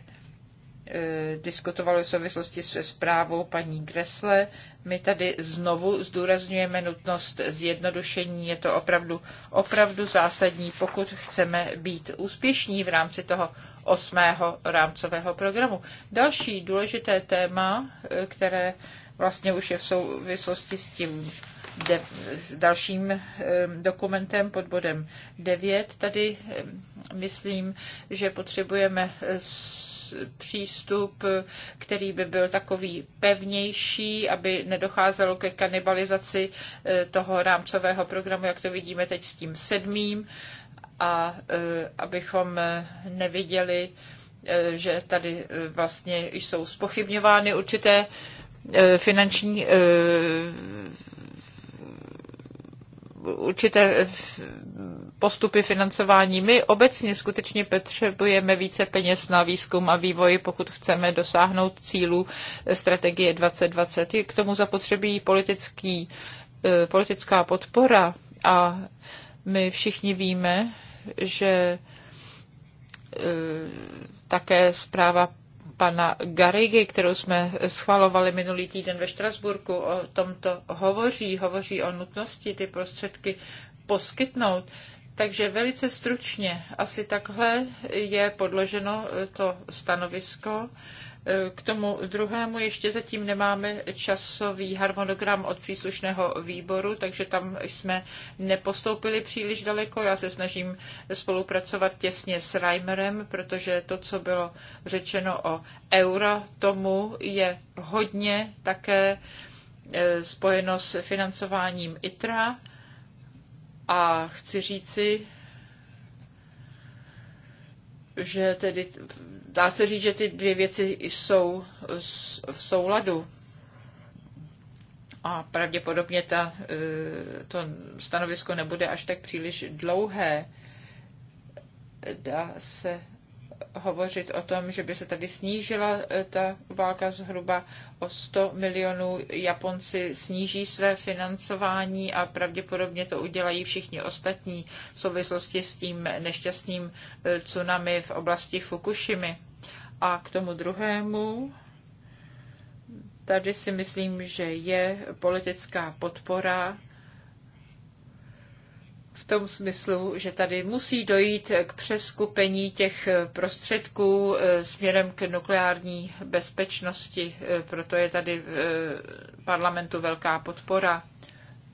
Eh, diskutovalo v souvislosti se zprávou paní Gresle. My tady znovu zdůrazňujeme nutnost zjednodušení. Je to opravdu, opravdu zásadní, pokud chceme být úspěšní v rámci toho osmého rámcového programu. Další důležité téma, eh, které vlastně už je v souvislosti s tím de, s dalším eh, dokumentem pod bodem 9. Tady myslím, že potřebujeme s přístup, který by byl takový pevnější, aby nedocházelo ke kanibalizaci eh, toho rámcového programu, jak to vidíme teď s tím sedmým, a eh, abychom eh, neviděli, že tady vlastně jsou spochybňovány určité finanční určité postupy financování. My obecně skutečně potřebujeme více peněz na výzkum a vývoj, pokud chceme dosáhnout cílů strategie 2020. K tomu zapotřebí politický, eh, politická podpora a my všichni víme, že eh, také zpráva pana Garigy, kterou jsme schvalovali minulý týden ve Štrasburku, o tomto hovoří, hovoří o nutnosti ty prostředky poskytnout. Takže velice stručně, asi takhle je podloženo to stanovisko. E, k tomu druhému ještě zatím nemáme časový harmonogram od příslušného výboru, takže tam jsme nepostoupili příliš daleko. Já se snažím spolupracovat těsně s Reimerem, protože to, co bylo řečeno o euro, tomu je hodně také e, spojeno s financováním ITRA. A chci říci, že tedy dá se říct, že ty dvě věci jsou v souladu. A pravděpodobně ta, e, to stanovisko nebude až tak příliš dlouhé. Dá se hovořit o tom, že by se tady snížila eh, ta válka zhruba o 100 milionů. Japonci sníží své financování a pravděpodobně to udělají všichni ostatní v souvislosti s tím nešťastným eh, tsunami v oblasti Fukushimy. A k tomu druhému, tady si myslím, že je politická podpora v tom smyslu, že tady musí dojít k přeskupení těch prostředků eh, směrem k nukleární bezpečnosti. Eh, proto je tady v eh, parlamentu velká podpora.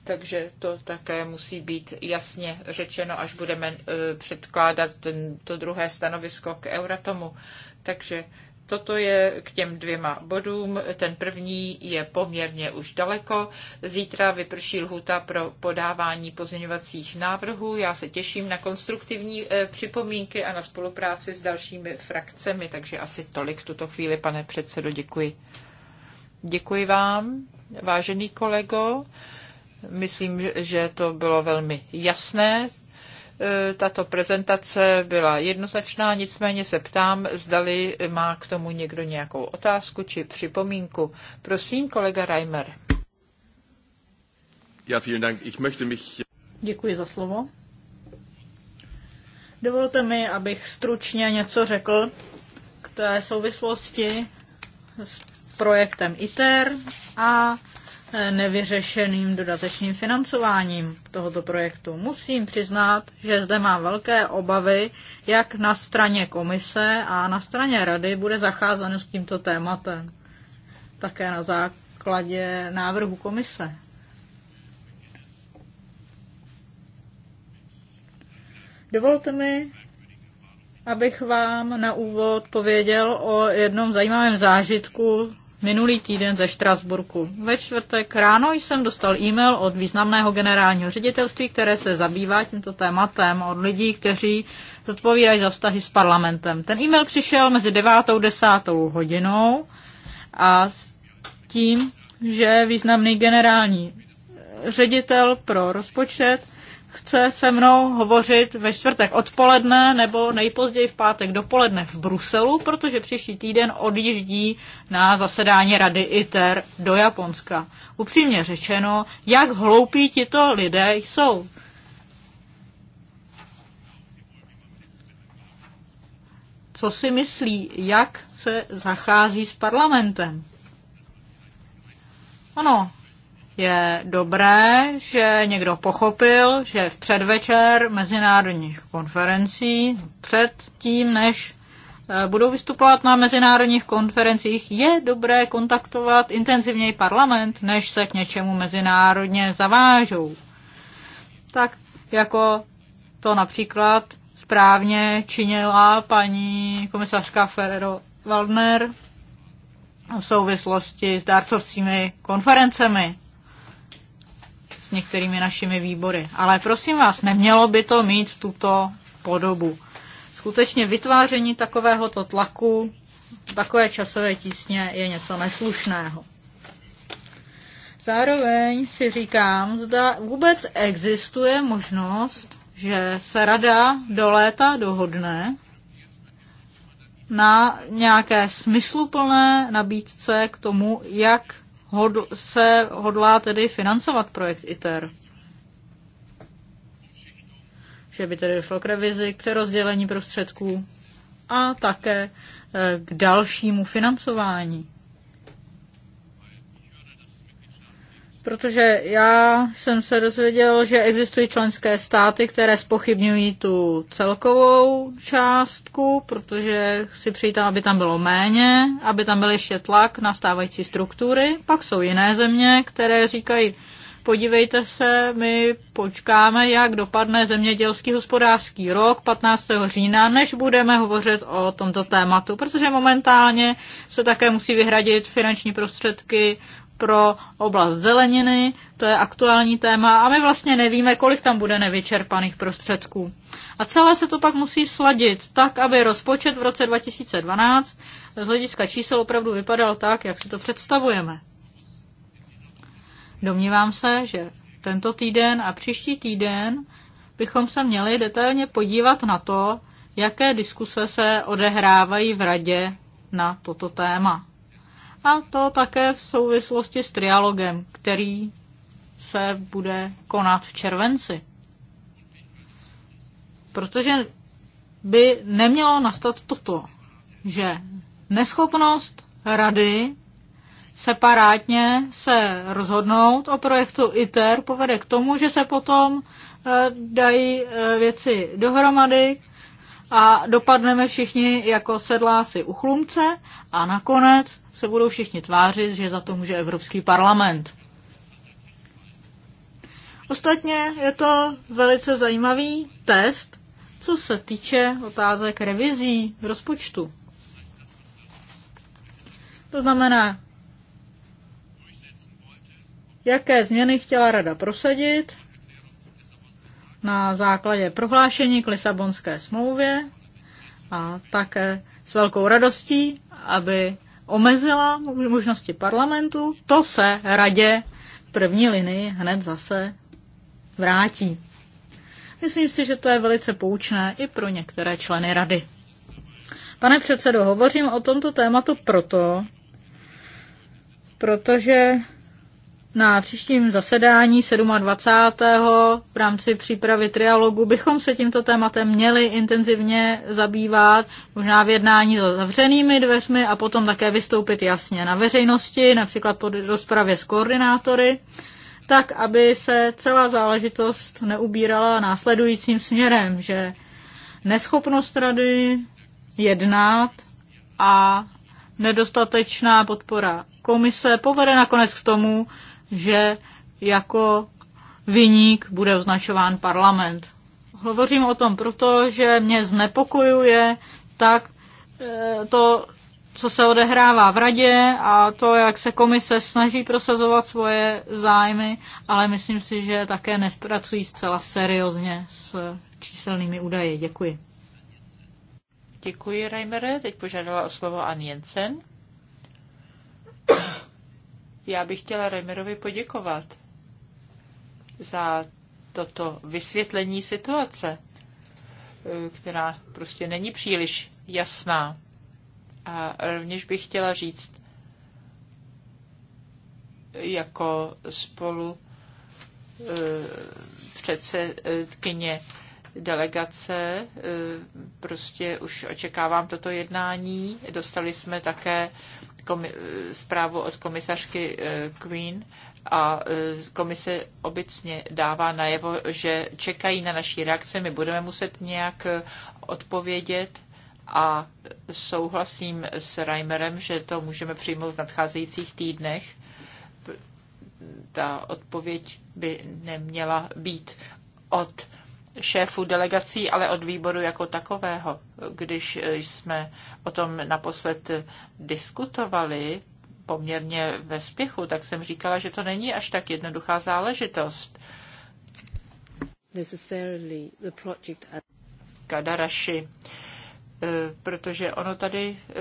Takže to také musí být jasně řečeno, až budeme předkládat ten, to druhé stanovisko k Euratomu. Takže Toto je k těm dvěma bodům. Ten první je poměrně už daleko. Zítra vyprší lhuta pro podávání pozměňovacích návrhů. Já se těším na konstruktivní eh, připomínky a na spolupráci s dalšími frakcemi, takže asi tolik v tuto chvíli, pane předsedo, děkuji. Děkuji vám, vážený kolego. Myslím, že to bylo velmi jasné, Eh, tato prezentace byla jednoznačná, nicméně se ptám, zdali má k tomu někdo nějakou otázku či připomínku. Prosím, kolega Reimer. Ja, vielen Dank. Ich möchte mich... Děkuji za slovo. Dovolte mi, abych stručně něco řekl k té souvislosti s projektem ITER a nevyřešeným dodatečným financováním tohoto projektu. Musím přiznat, že zde má velké obavy, jak na straně komise a na straně rady bude zacházeno s tímto tématem. Také na základě návrhu komise. Dovolte mi, abych vám na úvod pověděl o jednom zajímavém zážitku minulý týden ze Štrasburku. Ve čtvrtek ráno jsem dostal e-mail od významného generálního ředitelství, které se zabývá tímto tématem, od lidí, kteří zodpovídají za vztahy s parlamentem. Ten e-mail přišel mezi 9. a 10. hodinou a s tím, že významný generální ředitel pro rozpočet chce se mnou hovořit ve čtvrtek odpoledne nebo nejpozději v pátek dopoledne v Bruselu, protože příští týden odjíždí na zasedání rady ITER do Japonska. Upřímně řečeno, jak hloupí tito lidé jsou. Co si myslí, jak se zachází s parlamentem? Ano, je dobré, že někdo pochopil, že v předvečer mezinárodních konferencí, před tím, než eh, budou vystupovat na mezinárodních konferencích, je dobré kontaktovat intenzivněji parlament, než se k něčemu mezinárodně zavážou. Tak jako to například správně činila paní komisařka Ferrero Waldner v souvislosti s dárcovcími konferencemi s některými našimi výbory. Ale prosím vás, nemělo by to mít tuto podobu. Skutečně vytváření takovéhoto tlaku, takové časové tísně je něco neslušného. Zároveň si říkám, zda vůbec existuje možnost, že se rada do léta dohodne na nějaké smysluplné nabídce k tomu, jak hodl, se hodlá tedy financovat projekt ITER. Že by tedy došlo k revizi, k přerozdělení prostředků a také eh, k dalšímu financování. protože já jsem se dozvěděl, že existují členské státy, které spochybňují tu celkovou částku, protože si přijítá, aby tam bylo méně, aby tam byl ještě tlak na stávající struktury. Pak jsou jiné země, které říkají, podívejte se, my počkáme, jak dopadne zemědělský hospodářský rok 15. října, než budeme hovořit o tomto tématu, protože momentálně se také musí vyhradit finanční prostředky pro oblast zeleniny, to je aktuální téma a my vlastně nevíme, kolik tam bude nevyčerpaných prostředků. A celé se to pak musí sladit tak, aby rozpočet v roce 2012 z hlediska čísel opravdu vypadal tak, jak si to představujeme. Domnívám se, že tento týden a příští týden bychom se měli detailně podívat na to, jaké diskuse se odehrávají v radě na toto téma. A to také v souvislosti s trialogem, který se bude konat v červenci. Protože by nemělo nastat toto, že neschopnost rady separátně se rozhodnout o projektu ITER povede k tomu, že se potom eh, dají eh, věci dohromady, a dopadneme všichni jako sedláci u chlumce a nakonec se budou všichni tvářit, že za to může Evropský parlament. Ostatně je to velice zajímavý test, co se týče otázek revizí rozpočtu. To znamená, jaké změny chtěla rada prosadit na základě prohlášení k Lisabonské smlouvě a také s velkou radostí, aby omezila možnosti parlamentu, to se radě v první linii hned zase vrátí. Myslím si, že to je velice poučné i pro některé členy rady. Pane předsedo, hovořím o tomto tématu proto, protože na příštím zasedání 27. v rámci přípravy trialogu bychom se tímto tématem měli intenzivně zabývat, možná v jednání za zavřenými dveřmi a potom také vystoupit jasně na veřejnosti, například po rozpravě s koordinátory, tak aby se celá záležitost neubírala následujícím směrem, že neschopnost rady jednat a nedostatečná podpora komise povede nakonec k tomu, že jako vyník bude označován parlament. Hovořím o tom proto, že mě znepokojuje tak e, to, co se odehrává v radě a to, jak se komise snaží prosazovat svoje zájmy, ale myslím si, že také nepracují zcela seriózně s číselnými údaji. Děkuji. Děkuji, Reimere. Teď požádala o slovo Ann Jensen. Já bych chtěla Remerovi poděkovat za toto vysvětlení situace, eh, která prostě není příliš jasná. A rovněž bych chtěla říct, jako spolu eh, předsedkyně delegace. Eh, prostě už očekávám toto jednání. Dostali jsme také komi- zprávu od komisařky eh, Queen a eh, komise obecně dává najevo, že čekají na naší reakce, my budeme muset nějak eh, odpovědět a souhlasím s Reimerem, že to můžeme přijmout v nadcházejících týdnech. Ta odpověď by neměla být od šéfů delegací, ale od výboru jako takového. Když eh, jsme o tom naposled diskutovali poměrně ve spěchu, tak jsem říkala, že to není až tak jednoduchá záležitost. Kadaraši, eh, protože ono tady eh,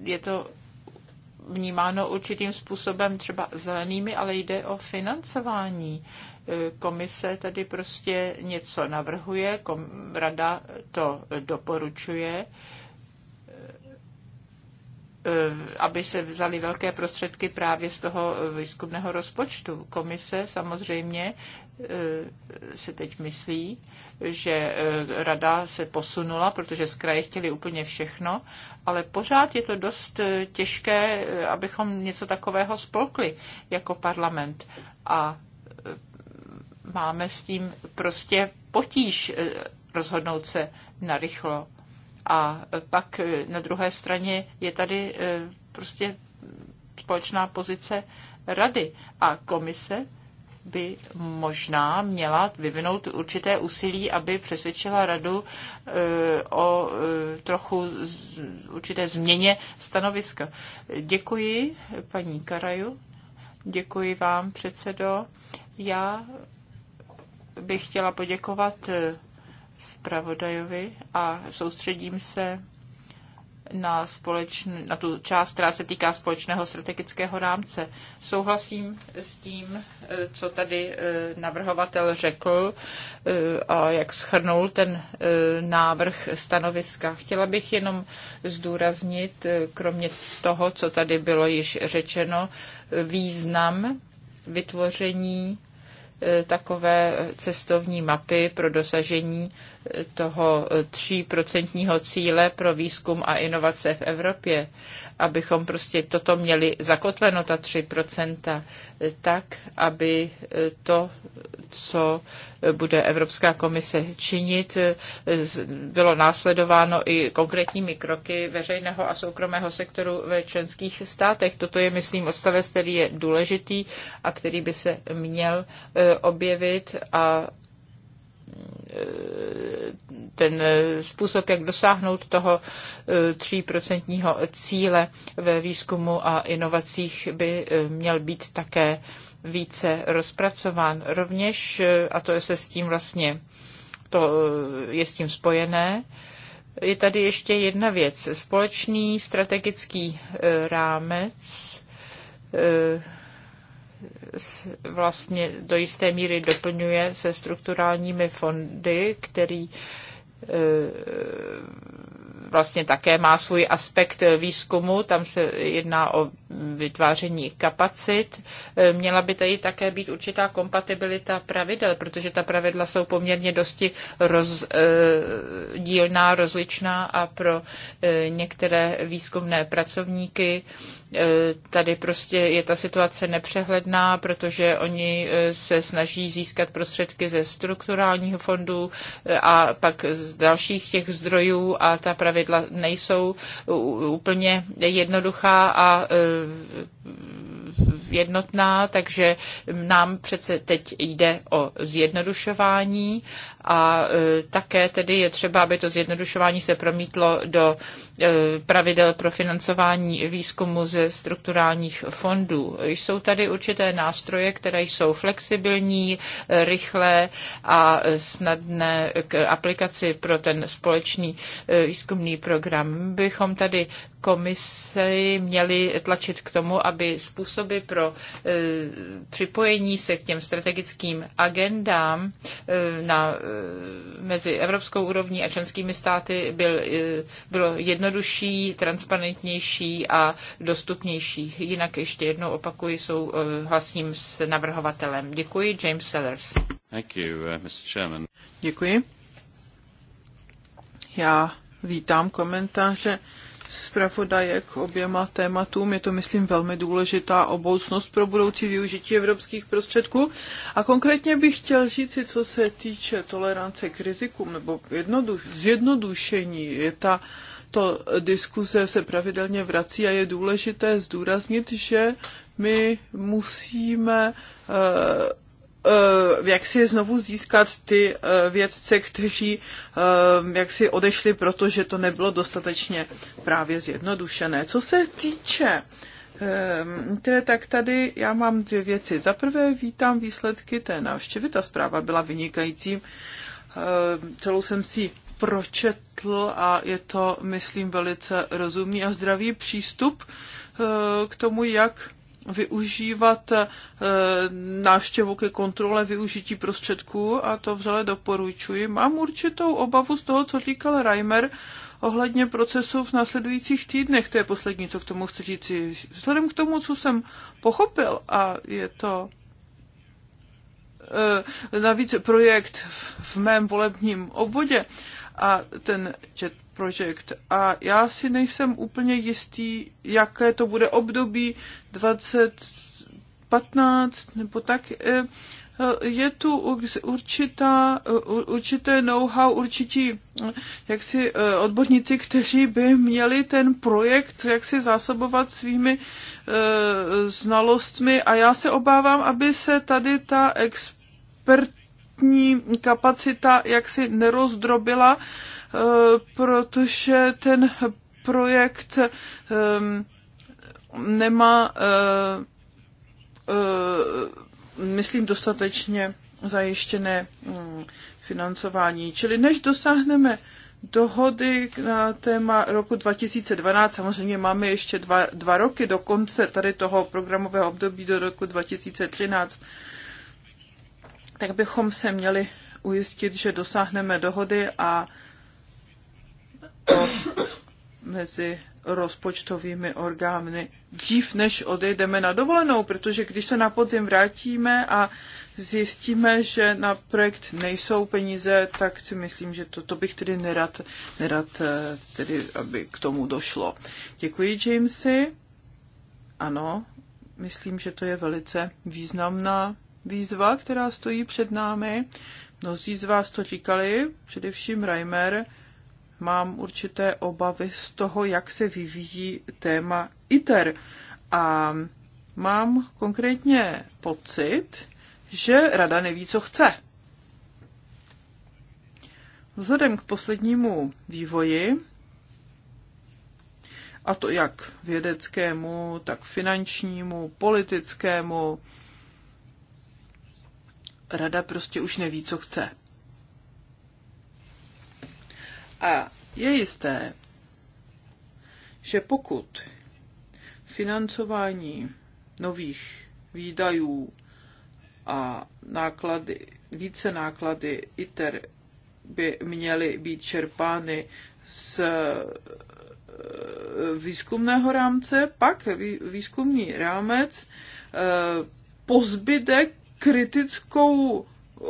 je to vnímáno určitým způsobem třeba zelenými, ale jde o financování Komise tady prostě něco navrhuje, rada to doporučuje eh, aby se vzaly velké prostředky právě z toho výzkumného rozpočtu. Komise samozřejmě eh, se teď myslí, že eh, rada se posunula, protože z kraje chtěli úplně všechno, ale pořád je to dost těžké, abychom něco takového spolkli jako parlament. A máme s tím prostě potíž eh, rozhodnout se narychlo. A eh, pak eh, na druhé straně je tady prostě společná pozice rady a komise by možná měla vyvinout určité úsilí, aby přesvědčila radu o trochu určité změně stanoviska. Děkuji, paní Karaju. Děkuji vám, předsedo. Já bych chtěla poděkovat eh, zpravodajovi a soustředím se na, společn, na tu část, která se týká společného strategického rámce. Souhlasím s tím, eh, co tady eh, navrhovatel řekl a jak schrnul ten návrh stanoviska. Chtěla bych jenom zdůraznit, kromě toho, co tady bylo již řečeno, význam vytvoření E, takové cestovní mapy pro dosažení e, toho 3% cíle pro výzkum a inovace v Evropě abychom prostě toto měli zakotveno, ta 3%, tak, aby eh, to, co eh, bude Evropská komise činit, eh, bylo následováno i konkrétními kroky veřejného a soukromého sektoru ve členských státech. Toto je, myslím, odstavec, který je důležitý a který by se měl objevit a ten způsob, jak dosáhnout toho 3% eh, cíle ve výzkumu a inovacích, by eh, měl být také více rozpracován. Rovněž, eh, a to je se s tím vlastně, to je s tím spojené, je tady ještě jedna věc. Společný strategický rámec vlastně do jisté míry doplňuje se strukturálními fondy, který e, vlastně také má svůj aspekt výzkumu, tam se jedná o vytváření kapacit. E, měla by tady také být určitá kompatibilita pravidel, protože ta pravidla jsou poměrně dosti rozdílná, e, rozličná a pro některé výzkumné pracovníky E, tady prostě je ta situace nepřehledná, protože oni e, se snaží získat prostředky ze strukturálního fondu e, a pak z dalších těch zdrojů a ta pravidla nejsou úplně jednoduchá a jednotná, takže nám přece teď jde o zjednodušování a e, také tedy je třeba, aby to zjednodušování se promítlo do e, pravidel pro financování výzkumu ze strukturálních fondů. Jsou tady určité nástroje, které jsou flexibilní, rychlé a snadné k aplikaci pro ten společný e, výzkumný program. Bychom tady komisi měly tlačit k tomu, aby způsoby pro e, připojení se k těm strategickým agendám e, na, e, mezi evropskou úrovní a členskými státy byl, bylo jednodušší, transparentnější a dostupnější. Jinak ještě jednou opakuji, jsou hlasím s navrhovatelem. Děkuji, James Sellers. Thank you, uh, Mr. Chairman. Děkuji. Já vítám komentáře zpravodaje k oběma tématům. Je to, myslím, velmi důležitá obousnost pro budoucí využití evropských prostředků. A konkrétně bych chtěl říct, co se týče tolerance k rizikům nebo jednoduš- zjednodušení. Je ta to diskuze se pravidelně vrací a je důležité zdůraznit, že my musíme eh, Eh, jak si znovu získat ty eh, vědce, kteří eh, jak si odešli, protože to nebylo dostatečně právě zjednodušené. Co se týče Tedy tak tady já mám dvě věci. Za prvé vítám výsledky té návštěvy, ta zpráva byla vynikající. Celou jsem si pročetl a je to, myslím, velice rozumný a zdravý přístup k tomu, jak využívat eh, návštěvu ke kontrole využití prostředků a to vřele doporučuji. Mám určitou obavu z toho, co říkal Reimer ohledně procesů v následujících týdnech. To je poslední, co k tomu chci říct. Vzhledem k tomu, co jsem pochopil a je to eh, navíc projekt v mém volebním obvodě, a ten JET Project. A já si nejsem úplně jistý, jaké to bude období 2015 nebo tak. E, e, je tu určitá, určité know-how, určití jaksi e, odborníci, kteří by měli ten projekt jaksi zásobovat svými znalostmi a já se obávám, aby se tady ta expert vstupní kapacita jaksi nerozdrobila, eh, protože ten projekt eh, nemá, eh, myslím, dostatečně zajištěné mm, financování. Čili než dosáhneme dohody na téma roku 2012. Samozřejmě máme ještě dva, dva roky do konce tady toho programového období do roku 2013 tak bychom se měli ujistit, že dosáhneme dohody a to mezi rozpočtovými orgány dřív, než odejdeme na dovolenou, protože když se na podzim vrátíme a zjistíme, že na projekt nejsou peníze, tak si myslím, že to, to bych tedy nerad, nerad eh, tedy, aby k tomu došlo. Děkuji, Jamesy. Ano, myslím, že to je velice významná výzva, která stojí před námi. Mnozí z vás to říkali, především Reimer, mám určité obavy z toho, jak se vyvíjí téma ITER. A mám konkrétně pocit, že rada neví, co chce. Vzhledem k poslednímu vývoji, a to jak vědeckému, tak finančnímu, politickému, rada prostě už neví, co chce. A je jisté, že pokud financování nových výdajů a náklady, více náklady ITER by měly být čerpány z e, výzkumného rámce, pak výzkumný rámec e, pozbyde kritickou eh,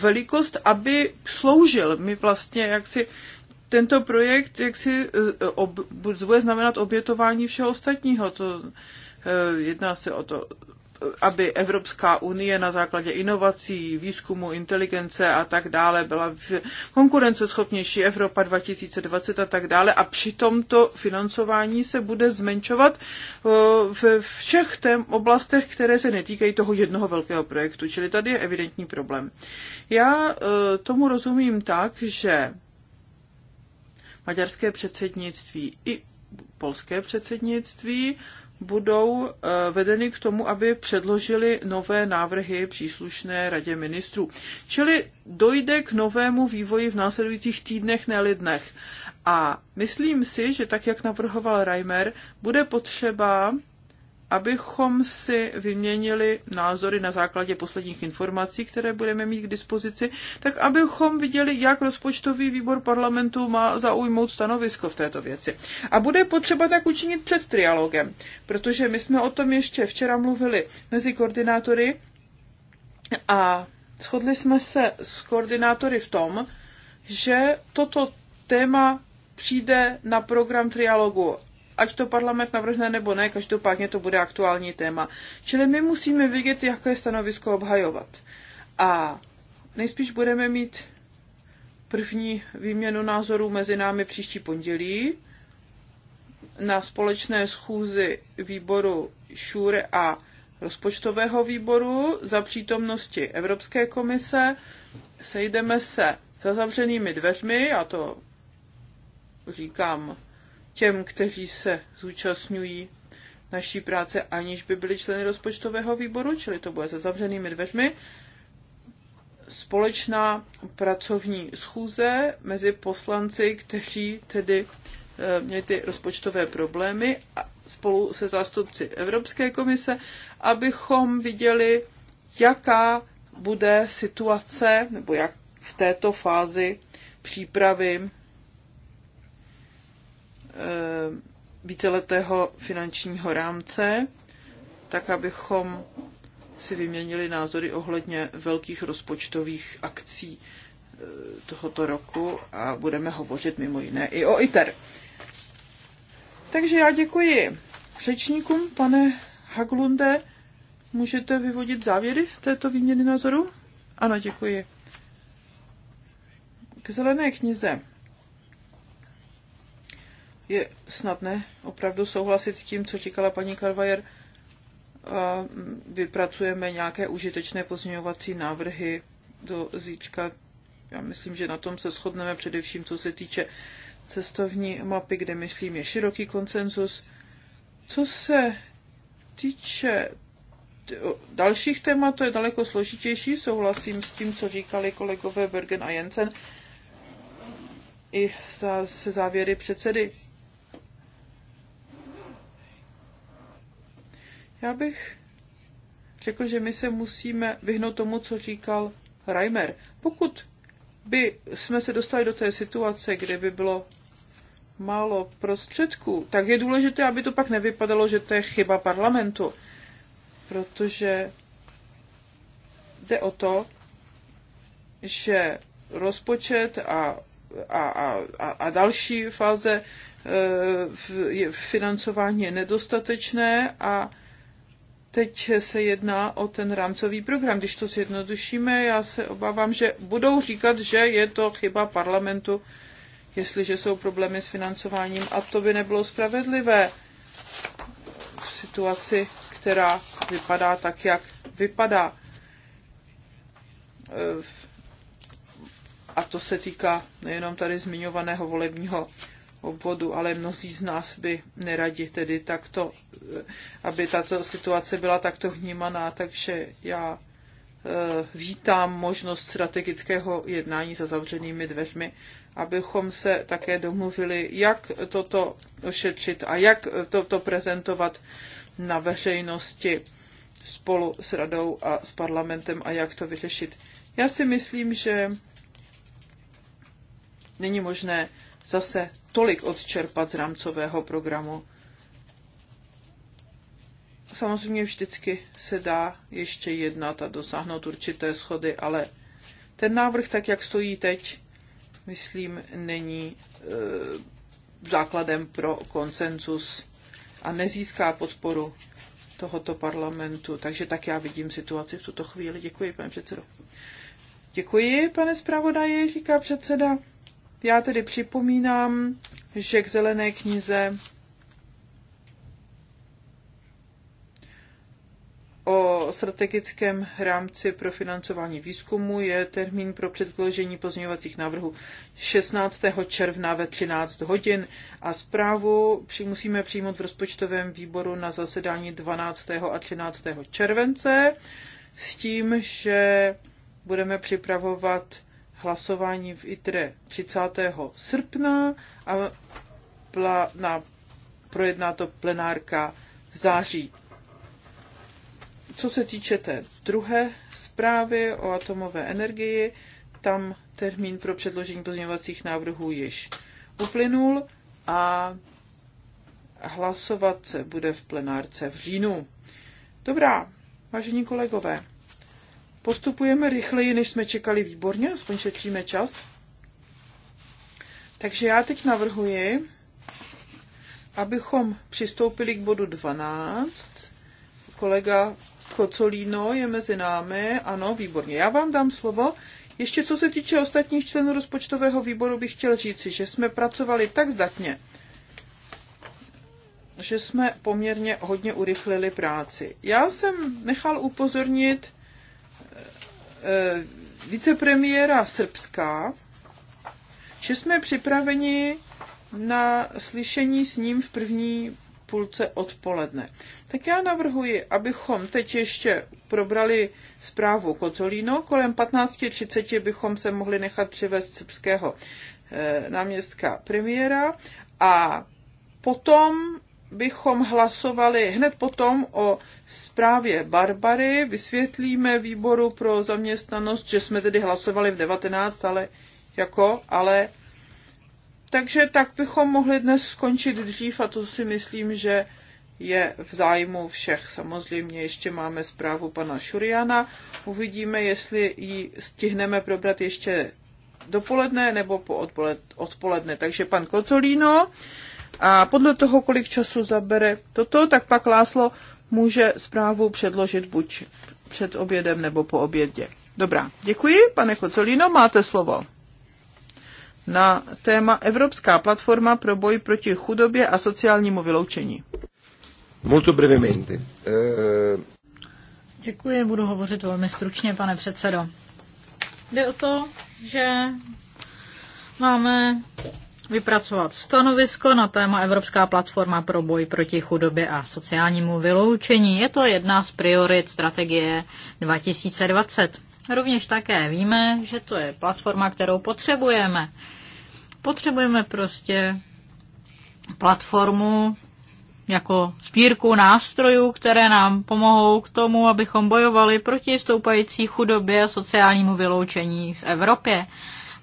velikost, aby sloužil. My vlastně jak si tento projekt jaksi eh, ob, bude znamenat obětování všeho ostatního. To, eh, jedná se o to aby Evropská unie na základě inovací, výzkumu, inteligence a tak dále byla v konkurenceschopnější Evropa 2020 a tak dále a při tomto financování se bude zmenšovat eh, ve všech tém oblastech, které se netýkají toho jednoho velkého projektu. Čili tady je evidentní problém. Já eh, tomu rozumím tak, že maďarské předsednictví i polské předsednictví budou eh, vedeny k tomu, aby předložili nové návrhy příslušné radě ministrů. Čili dojde k novému vývoji v následujících týdnech, ne lidnech. A myslím si, že tak, jak navrhoval Reimer, bude potřeba abychom si vyměnili názory na základě posledních informací, které budeme mít k dispozici, tak abychom viděli, jak rozpočtový výbor parlamentu má zaujmout stanovisko v této věci. A bude potřeba tak učinit před trialogem, protože my jsme o tom ještě včera mluvili mezi koordinátory a shodli jsme se s koordinátory v tom, že toto téma přijde na program trialogu ať to parlament navrhne nebo ne, každopádně to bude aktuální téma. Čili my musíme vidět, jaké stanovisko obhajovat. A nejspíš budeme mít první výměnu názorů mezi námi příští pondělí na společné schůzi výboru šure a rozpočtového výboru za přítomnosti Evropské komise. Sejdeme se za zavřenými dveřmi, a to říkám těm, kteří se zúčastňují naší práce, aniž by byli členy rozpočtového výboru, čili to bude se zavřenými dveřmi. Společná pracovní schůze mezi poslanci, kteří tedy eh, měli ty rozpočtové problémy a spolu se zástupci Evropské komise, abychom viděli, jaká bude situace nebo jak v této fázi přípravy Eh, víceletého finančního rámce, tak abychom si vyměnili názory ohledně velkých rozpočtových akcí eh, tohoto roku a budeme hovořit mimo jiné i o ITER. Takže já děkuji řečníkům, pane Haglunde. Můžete vyvodit závěry této výměny názoru? Ano, děkuji. K zelené knize je snadné opravdu souhlasit s tím, co říkala paní Karvajer. vypracujeme nějaké užitečné pozměňovací návrhy do zíčka. Já myslím, že na tom se shodneme především, co se týče cestovní mapy, kde myslím je široký konsenzus. Co se týče dalších témat, to je daleko složitější. Souhlasím s tím, co říkali kolegové Bergen a Jensen i za, se závěry předsedy Já bych řekl, že my se musíme vyhnout tomu, co říkal Reimer. Pokud by jsme se dostali do té situace, kde by bylo málo prostředků, tak je důležité, aby to pak nevypadalo, že to je chyba parlamentu. Protože jde o to, že rozpočet a, a, a, a další fáze e, financování je nedostatečné a Teď se jedná o ten rámcový program. Když to zjednodušíme, já se obávám, že budou říkat, že je to chyba parlamentu, jestliže jsou problémy s financováním a to by nebylo spravedlivé v situaci, která vypadá tak, jak vypadá. E, a to se týká nejenom tady zmiňovaného volebního obvodu, ale mnozí z nás by neradi tedy takto, eh, aby tato situace byla takto vnímaná, takže já eh, vítám možnost strategického jednání za zavřenými dveřmi, abychom se také domluvili, jak toto ošetřit a jak toto prezentovat na veřejnosti spolu s radou a s parlamentem a jak to vyřešit. Já si myslím, že není možné zase tolik odčerpat z rámcového programu. Samozřejmě vždycky se dá ještě jednat a dosáhnout určité schody, ale ten návrh, tak jak stojí teď, myslím, není e, základem pro konsenzus a nezíská podporu tohoto parlamentu. Takže tak já vidím situaci v tuto chvíli. Děkuji, pane předsedo. Děkuji, pane zpravodaji, říká předseda. Já tedy připomínám, že k zelené knize o strategickém rámci pro financování výzkumu je termín pro předložení pozměňovacích návrhů 16. června ve 13 hodin a zprávu musíme přijmout v rozpočtovém výboru na zasedání 12. a 13. července s tím, že budeme připravovat hlasování v ITRE 30. srpna a pla, na, projedná to plenárka v září. Co se týče té druhé zprávy o atomové energii, tam termín pro předložení pozměňovacích návrhů již uplynul a hlasovat se bude v plenárce v říjnu. Dobrá, vážení kolegové, Postupujeme rychleji, než jsme čekali výborně, aspoň šetříme čas. Takže já teď navrhuji, abychom přistoupili k bodu 12. Kolega Kocolíno je mezi námi. Ano, výborně. Já vám dám slovo. Ještě co se týče ostatních členů rozpočtového výboru, bych chtěl říci, že jsme pracovali tak zdatně, že jsme poměrně hodně urychlili práci. Já jsem nechal upozornit Eh, vicepremiéra Srbska, že jsme připraveni na slyšení s ním v první půlce odpoledne. Tak já navrhuji, abychom teď ještě probrali zprávu Kozolíno. Kolem 15.30 bychom se mohli nechat přivést srbského eh, náměstka premiéra a potom bychom hlasovali hned potom o zprávě Barbary. Vysvětlíme výboru pro zaměstnanost, že jsme tedy hlasovali v 19, ale jako, ale takže tak bychom mohli dnes skončit dřív a to si myslím, že je v zájmu všech. Samozřejmě ještě máme zprávu pana Šuriana. Uvidíme, jestli ji stihneme probrat ještě dopoledne nebo po odpoledne. Takže pan Kocolíno a podle toho, kolik času zabere toto, tak pak Láslo může zprávu předložit buď před obědem nebo po obědě. Dobrá, děkuji. Pane Kocolino, máte slovo. Na téma Evropská platforma pro boj proti chudobě a sociálnímu vyloučení. Molto brevemente. Eh, děkuji, budu hovořit velmi stručně, pane předsedo. Jde o to, že máme vypracovat stanovisko na téma Evropská platforma pro boj proti chudobě a sociálnímu vyloučení. Je to jedna z priorit strategie 2020. Rovněž také víme, že to je platforma, kterou potřebujeme. Potřebujeme prostě platformu jako spírku nástrojů, které nám pomohou k tomu, abychom bojovali proti stoupající chudobě a sociálnímu vyloučení v Evropě.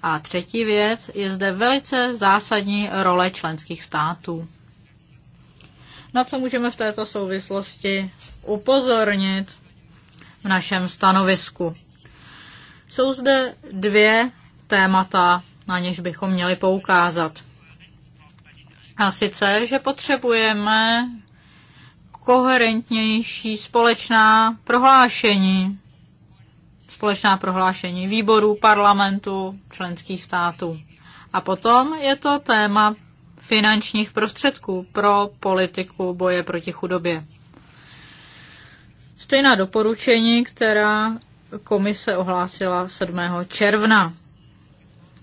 A třetí věc je zde velice zásadní role členských států. Na co můžeme v této souvislosti upozornit v našem stanovisku? Jsou zde dvě témata, na něž bychom měli poukázat. A sice, že potřebujeme koherentnější společná prohlášení společná prohlášení výborů, parlamentu, členských států. A potom je to téma finančních prostředků pro politiku boje proti chudobě. Stejná doporučení, která komise ohlásila 7. června.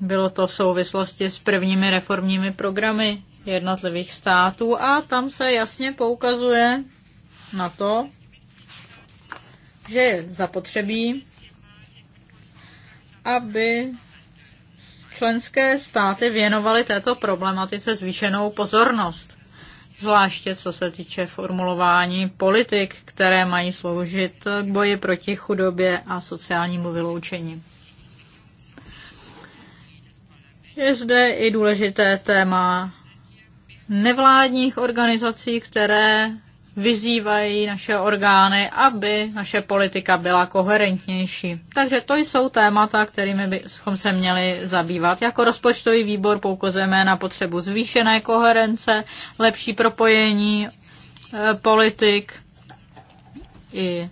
Bylo to v souvislosti s prvními reformními programy jednotlivých států a tam se jasně poukazuje na to, že je zapotřebí aby členské státy věnovaly této problematice zvýšenou pozornost, zvláště co se týče formulování politik, které mají sloužit k boji proti chudobě a sociálnímu vyloučení. Je zde i důležité téma nevládních organizací, které vyzývají naše orgány, aby naše politika byla koherentnější. Takže to jsou témata, kterými bychom se měli zabývat. Jako rozpočtový výbor poukazujeme na potřebu zvýšené koherence, lepší propojení eh, politik i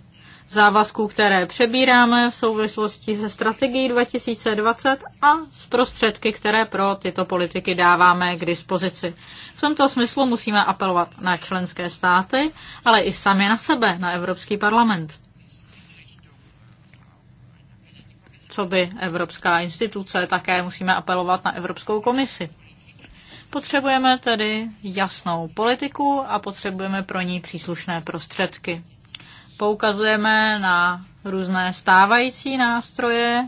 závazků, které přebíráme v souvislosti se strategií 2020 a z prostředky, které pro tyto politiky dáváme k dispozici. V tomto smyslu musíme apelovat na členské státy, ale i sami na sebe, na Evropský parlament. Co by Evropská instituce, také musíme apelovat na Evropskou komisi. Potřebujeme tedy jasnou politiku a potřebujeme pro ní příslušné prostředky poukazujeme na různé stávající nástroje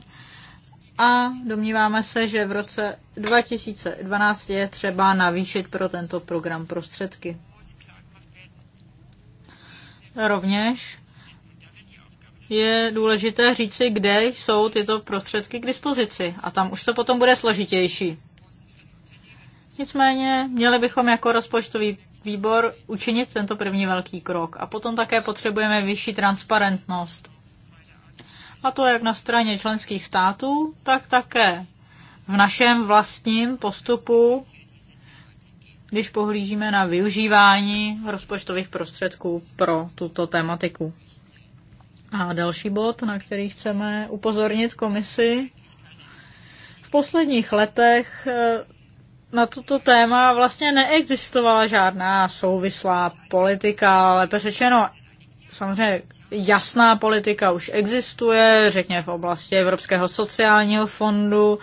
a domníváme se, že v roce 2012 je třeba navýšit pro tento program prostředky. Rovněž je důležité říci, kde jsou tyto prostředky k dispozici. A tam už to potom bude složitější. Nicméně měli bychom jako rozpočtový výbor učinit tento první velký krok. A potom také potřebujeme vyšší transparentnost. A to jak na straně členských států, tak také v našem vlastním postupu, když pohlížíme na využívání rozpočtových prostředků pro tuto tematiku. A další bod, na který chceme upozornit komisi, v posledních letech na toto téma vlastně neexistovala žádná souvislá politika, lépe řečeno, samozřejmě jasná politika už existuje, řekněme v oblasti Evropského sociálního fondu,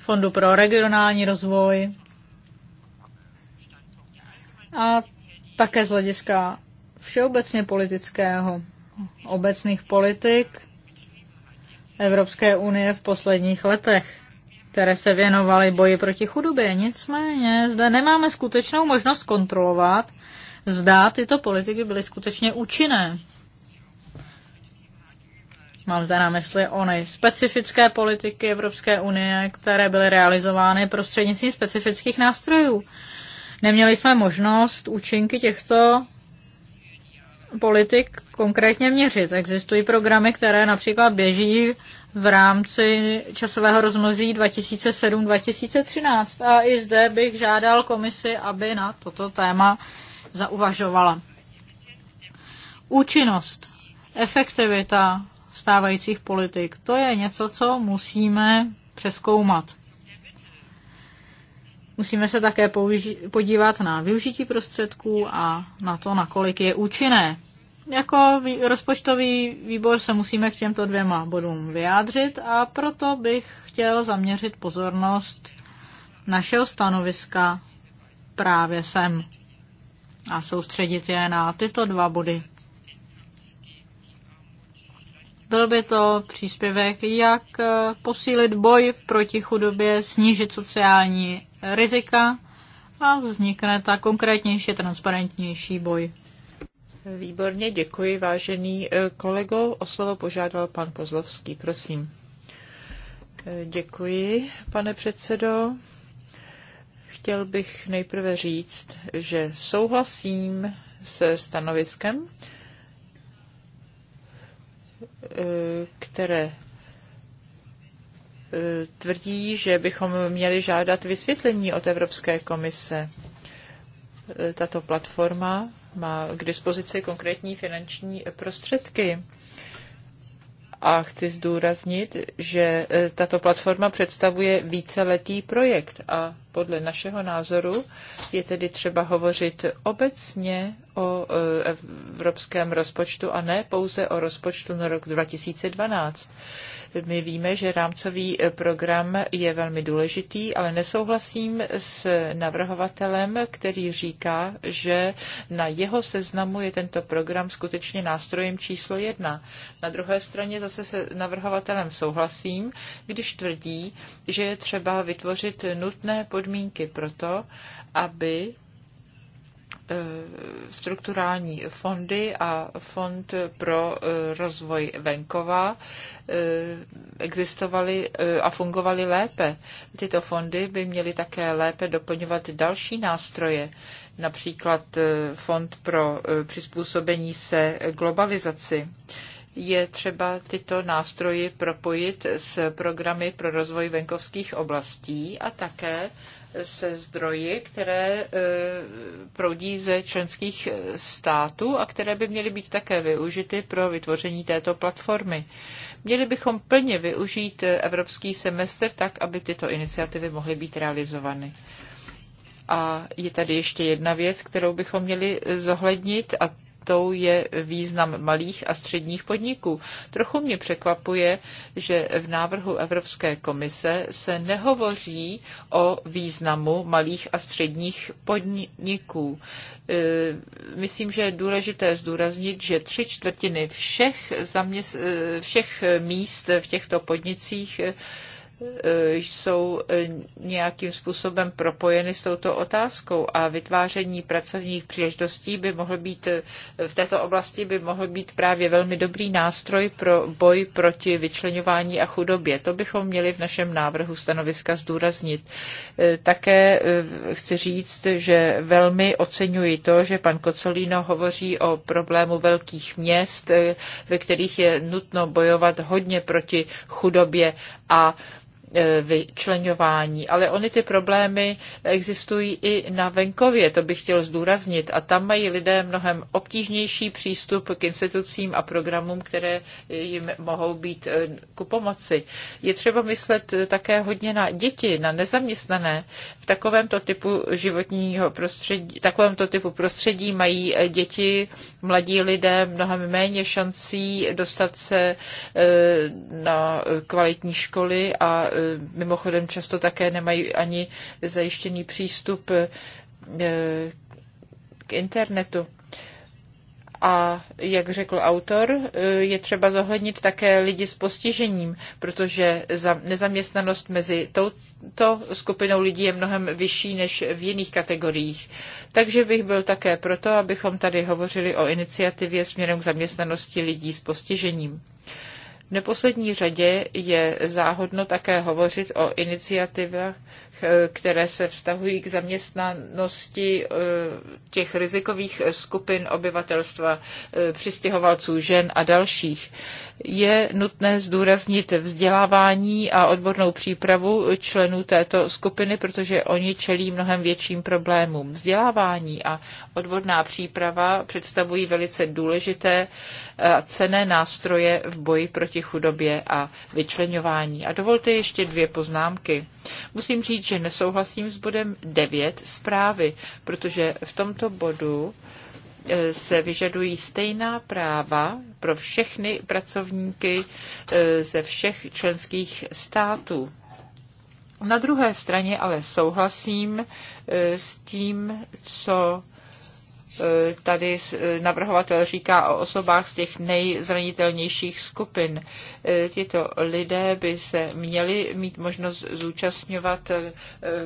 Fondu pro regionální rozvoj. A také z hlediska všeobecně politického, obecných politik Evropské unie v posledních letech které se věnovaly boji proti chudobě. Nicméně zde nemáme skutečnou možnost kontrolovat, zda tyto politiky byly skutečně účinné. Mám zde na mysli ony specifické politiky Evropské unie, které byly realizovány prostřednictvím specifických nástrojů. Neměli jsme možnost účinky těchto politik konkrétně měřit. Existují programy, které například běží v rámci časového rozmozí 2007-2013. A i zde bych žádal komisi, aby na toto téma zauvažovala. Účinnost, efektivita stávajících politik, to je něco, co musíme přeskoumat. Musíme se také podívat na využití prostředků a na to, nakolik je účinné. Jako rozpočtový výbor se musíme k těmto dvěma bodům vyjádřit a proto bych chtěl zaměřit pozornost našeho stanoviska právě sem a soustředit je na tyto dva body. Byl by to příspěvek, jak eh, posílit boj proti chudobě, snížit sociální rizika a vznikne ta konkrétnější, transparentnější boj Výborně, děkuji, vážený e, kolego. O slovo požádal pan Kozlovský, prosím. E, děkuji, pane předsedo. Chtěl bych nejprve říct, že souhlasím se stanoviskem, e, které tvrdí, že bychom měli žádat vysvětlení od Evropské komise. Tato platforma má k dispozici konkrétní finanční prostředky. A chci zdůraznit, že e, tato platforma představuje víceletý projekt a podle našeho názoru je tedy třeba hovořit obecně o e, evropském rozpočtu a ne pouze o rozpočtu na rok 2012. My víme, že rámcový eh, program je velmi důležitý, ale nesouhlasím s navrhovatelem, který říká, že na jeho seznamu je tento program skutečně nástrojem číslo jedna. Na druhé straně zase se navrhovatelem souhlasím, když tvrdí, že je třeba vytvořit nutné podmínky pro to, aby Eh, strukturální fondy a fond pro eh, rozvoj venkova eh, existovaly a fungovaly lépe. Tyto fondy by měly také lépe doplňovat další nástroje, například fond pro přizpůsobení se globalizaci je třeba tyto nástroje propojit s programy pro rozvoj venkovských oblastí a také se zdroji, které e, proudí ze členských e, států a které by měly být také využity pro vytvoření této platformy. Měli bychom plně využít e, evropský semestr tak, aby tyto iniciativy mohly být realizovány. A je tady ještě jedna věc, kterou bychom měli zohlednit, a prioritou je význam malých a středních podniků. Trochu mě překvapuje, že v návrhu Evropské komise se nehovoří o významu malých a středních podniků. E, myslím, že je důležité zdůraznit, že tři čtvrtiny všech, zaměst, e, všech míst v těchto podnicích Eh, jsou eh, nějakým způsobem propojeny s touto otázkou a vytváření pracovních příležitostí by mohl být eh, v této oblasti by mohl být právě velmi dobrý nástroj pro boj proti vyčlenování a chudobě. To bychom měli v našem návrhu stanoviska zdůraznit. Také chci říct, že velmi oceňuji to, že pan Kocolíno hovoří o problému velkých měst, ve kterých je nutno bojovat hodně proti chudobě a E, vyčlenování, ale ony ty problémy existují i na venkově, to bych chtěl zdůraznit. A tam mají lidé mnohem obtížnější přístup k institucím a programům, které jim mohou být e, ku pomoci. Je třeba myslet také hodně na děti, na nezaměstnané v takovémto typu životního prostředí, takovémto typu prostředí mají eh, děti, mladí lidé mnohem méně šancí dostat se eh, na eh, kvalitní školy a mimochodem často také nemají ani zajištěný přístup k internetu. A jak řekl autor, eh, je třeba zohlednit také lidi s postižením, protože nezaměstnanost mezi touto skupinou lidí je mnohem vyšší než v jiných kategoriích. Takže bych byl také proto, abychom tady hovořili o iniciativě směrem k zaměstnanosti lidí s postižením. V neposlední řadě je záhodno také hovořit o iniciativách Eh, které se vztahují k zaměstnanosti eh, těch rizikových skupin obyvatelstva, eh, přistěhovalců žen a dalších. Je nutné zdůraznit vzdělávání a odbornou přípravu členů této skupiny, protože oni čelí mnohem větším problémům. Vzdělávání a odborná příprava představují velice důležité a cené nástroje v boji proti chudobě a vyčlenování. A dovolte ještě dvě poznámky. Musím říct, říct, že nesouhlasím s bodem 9 zprávy, protože v tomto bodu e, se vyžadují stejná práva pro všechny pracovníky e, ze všech členských států. Na druhé straně ale souhlasím e, s tím, co E, tady e, navrhovatel říká o osobách z těch nejzranitelnějších skupin. E, Tito lidé by se měli mít možnost zúčastňovat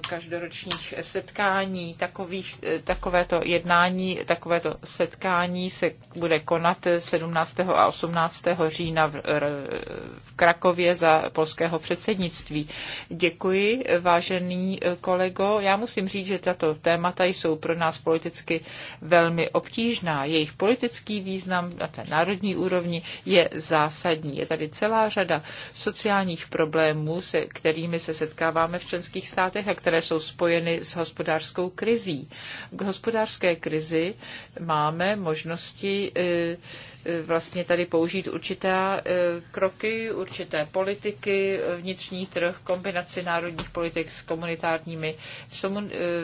každoročních setkání. Takových, takovéto jednání, takovéto setkání se bude konat 17. a 18. října v, v Krakově za polského předsednictví. Děkuji, vážený kolego. Já musím říct, že tato témata jsou pro nás politicky velmi velmi obtížná. Jejich politický význam na té národní úrovni je zásadní. Je tady celá řada sociálních problémů, se kterými se setkáváme v členských státech a které jsou spojeny s hospodářskou krizí. K hospodářské krizi máme možnosti e, vlastně tady použít určité e, kroky, určité politiky, vnitřní trh, kombinaci národních politik s komunitárními. E,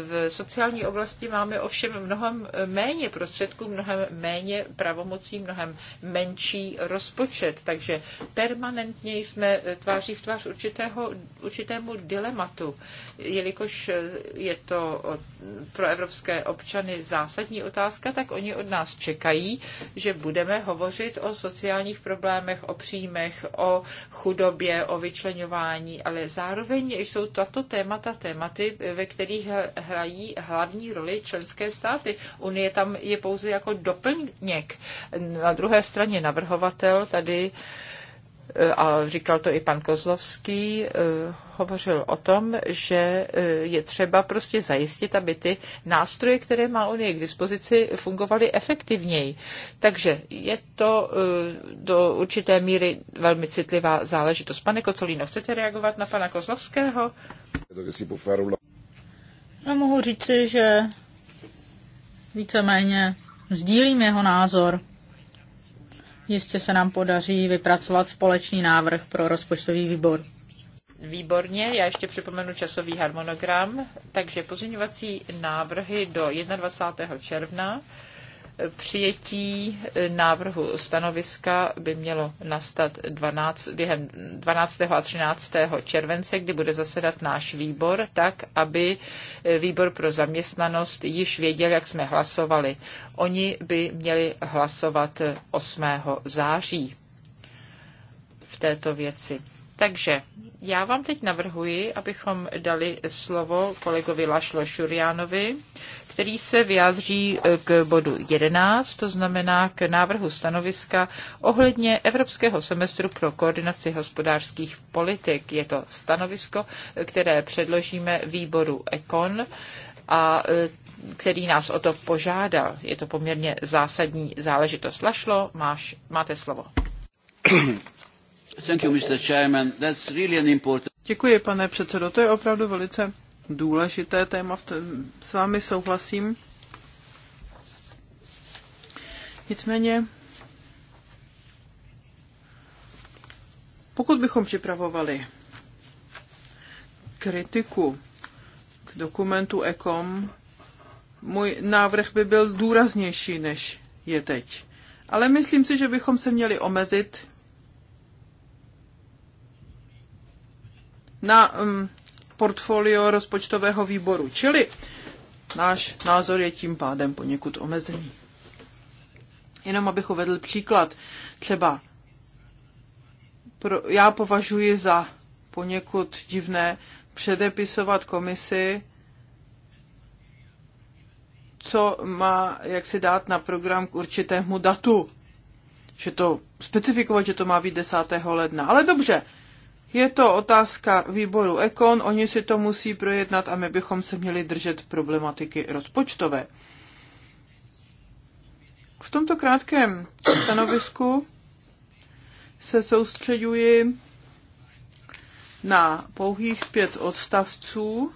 v sociální oblasti máme ovšem mnohem méně prostředků, mnohem méně pravomocí, mnohem menší rozpočet, takže permanentně jsme e, tváří v tvář určitého, určitému dilematu, jelikož je to pro evropské občany zásadní otázka, tak oni od nás čekají, že budeme ho hovořit o sociálních problémech, o příjmech, o chudobě, o vyčlenování, ale zároveň jsou tato témata tématy, ve kterých hrají hlavní roli členské státy. Unie tam je pouze jako doplněk. Na druhé straně navrhovatel tady Eh, a říkal to i pan Kozlovský, eh, hovořil o tom, že eh, je třeba prostě zajistit, aby ty nástroje, které má Unie k dispozici, fungovaly efektivněji. Takže je to do určité míry velmi citlivá záležitost. Pane Kocolíno, chcete reagovat na pana Kozlovského? Já mohu říci, že víceméně sdílím jeho názor jistě se nám podaří vypracovat společný návrh pro rozpočtový výbor. Výborně, já ještě připomenu časový harmonogram, takže pozměňovací návrhy do 21. června Přijetí návrhu stanoviska by mělo nastat 12, během 12. a 13. července, kdy bude zasedat náš výbor, tak aby výbor pro zaměstnanost již věděl, jak jsme hlasovali. Oni by měli hlasovat 8. září v této věci. Takže já vám teď navrhuji, abychom dali slovo kolegovi Lašlo Šuriánovi, který se vyjádří e, k bodu 11, to znamená k návrhu stanoviska ohledně Evropského semestru pro koordinaci hospodářských politik. Je to stanovisko, e, které předložíme výboru ECON a e, který nás o to požádal. Je to poměrně zásadní záležitost. Lašlo, máš, máte slovo. Thank you, Mr. Chairman. That's really an important... Děkuji, pane předsedo. To je opravdu velice důležité téma, s vámi souhlasím. Nicméně, pokud bychom připravovali kritiku k dokumentu ECOM, můj návrh by byl důraznější, než je teď. Ale myslím si, že bychom se měli omezit na um, portfolio rozpočtového výboru, čili náš názor je tím pádem poněkud omezený. Jenom abych uvedl příklad, třeba pro, já považuji za poněkud divné předepisovat komisi, co má, jak si dát na program k určitému datu. Že to specifikovat, že to má být 10. ledna. Ale dobře, je to otázka výboru Ekon, oni si to musí projednat a my bychom se měli držet problematiky rozpočtové. V tomto krátkém stanovisku se soustředuji na pouhých pět odstavců,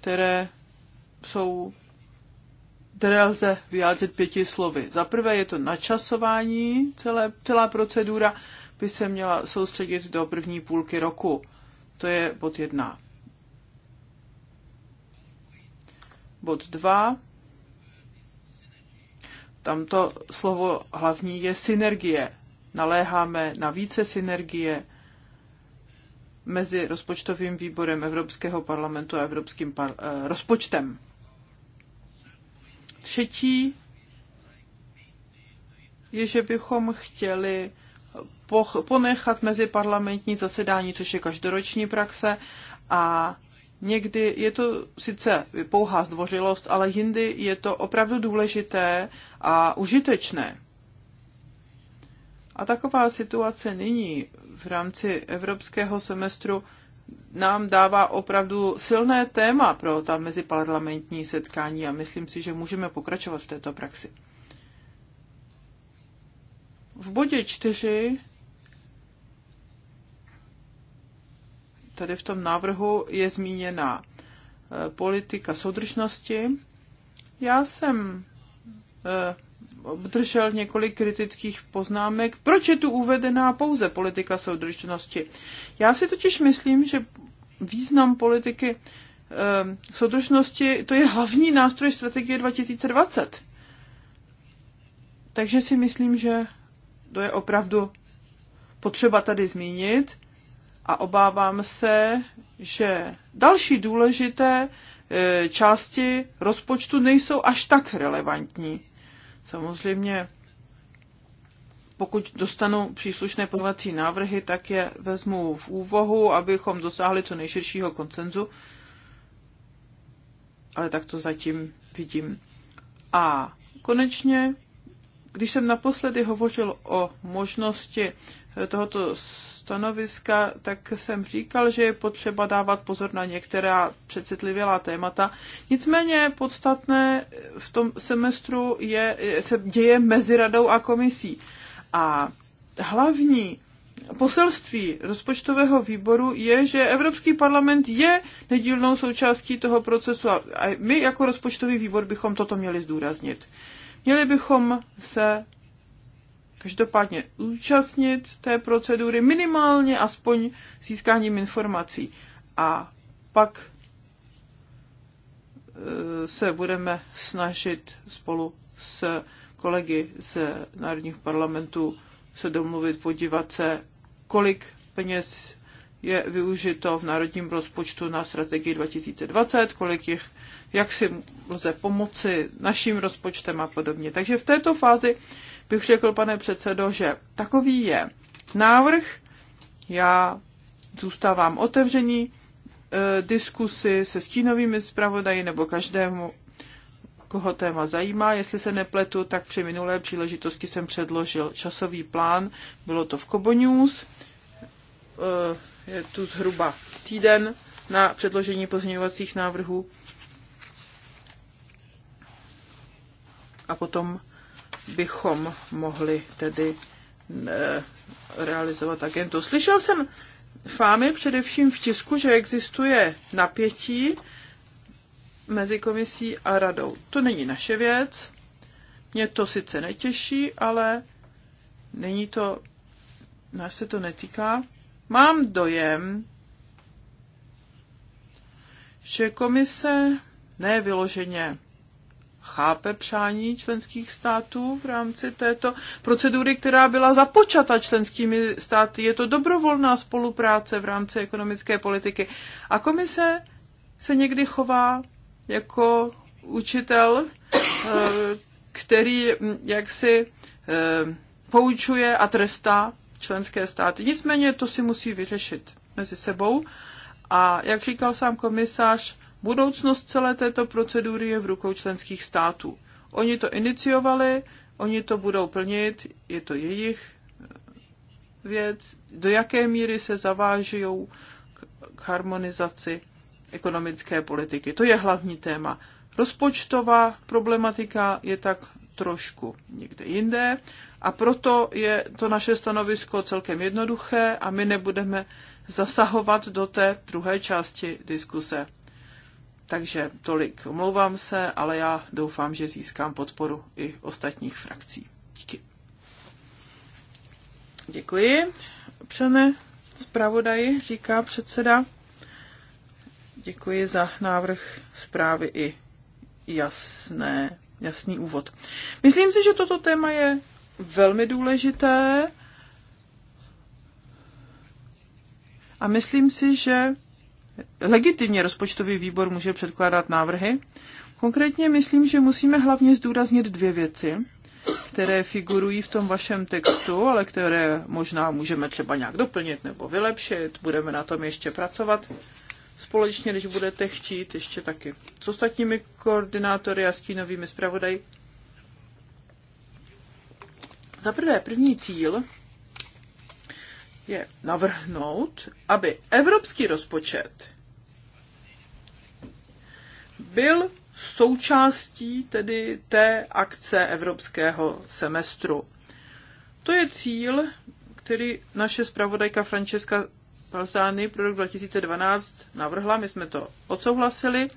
které jsou které lze vyjádřit pěti slovy. Za prvé je to načasování, celé, celá procedura by se měla soustředit do první půlky roku. To je bod jedna. Bod dva. Tamto slovo hlavní je synergie. Naléháme na více synergie mezi rozpočtovým výborem Evropského parlamentu a Evropským par- eh, rozpočtem. Třetí je, že bychom chtěli ponechat mezi parlamentní zasedání, což je každoroční praxe a někdy je to sice pouhá zdvořilost, ale jindy je to opravdu důležité a užitečné. A taková situace nyní v rámci evropského semestru nám dává opravdu silné téma pro ta meziparlamentní setkání a myslím si, že můžeme pokračovat v této praxi. V bodě čtyři tady v tom návrhu je zmíněna e, politika soudržnosti. Já jsem e, obdržel několik kritických poznámek, proč je tu uvedená pouze politika soudržnosti. Já si totiž myslím, že význam politiky e, soudržnosti, to je hlavní nástroj strategie 2020. Takže si myslím, že to je opravdu potřeba tady zmínit a obávám se, že další důležité e, části rozpočtu nejsou až tak relevantní. Samozřejmě, pokud dostanu příslušné pozměňovací návrhy, tak je vezmu v úvahu, abychom dosáhli co nejširšího koncenzu. Ale tak to zatím vidím. A konečně když jsem naposledy hovořil o možnosti eh, tohoto stanoviska, tak jsem říkal, že je potřeba dávat pozor na některá přecitlivělá témata. Nicméně podstatné v tom semestru je, eh, se děje mezi radou a komisí. A hlavní poselství rozpočtového výboru je, že Evropský parlament je nedílnou součástí toho procesu a my jako rozpočtový výbor bychom toto měli zdůraznit. Měli bychom se každopádně účastnit té procedury, minimálně aspoň získáním informací. A pak e, se budeme snažit spolu s kolegy z národních parlamentů se domluvit, podívat se, kolik peněz je využito v národním rozpočtu na strategii 2020, kolik jich jak si lze pomoci naším rozpočtem a podobně. Takže v této fázi bych řekl, pane předsedo, že takový je návrh. Já zůstávám otevření e, diskusy se stínovými zpravodaji nebo každému, koho téma zajímá. Jestli se nepletu, tak při minulé příležitosti jsem předložil časový plán. Bylo to v Kobo News. E, je tu zhruba týden na předložení pozměňovacích návrhů a potom bychom mohli tedy eh, realizovat agentu. Slyšel jsem fámy především v tisku, že existuje napětí mezi komisí a radou. To není naše věc, mě to sice netěší, ale není to, nás se to netýká. Mám dojem, že komise ne vyloženě chápe přání členských států v rámci této procedury, která byla započata členskými státy. Je to dobrovolná spolupráce v rámci ekonomické politiky. A komise se někdy chová jako učitel, eh, který hm, jaksi eh, poučuje a trestá členské státy. Nicméně to si musí vyřešit mezi sebou. A jak říkal sám komisář, Budoucnost celé této procedury je v rukou členských států. Oni to iniciovali, oni to budou plnit, je to jejich eh, věc, do jaké míry se zavážou k harmonizaci ekonomické politiky. To je hlavní téma. Rozpočtová problematika je tak trošku někde jinde a proto je to naše stanovisko celkem jednoduché a my nebudeme zasahovat do té druhé části diskuse. Takže tolik. Omlouvám se, ale já doufám, že získám podporu i ostatních frakcí. Díky. Děkuji. Přene zpravodaji, říká předseda. Děkuji za návrh zprávy i jasné, jasný úvod. Myslím si, že toto téma je velmi důležité a myslím si, že legitimně rozpočtový výbor může předkládat návrhy. Konkrétně myslím, že musíme hlavně zdůraznit dvě věci, které figurují v tom vašem textu, ale které možná můžeme třeba nějak doplnit nebo vylepšit. Budeme na tom ještě pracovat společně, když budete chtít, ještě taky s ostatními koordinátory a stínovými zpravodaji. Za prvé, první cíl je navrhnout, aby evropský rozpočet byl součástí tedy té akce evropského semestru. To je cíl, který naše zpravodajka Francesca Palsány pro rok 2012 navrhla, my jsme to odsouhlasili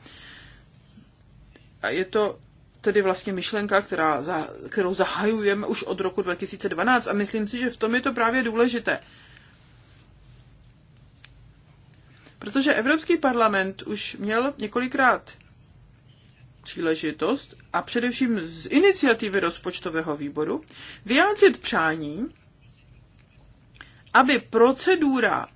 a je to tedy vlastně myšlenka, která za, kterou zahajujeme už od roku 2012 a myslím si, že v tom je to právě důležité. Protože Evropský parlament už měl několikrát příležitost a především z iniciativy rozpočtového výboru vyjádřit přání, aby procedura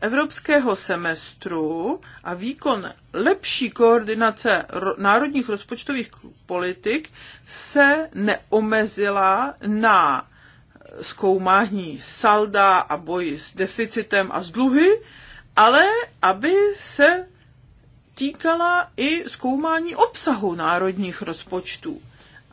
evropského semestru a výkon lepší koordinace národních rozpočtových politik se neomezila na zkoumání salda a boji s deficitem a s dluhy, ale aby se týkala i zkoumání obsahu národních rozpočtů.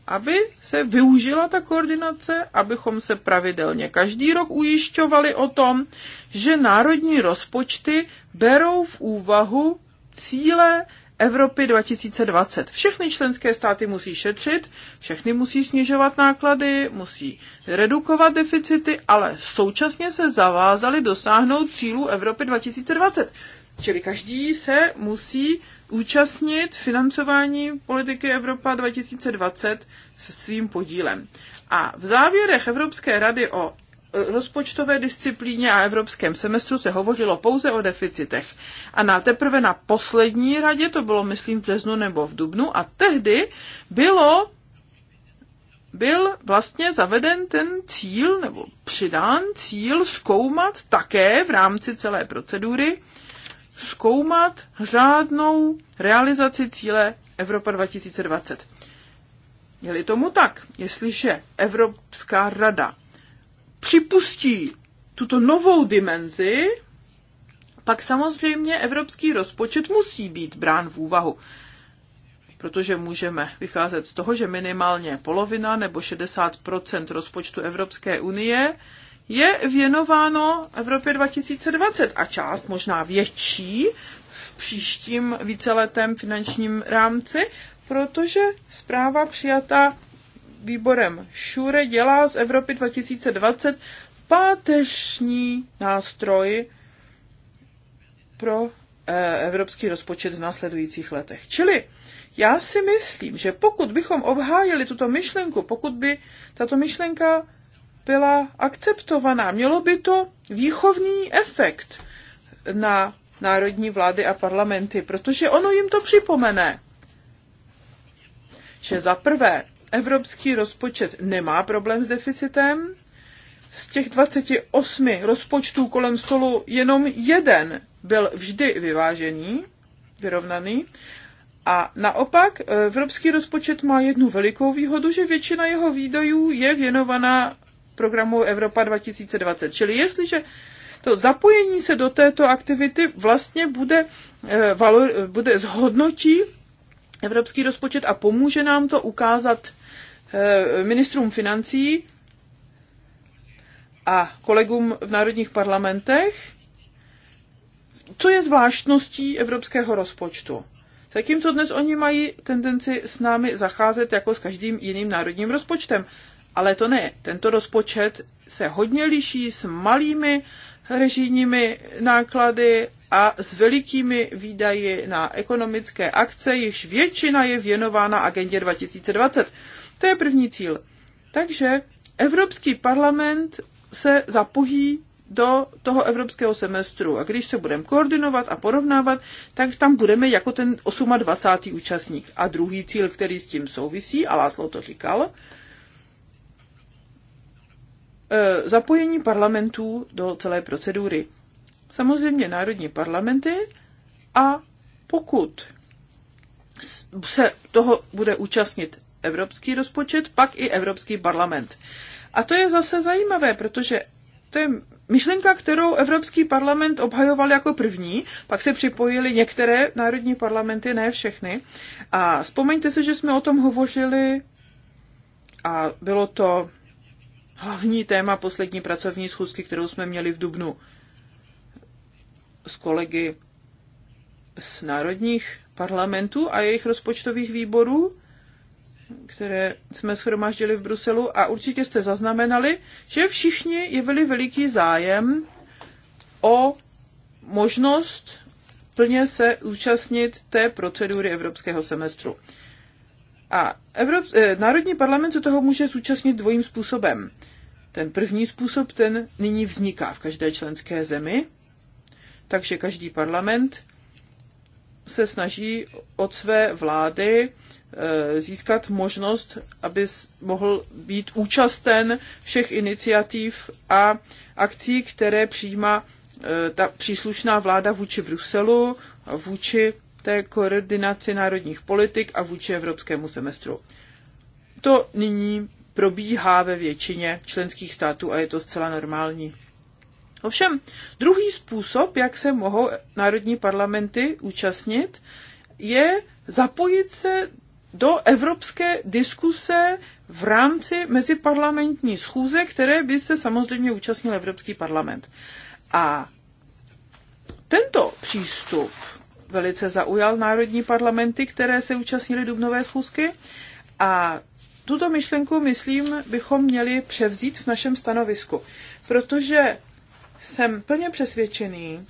Aby se využila ta koordinace, abychom se pravidelně každý rok ujišťovali o tom, že národní rozpočty berou v úvahu cíle Evropy 2020. Všechny členské státy musí šetřit, všechny musí snižovat náklady, musí redukovat deficity, ale současně se zavázali dosáhnout cílů Evropy 2020. Čili každý se musí účastnit financování politiky Evropa 2020 se svým podílem. A v závěrech Evropské rady o rozpočtové disciplíně a evropském semestru se hovořilo pouze o deficitech. A na teprve na poslední radě, to bylo myslím v březnu nebo v dubnu, a tehdy bylo byl vlastně zaveden ten cíl, nebo přidán cíl zkoumat také v rámci celé procedury, zkoumat řádnou realizaci cíle Evropa 2020. Měli tomu tak, jestliže Evropská rada připustí tuto novou dimenzi, pak samozřejmě evropský rozpočet musí být brán v úvahu. Protože můžeme vycházet z toho, že minimálně polovina nebo 60 rozpočtu Evropské unie je věnováno Evropě 2020 a část možná větší v příštím víceletém finančním rámci, protože zpráva přijatá výborem Šure dělá z Evropy 2020 páteřní nástroj pro eh, evropský rozpočet v následujících letech. Čili já si myslím, že pokud bychom obhájili tuto myšlenku, pokud by tato myšlenka byla akceptovaná, mělo by to výchovný efekt na národní vlády a parlamenty, protože ono jim to připomene, že za prvé Evropský rozpočet nemá problém s deficitem. Z těch 28 rozpočtů kolem stolu jenom jeden byl vždy vyvážený, vyrovnaný. A naopak eh, evropský rozpočet má jednu velikou výhodu, že většina jeho výdajů je věnovaná programu Evropa 2020. Čili jestliže to zapojení se do této aktivity vlastně bude, eh, bude zhodnotí evropský rozpočet a pomůže nám to ukázat Eh, ministrům financí a kolegům v národních parlamentech, co je zvláštností evropského rozpočtu. Zatímco dnes oni mají tendenci s námi zacházet jako s každým jiným národním rozpočtem. Ale to ne. Tento rozpočet se hodně liší s malými režijními náklady a s velikými výdaji na ekonomické akce, jež většina je věnována agendě 2020. To je první cíl. Takže Evropský parlament se zapojí do toho evropského semestru. A když se budeme koordinovat a porovnávat, tak tam budeme jako ten 28. účastník. A druhý cíl, který s tím souvisí, a Láslo to říkal, e, zapojení parlamentů do celé procedury. Samozřejmě národní parlamenty a pokud se toho bude účastnit evropský rozpočet, pak i Evropský parlament. A to je zase zajímavé, protože to je myšlenka, kterou Evropský parlament obhajoval jako první, pak se připojili některé národní parlamenty, ne všechny. A vzpomeňte si, že jsme o tom hovořili a bylo to hlavní téma poslední pracovní schůzky, kterou jsme měli v Dubnu s kolegy z národních parlamentů a jejich rozpočtových výborů které jsme shromaždili v Bruselu a určitě jste zaznamenali, že všichni jevili veliký zájem o možnost plně se účastnit té procedury evropského semestru. A Evrop, eh, Národní parlament se toho může zúčastnit dvojím způsobem. Ten první způsob, ten nyní vzniká v každé členské zemi, takže každý parlament se snaží od své vlády Eh, získat možnost, aby mohl být účasten všech iniciativ a akcí, které přijímá eh, ta příslušná vláda vůči Bruselu, vůči té koordinaci národních politik a vůči evropskému semestru. To nyní probíhá ve většině členských států a je to zcela normální. Ovšem, druhý způsob, jak se mohou národní parlamenty účastnit, je zapojit se do evropské diskuse v rámci meziparlamentní schůze, které by se samozřejmě účastnil Evropský parlament. A tento přístup velice zaujal národní parlamenty, které se účastnily dubnové schůzky a tuto myšlenku, myslím, bychom měli převzít v našem stanovisku, protože jsem plně přesvědčený,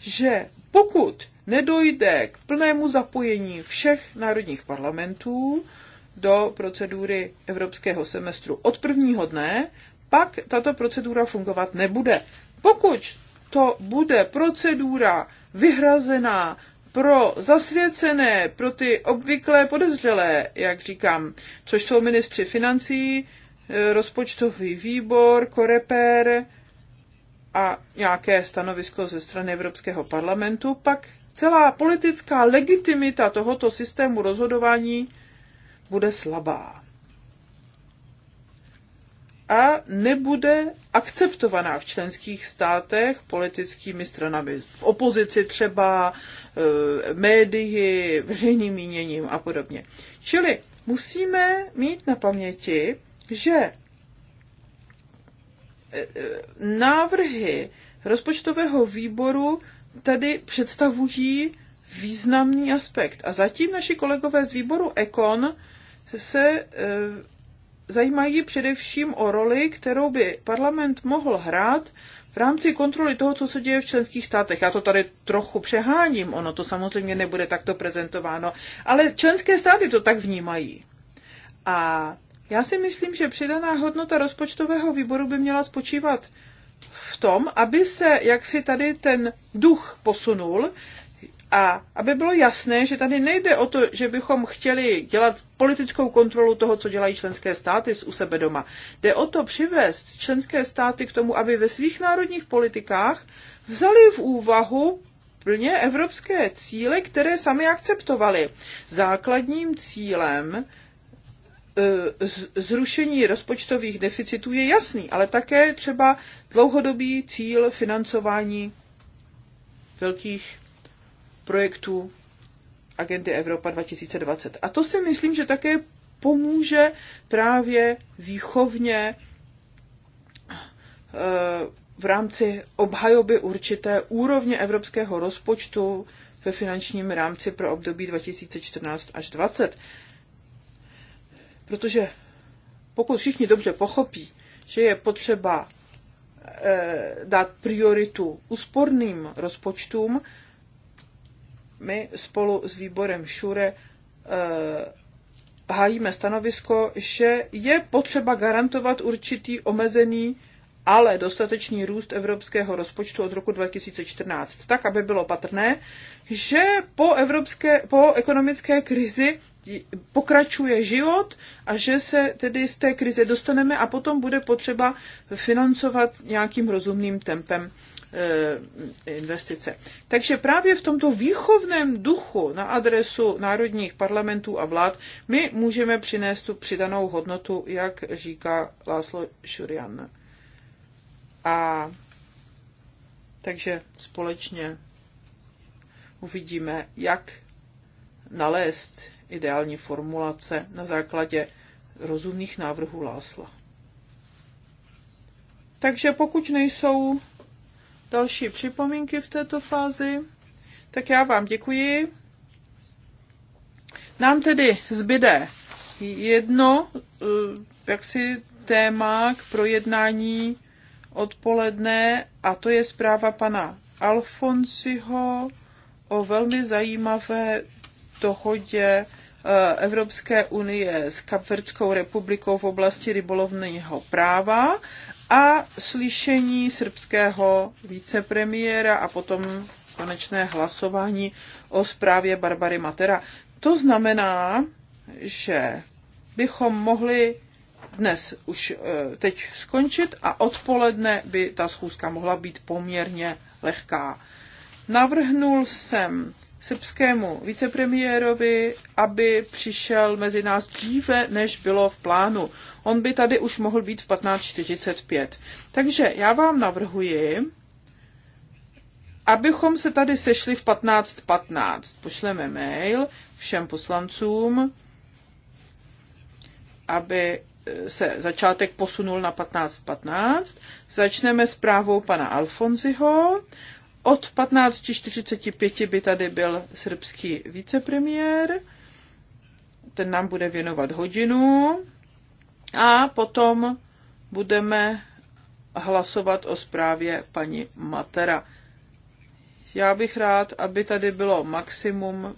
že pokud nedojde k plnému zapojení všech národních parlamentů do procedury evropského semestru od prvního dne, pak tato procedura fungovat nebude. Pokud to bude procedura vyhrazená pro zasvěcené, pro ty obvyklé podezřelé, jak říkám, což jsou ministři financí, eh, rozpočtový výbor, koreper, a nějaké stanovisko ze strany Evropského parlamentu, pak celá politická legitimita tohoto systému rozhodování bude slabá. A nebude akceptovaná v členských státech politickými stranami, v opozici třeba, e, médii, veřejným míněním a podobně. Čili musíme mít na paměti, že návrhy rozpočtového výboru tady představují významný aspekt. A zatím naši kolegové z výboru Ekon se eh, zajímají především o roli, kterou by parlament mohl hrát v rámci kontroly toho, co se děje v členských státech. Já to tady trochu přeháním, ono to samozřejmě nebude takto prezentováno, ale členské státy to tak vnímají. A já si myslím, že přidaná hodnota rozpočtového výboru by měla spočívat v tom, aby se jaksi tady ten duch posunul a aby bylo jasné, že tady nejde o to, že bychom chtěli dělat politickou kontrolu toho, co dělají členské státy u sebe doma. Jde o to přivést členské státy k tomu, aby ve svých národních politikách vzali v úvahu plně evropské cíle, které sami akceptovali. Základním cílem E, zrušení rozpočtových deficitů je jasný, ale také třeba dlouhodobý cíl financování velkých projektů agendy Evropa 2020. A to si myslím, že také pomůže právě výchovně e, v rámci obhajoby určité úrovně evropského rozpočtu ve finančním rámci pro období 2014 až 2020. Protože pokud všichni dobře pochopí, že je potřeba eh, dát prioritu úsporným rozpočtům, my spolu s výborem Šure eh, hájíme stanovisko, že je potřeba garantovat určitý omezený, ale dostatečný růst evropského rozpočtu od roku 2014, tak aby bylo patrné, že po, evropské, po ekonomické krizi pokračuje život a že se tedy z té krize dostaneme a potom bude potřeba financovat nějakým rozumným tempem eh, investice. Takže právě v tomto výchovném duchu na adresu národních parlamentů a vlád my můžeme přinést tu přidanou hodnotu, jak říká Láslo Šurian. A takže společně uvidíme, jak nalézt ideální formulace na základě rozumných návrhů Lásla. Takže pokud nejsou další připomínky v této fázi, tak já vám děkuji. Nám tedy zbyde jedno eh, jaksi téma k projednání odpoledne a to je zpráva pana Alfonsiho o velmi zajímavé dohodě Eh, Evropské unie s Kapverdskou republikou v oblasti rybolovného práva a slyšení srbského vicepremiéra a potom konečné hlasování o zprávě Barbary Matera. To znamená, že bychom mohli dnes už eh, teď skončit a odpoledne by ta schůzka mohla být poměrně lehká. Navrhnul jsem srbskému vicepremiérovi, aby přišel mezi nás dříve, než bylo v plánu. On by tady už mohl být v 15.45. Takže já vám navrhuji, abychom se tady sešli v 15.15. 15. Pošleme mail všem poslancům, aby e, se začátek posunul na 15.15. 15. Začneme právou pana Alfonziho od 15.45 by tady byl srbský vicepremiér, ten nám bude věnovat hodinu a potom budeme hlasovat o zprávě paní Matera. Já bych rád, aby tady bylo maximum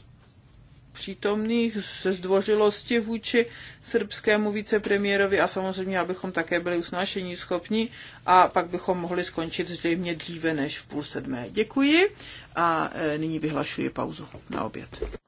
přítomných se zdvořilosti vůči srbskému vicepremiérovi a samozřejmě, abychom také byli usnášení schopni a pak bychom mohli skončit zřejmě dříve než v půl sedmé. Děkuji a e, nyní vyhlašuji pauzu na oběd.